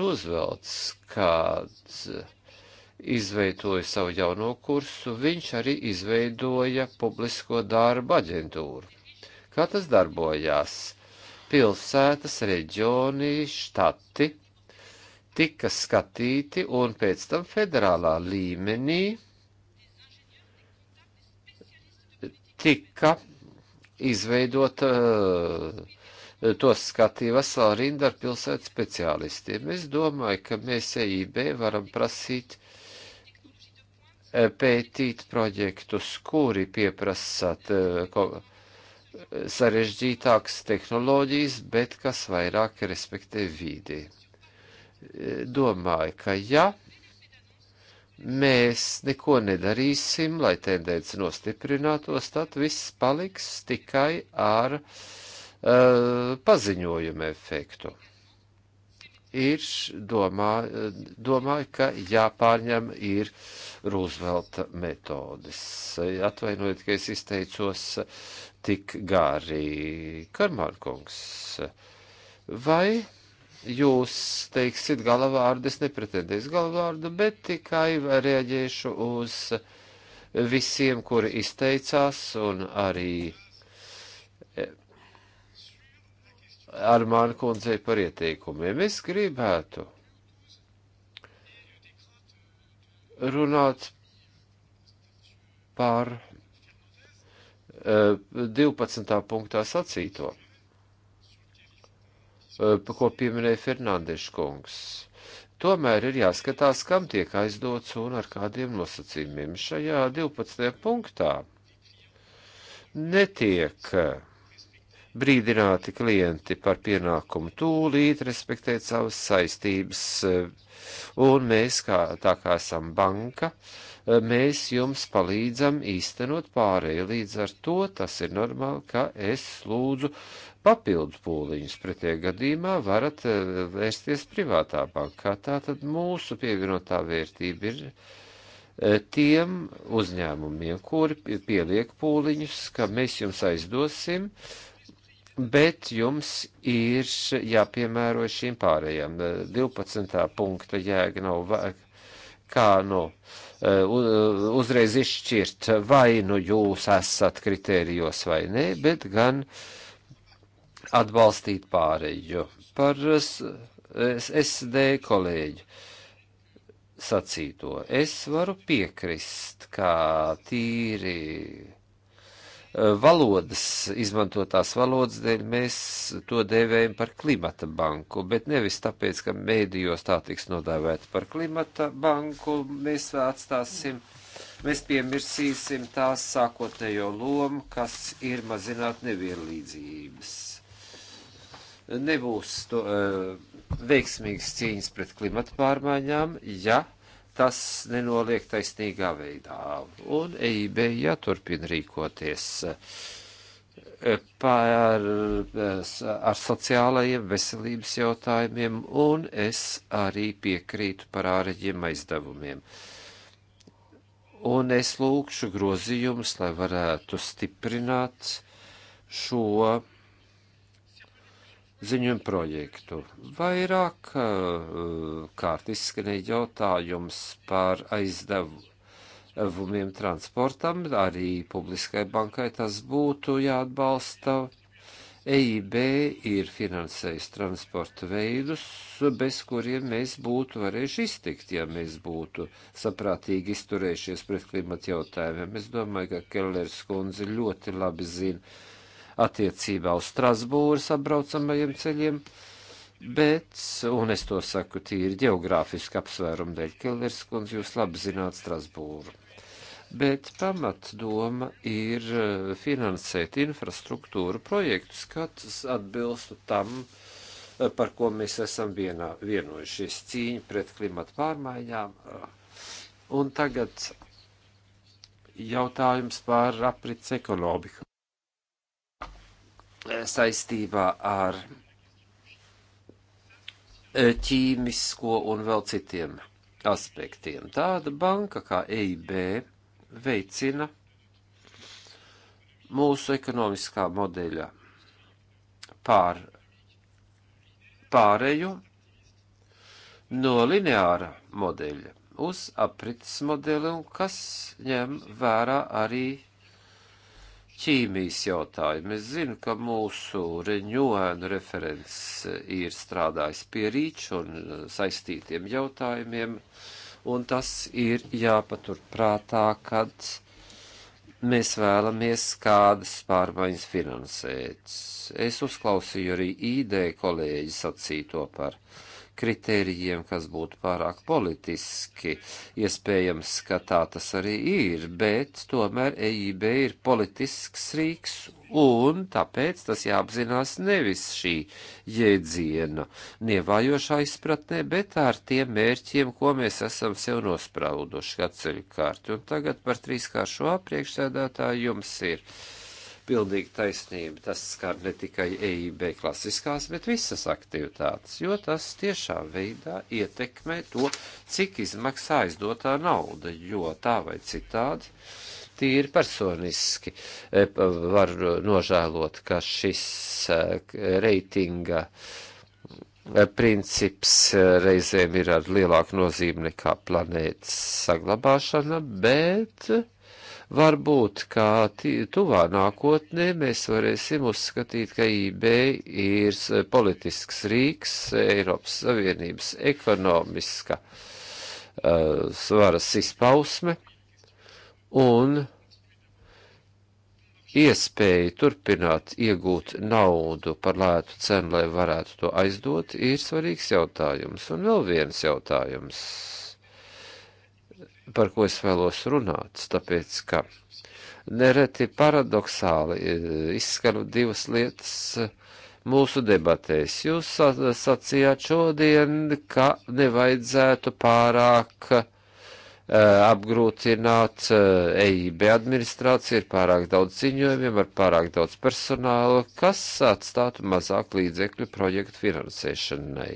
Rūzvelts, kāds izveidoja savu jauno kursu, viņš arī izveidoja publisko darbu aģentūru. Kā tas darbojās? Pilsētas, reģioni, štati tika skatīti un pēc tam federālā līmenī tika izveidota, eh, tos skatīja vesela rinda ar pilsētu speciālistiem. Es domāju, ka mēs EIB varam prasīt eh, pētīt projektus, kuri pieprasat eh, sarežģītākas tehnoloģijas, bet kas vairāk respektē vīdi. Domāju, ka ja mēs neko nedarīsim, lai tendence nostiprinātos, tad viss paliks tikai ar uh, paziņojumu efektu ir domā, domāju, ka jāpārņem ir Roosevelta metodes. Atvainojiet, ka es izteicos tik gārī. Karmārkungs, vai jūs teiksit galavārdu, es nepretendēšu galavārdu, bet tikai reaģēšu uz visiem, kuri izteicās un arī e, ar mani kundzei par ieteikumiem. Es gribētu runāt par uh, e, 12. punktā sacīto. Eh, ko pieminēja Fernandeša kungs. Tomēr ir jāskatās, kam tiek aizdots un ar kādiem nosacījumiem. Šajā 12. punktā netiek eh, brīdināti klienti par pienākumu tūlīt respektēt savas saistības, eh, un mēs, kā, tā kā esam banka, mēs jums palīdzam īstenot pārēju. Līdz ar to tas ir normāli, ka es lūdzu papildus pūliņus. Pretējā gadījumā varat eh, vērsties privātā bankā. Tātad mūsu pievienotā vērtība ir eh, tiem uzņēmumiem, kuri pieliek pūliņus, ka mēs jums aizdosim, bet jums ir jāpiemēro šīm pārējām. 12. Eh, punkta jēga nav kā no. Nu, uzreiz izšķirt, vai nu jūs esat kritērijos vai nē, bet gan uh, atbalstīt pārējo. Par SD kolēģi sacīto es varu piekrist, kā tīri eh, valodas, izmantotās valodas dēļ mēs to dēvējam par klimata banku, bet nevis tāpēc, ka mēdījos tā tiks nodēvēta par klimata banku, mēs atstāsim, mēs piemirsīsim tās sākotnējo lomu, kas ir mazināt nevienlīdzības nebūs to, e, veiksmīgas cīņas pret klimatu pārmaiņām, ja tas nenoliek taisnīgā veidā. Un EIB jāturpina rīkoties e, pār, e, ar sociālajiem veselības jautājumiem, un es arī piekrītu par āreģiem aizdevumiem. Un es lūkšu grozījumus, lai varētu stiprināt šo ziņojumu projektu. Vairāk eh, kārt izskanēja jautājums par aizdevumiem transportam, arī publiskai bankai tas būtu jāatbalsta. EIB ir finansējis transporta veidus, bez kuriem mēs būtu varējuši iztikt, ja mēs būtu saprātīgi izturējušies pret klimata jautājumiem. Es domāju, ka Kellers kundze ļoti labi zina attiecībā uz Strasbūras apbraucamajiem ceļiem, bet, un es to saku tīri geogrāfiski apsvērumu dēļ, Kelners kundze, jūs labi zināt Strasbūru. Bet pamatdoma ir eh, finansēt infrastruktūru projektus, kāds atbilstu tam, eh, par ko mēs esam vienā, vienojušies cīņa pret klimatu pārmaiņām. Un tagad jautājums par aprits ekonomiku saistībā ar e, ķīmisko un vēl citiem aspektiem. Tāda banka kā EIB veicina mūsu ekonomiskā modeļa pār, pāreju no lineāra modeļa uz aprits modeli un kas ņem vērā arī ķīmijas jautājumi. Es zinu, ka mūsu reņoēnu referents eh, ir strādājis pie rīču un eh, saistītiem jautājumiem, un tas ir jāpatur prātā, kad mēs vēlamies kādas pārmaiņas finansēt. Es uzklausīju arī ID kolēģi sacīto par kritērijiem, kas būtu pārāk politiski. Iespējams, ka tā tas arī ir, bet tomēr EIB ir politisks rīks un tāpēc tas jāapzinās nevis šī jēdziena nievājošā izpratnē, bet ar tiem mērķiem, ko mēs esam sev nosprauduši atceļu kārti. Un tagad par trīskāršo apriekšsēdētāju jums ir pilnīgi taisnība. Tas skar ne tikai EIB klasiskās, bet visas aktivitātes, jo tas tiešā veidā ietekmē to, cik izmaksā aizdotā nauda, jo tā vai citādi. Tīri personiski e, var nožēlot, ka šis e, reitinga e, princips reizēm ir ar lielāku nozīmi nekā planētas saglabāšana, bet Varbūt, kā tuvā nākotnē mēs varēsim uzskatīt, ka IB ir politisks rīks Eiropas Savienības ekonomiska uh, svaras izpausme un iespēja turpināt iegūt naudu par lētu cenu, lai varētu to aizdot, ir svarīgs jautājums. Un vēl viens jautājums par ko es vēlos runāt, tāpēc, ka nereti paradoxāli e, izskanu divas lietas e, mūsu debatēs. Jūs sacījāt šodien, ka nevajadzētu pārāk uh, Eh, apgrūtināts EIB eh, e administrācija ir pārāk daudz ziņojumiem ar pārāk daudz personāla, kas atstātu mazāk līdzekļu projektu finansēšanai.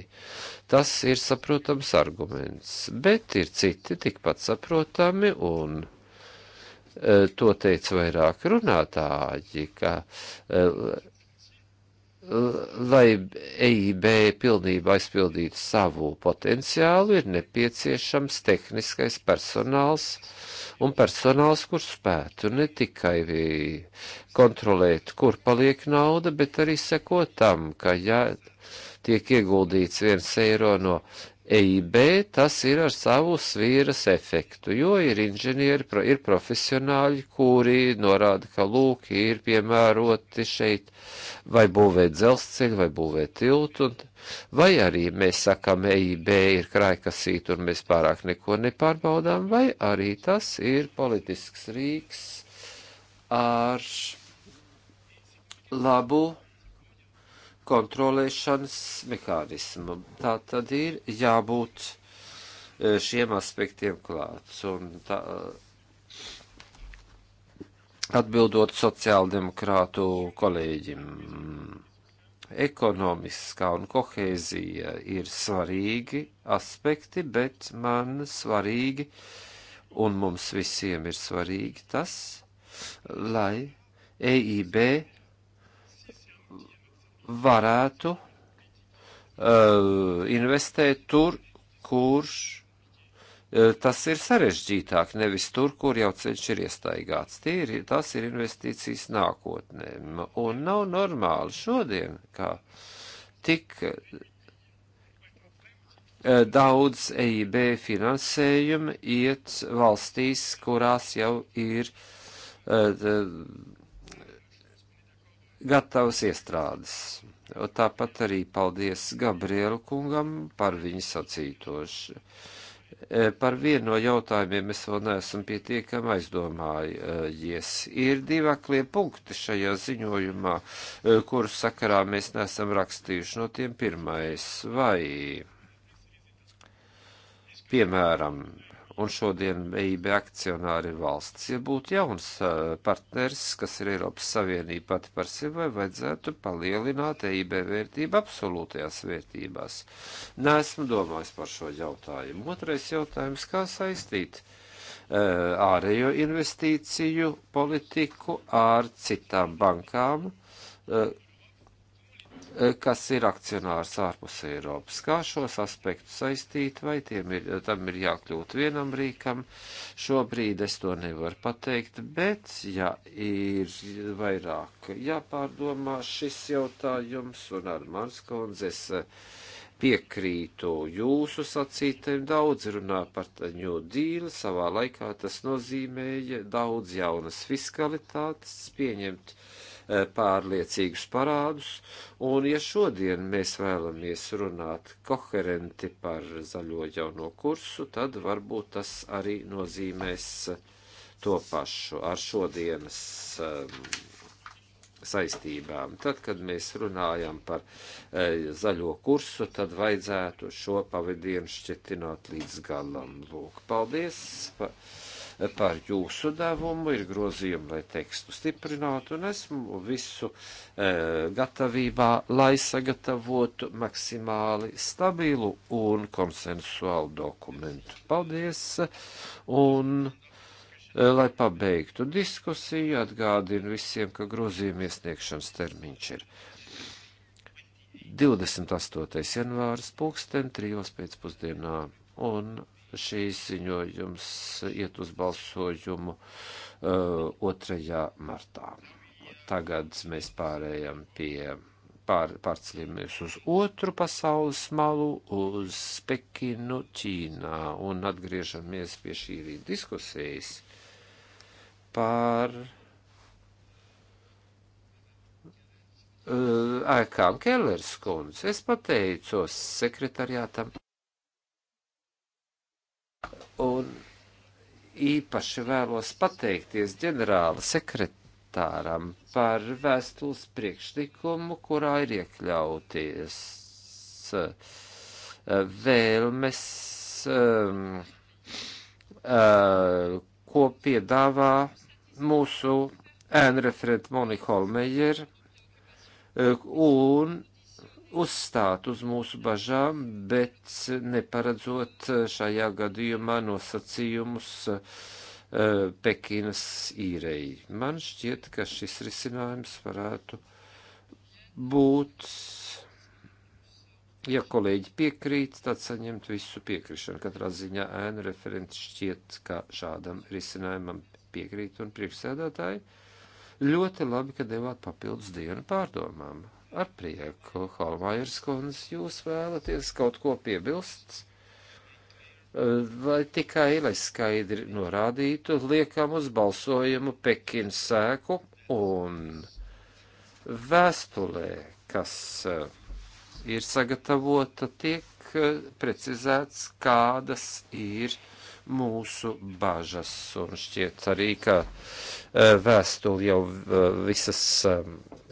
Tas ir saprotams arguments, bet ir citi tikpat saprotami un eh, to teica vairāk runātāji, ka lai EIB pilnībā aizpildītu savu potenciālu, ir nepieciešams tehniskais personāls un personāls, kurš spētu ne tikai kontrolēt, kur paliek nauda, bet arī sekot tam, ka, ja tiek ieguldīts viens eiro no EIB, tas ir ar savu svīras efektu, jo ir inženieri, ir profesionāļi, kuri norāda, ka lūk, ir piemēroti šeit vai būvēt dzelzceļu, vai būvēt tiltu, vai arī mēs sakam, EIB ir krājkasīt un mēs pārāk neko nepārbaudām, vai arī tas ir politisks rīks ar labu kontrolēšanas mehānismu. Tā tad ir jābūt e, šiem aspektiem klāts. Un tā, e, atbildot sociāldemokrātu kolēģim, ekonomiskā un kohēzija ir svarīgi aspekti, bet man svarīgi, un mums visiem ir svarīgi tas, lai EIB varētu uh, investēt tur, kurš uh, tas ir sarežģītāk, nevis tur, kur jau ceļš ir iestaigāts. Tie ir, tas ir investīcijas nākotnēm. Un nav normāli šodien, kā tik uh, daudz EIB finansējuma iet valstīs, kurās jau ir uh, gatavas iestrādes. Un tāpat arī paldies Gabrielu kungam par viņu sacītošu. E, par vienu no jautājumiem es vēl neesmu pietiekami aizdomājies. Ir divi aklie punkti šajā ziņojumā, e, kurus sakarā mēs neesam rakstījuši no tiem pirmais. Vai, piemēram, un šodien EIB akcionāri ir valsts. Ja būtu jauns eh, partners, kas ir Eiropas Savienība pati par sevi, vai vajadzētu palielināt EIB vērtību absolūtajās vērtībās? Nē, esmu domājis par šo jautājumu. Otrais jautājums - kā saistīt eh, ārējo investīciju politiku ar citām bankām? Eh, Eh, kas ir akcionārs ārpus Eiropas. Kā šos aspektus saistīt, vai tiem ir, tam ir jākļūt vienam rīkam, šobrīd es to nevaru pateikt, bet, ja ir vairāk jāpārdomā šis jautājums, un ar Marskons es eh, piekrītu jūsu sacītēm, daudz runā par New Deal, savā laikā tas nozīmēja daudz jaunas fiskalitātes, pieņemt uh, Eh, pārliecīgus parādus, un ja šodien mēs vēlamies runāt koherenti par zaļo jauno kursu, tad varbūt tas arī nozīmēs to pašu ar šodienas um, saistībām. Tad, kad mēs runājam par e, zaļo kursu, tad vajadzētu šo pavadienu šķetināt līdz galam. Lūk, paldies! Pa par jūsu devumu, ir grozījumi, lai tekstu stiprinātu, un esmu visu e, gatavībā, lai sagatavotu maksimāli stabilu un konsensuālu dokumentu. Paldies! Un e, Lai pabeigtu diskusiju, atgādinu visiem, ka grozījuma iesniegšanas termiņš ir 28. janvāris, pulksten 3. pēcpusdienā, un šīs ziņojums iet uz balsojumu uh, 2. martā. Tagad mēs pārējām pie, pār, pārcelīmies uz otru pasaules malu, uz Pekinu, Ķīnā, un atgriežamies pie šī rīta diskusijas par uh, ēkām Kellers kundze. Es pateicos sekretariātam. Un īpaši vēlos pateikties ģenerāla sekretāram par vēstules priekšlikumu, kurā ir iekļauties eh, vēlmes, um, uh, ko piedāvā mūsu ēnreferenta Monika Holmejer, eh, un uzstāt uz mūsu bažām, bet neparedzot šajā gadījumā nosacījumus eh, Pekinas īrei. Man šķiet, ka šis risinājums varētu būt, ja kolēģi piekrīt, tad saņemt visu piekrišanu. Katrā ziņā ēnu referents šķiet, ka šādam risinājumam piekrīt un priekšsēdētāji. Ļoti labi, ka devāt papildus dienu pārdomām. Ar prieku, Holmajers kundze, jūs vēlaties kaut ko piebilst? Eh, vai tikai, lai skaidri norādītu, liekam uz balsojumu Pekinu sēku un vēstulē, kas eh, ir sagatavota, tiek eh, precizēts, kādas ir uh, mūsu bažas. Un šķiet arī, ka e, vēstuli jau e, visas e,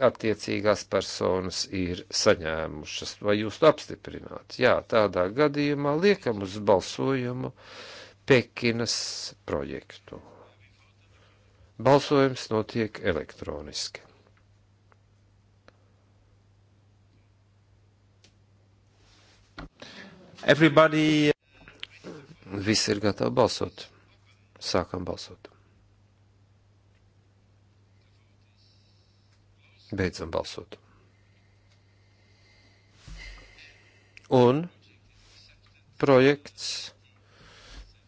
attiecīgās personas ir saņēmušas. Vai jūs to apstiprināt? Jā, tādā gadījumā liekam uz balsojumu Pekinas projektu. Balsojums notiek elektroniski. Everybody Visi ir gatavi balsot. Sākam balsot. Beidzam balsot. Un projekts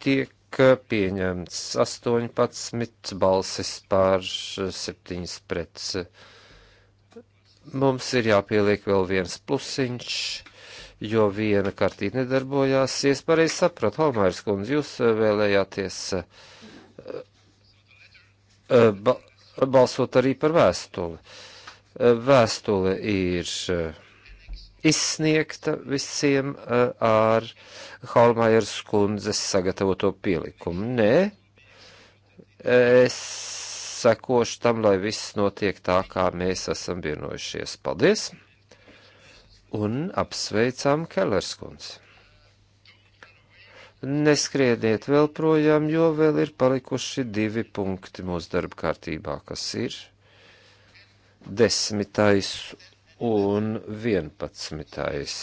tiek pieņemts 18 balsis pār 7 pret. Mums ir jāpieliek vēl viens plusiņš jo viena kartīte nedarbojās. Es pareizi sapratu, Holmārs kundze, jūs eh, vēlējāties eh, eh, ba balsot arī par vēstuli. Vēstule ir izsniegta visiem ar Holmārs kundzes sagatavoto pielikumu. Nē, es sekošu tam, lai viss notiek tā, kā mēs esam vienojušies. Paldies! un apsveicām Kellerskunds. Neskriediet vēl projām, jo vēl ir palikuši divi punkti mūsu darba kārtībā, kas ir desmitais un vienpadsmitais.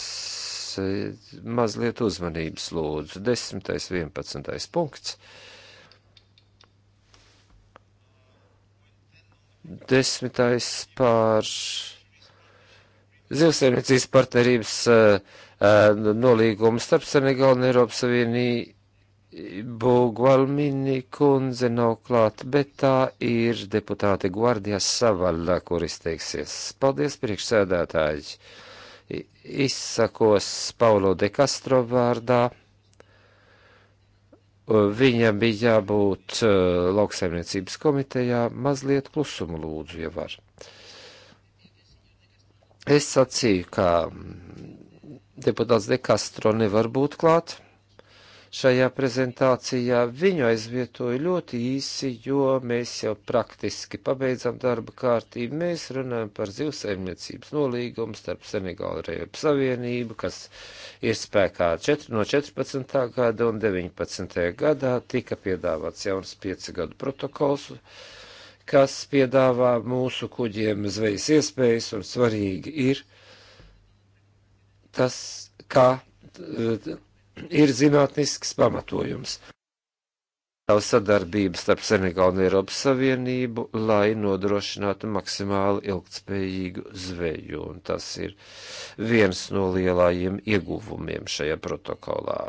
Mazliet uzmanības lūdzu. Desmitais, vienpadsmitais punkts. Desmitais pārš zivsēmniecības partnerības uh, eh, uh, eh, nolīgumu starp Senegalu un Eiropas Savienību Gvalmini kundze nav klāt, bet tā ir deputāte Guardijas Savaļa, kur izteiksies. Paldies, priekšsēdētāji! Izsakos Paulo de Castro vārdā. Viņam bija jābūt uh, lauksaimniecības komitejā mazliet klusumu lūdzu, ja var. Es sacīju, ka deputāts De Castro nevar būt klāt šajā prezentācijā. Viņu aizvietoju ļoti īsi, jo mēs jau praktiski pabeidzam darba kārtību. Mēs runājam par zivsaimniecības nolīgumu starp Senegālu un Eiropas Savienību, kas ir spēkā 4, no 14. gada un 19. gadā tika piedāvāts jauns 5 gadu protokols kas piedāvā mūsu kuģiem zvejas iespējas, un svarīgi ir tas, kā eh, ir zinātnisks pamatojums. Nav sadarbības starp Senegālu un Eiropas Savienību, lai nodrošinātu maksimāli ilgtspējīgu zveju, un tas ir viens no lielajiem ieguvumiem šajā protokolā.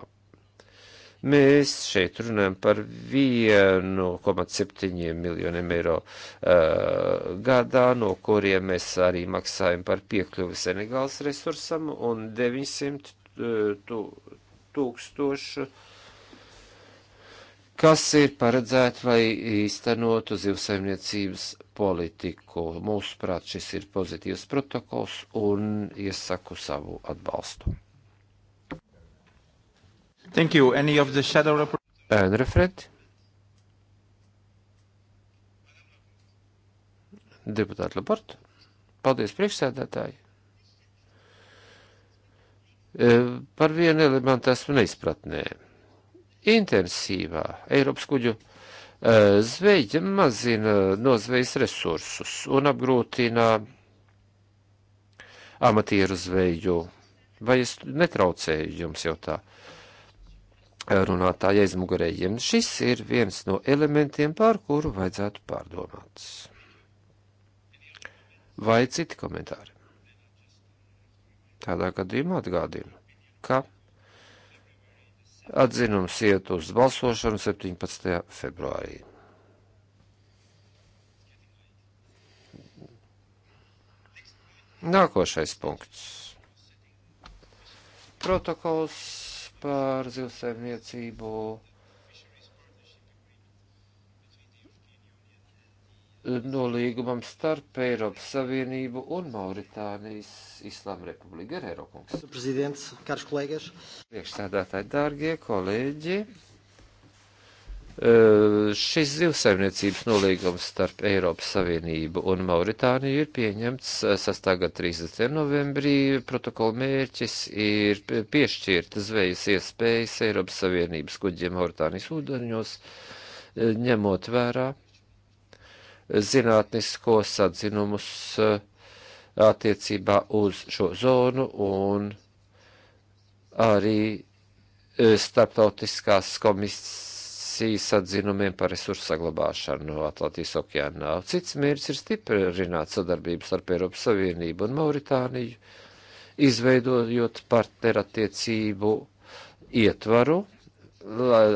Mēs šeit runājam par 1,7 miljoniem eiro uh, gadā, no kuriem mēs arī maksājam par piekļuvi Senegāls resursam un 900 tūkstošu kas ir paredzēti, lai īstenotu zivsaimniecības politiku. Mūsuprāt, šis ir pozitīvs protokols un iesaku savu atbalstu. Thank you. Any of the shadow report? Ēnu referenti? Deputāti Laporta. Paldies, priekšsēdētāji. E, par vienu elementu esmu neizpratnē. Intensīvā Eiropas kuģu e, zveja mazina nozvejas resursus un apgrūtina amatieru zveju. Vai es netraucēju jums jau tā? Uh, runātāja aizmugurējiem. Šis ir viens no elementiem, pār kuru vajadzētu pārdomāt. Vai citi komentāri? Tādā gadījumā atgādinu, ka atzinums iet uz balsošanu 17. februārī. Nākošais punkts. Protokols par zivsaimniecību nolīgumam starp Eiropas Savienību un Mauritānijas Islāma Republika. Gerēro kungs. Prezidents, karš kolēģis. Priekšsēdētāji, dārgie kolēģi. Eh, šis zivsaimniecības nolīgums starp Eiropas Savienību un Mauritāniju ir pieņemts 6. gada 30. novembrī. Protokola mērķis ir piešķirt zvejas iespējas Eiropas Savienības kuģiem Mauritānijas ūdeņos, eh, ņemot vērā eh, zinātniskos atzinumus attiecībā uz šo zonu un arī starptautiskās komisijas komisijas atzinumiem par resursu saglabāšanu no Atlantijas okeānā. Cits mērķis ir stiprināt sadarbību starp Eiropas Savienību un Mauritāniju, izveidojot partnerattiecību ietvaru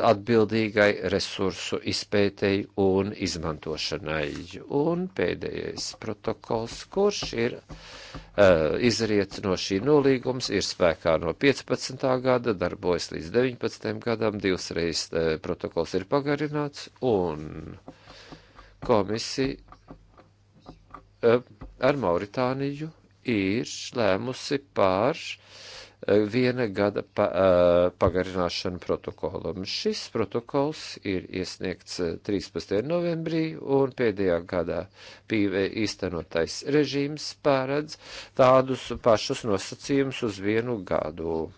atbildīgai resursu izpētei un izmantošanai. Un pēdējais protokols, kurš ir uh, izriet no šī nolīgums, ir spēkā no 15. gada, darbojas līdz 19. gadam, divas reizes uh, protokols ir pagarināts un komisija uh, ar Mauritāniju ir lēmusi pār uh, viena gada pa, eh, pagarināšanu protokolam. Šis protokols ir iesniegts 13. Eh, novembrī, un pēdējā gadā īstenotais režīms pārēdz tādus pašus nosacījumus uz vienu gadu.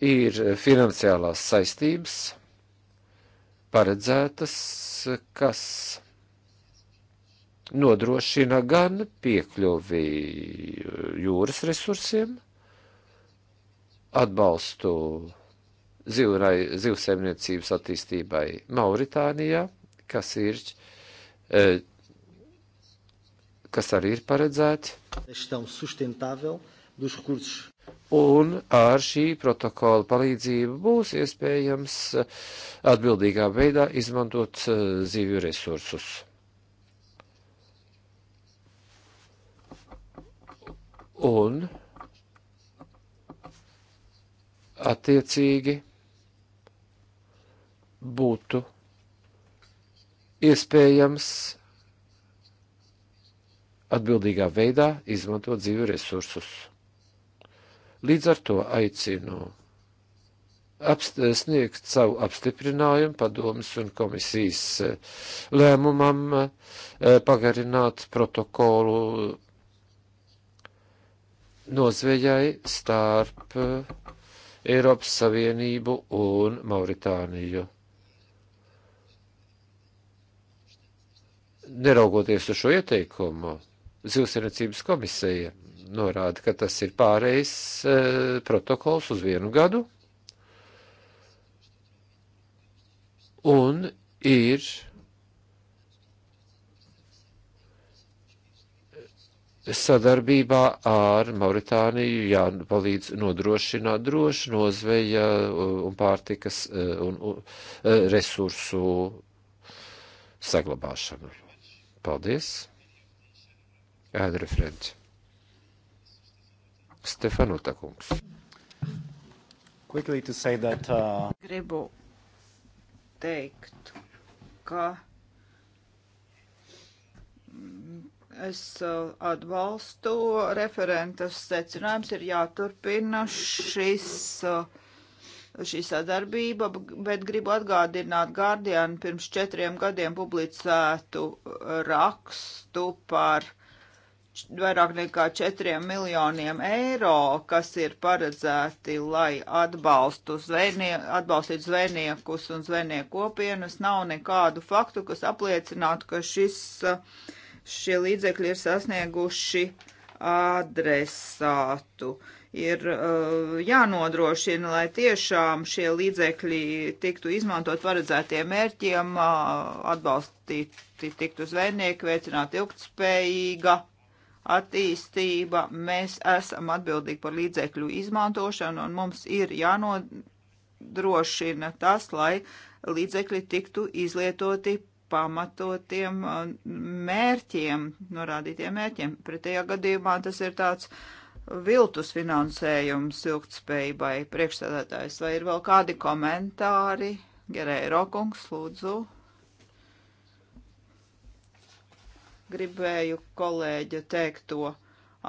Ir finansiālās saistības paredzētas, kas nodrošina gan piekļuvi eh, jūras resursiem, atbalstu zivrai, zivsaimniecības attīstībai Mauritānijā, kas ir, eh, kas arī ir paredzēti. Un ar šī protokola palīdzību būs iespējams atbildīgā veidā izmantot eh, zivju resursus. un attiecīgi būtu iespējams atbildīgā veidā izmantot dzīvi resursus. Līdz ar to aicinu sniegt savu apstiprinājumu padomas un komisijas eh, lēmumam eh, pagarināt protokolu nozvejai starp eh, Eiropas Savienību un Mauritāniju. Neraugoties uz šo ieteikumu, Zivsarniecības komisija norāda, ka tas ir pārējais e, protokols uz vienu gadu un ir sadarbībā ar Mauritāniju jāpalīdz nodrošināt drošu nozveja un pārtikas e, un, un, un e, resursu saglabāšanu. Paldies! Ēna referenti. Stefanuta kungs. Quickly to say that. Uh... Gribu teikt, ka Es uh, atbalstu referentas secinājums, ir jāturpina šis, uh, šī sadarbība, bet gribu atgādināt Guardian pirms četriem gadiem publicētu rakstu par vairāk nekā 4 miljoniem eiro, kas ir paredzēti, lai atbalstu zvejnie, atbalstītu zvejniekus un zvejnieku kopienas, nav nekādu faktu, kas apliecinātu, ka šis uh, šie līdzekļi ir sasnieguši adresātu. Ir uh, jānodrošina, lai tiešām šie līdzekļi tiktu izmantot paredzētiem mērķiem, uh, atbalstīti tiktu zvejnieki, veicināt ilgtspējīga attīstība. Mēs esam atbildīgi par līdzekļu izmantošanu un mums ir jānodrošina tas, lai līdzekļi tiktu izlietoti pamatotiem uh, mērķiem, norādītiem mērķiem. Pretējā gadījumā tas ir tāds viltus finansējums ilgtspējībai priekšstādātājs. Vai ir vēl kādi komentāri? Gerēja Rokungs, lūdzu. Gribēju kolēģi teikt to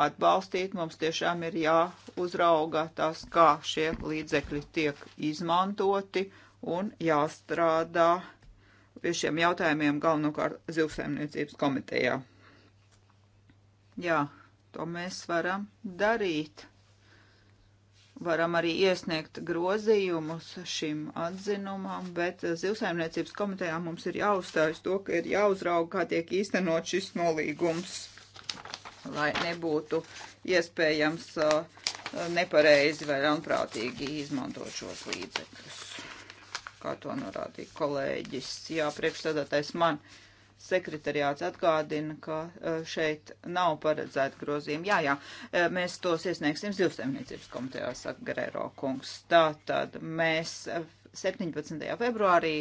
atbalstīt. Mums tiešām ir jāuzrauga tas, kā šie līdzekļi tiek izmantoti un jāstrādā pie šiem jautājumiem galvenokārt zivsaimniecības komitejā. Jā, to mēs varam darīt. Varam arī iesniegt grozījumus šim atzinumam, bet zivsaimniecības komitejā mums ir jāuzstājas to, ka ir jāuzrauga, kā tiek īstenot šis nolīgums, lai nebūtu iespējams uh, nepareizi vai ļaunprātīgi izmantot šos līdzekļus kā to norādīja kolēģis. Jā, priekšstādātais man sekretariāts atgādina, ka e, šeit nav paredzēta grozījuma. Jā, jā, e, mēs tos iesniegsim zivsaimniecības komitejā, saka Gerēro kungs. Tātad mēs 17. E, februārī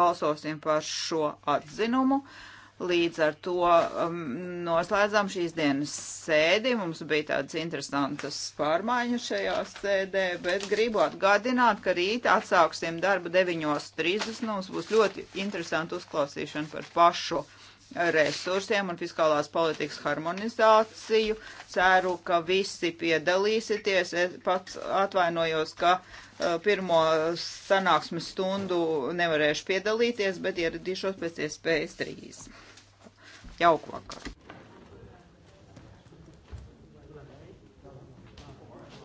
balsosim par šo atzinumu. Uh, Līdz ar to um, noslēdzām šīs dienas sēdi. Mums bija tādas interesantas pārmaiņas šajā sēdē, bet gribu atgādināt, ka rīt atsāksim darbu 9.30. Mums būs ļoti interesanti uzklausīšana par pašu resursiem un fiskālās politikas harmonizāciju. Ceru, ka visi piedalīsieties. Es pats atvainojos, ka uh, pirmo sanāksmes stundu nevarēšu piedalīties, bet ieradīšos pēc iespējas drīz. Jauku vakaru!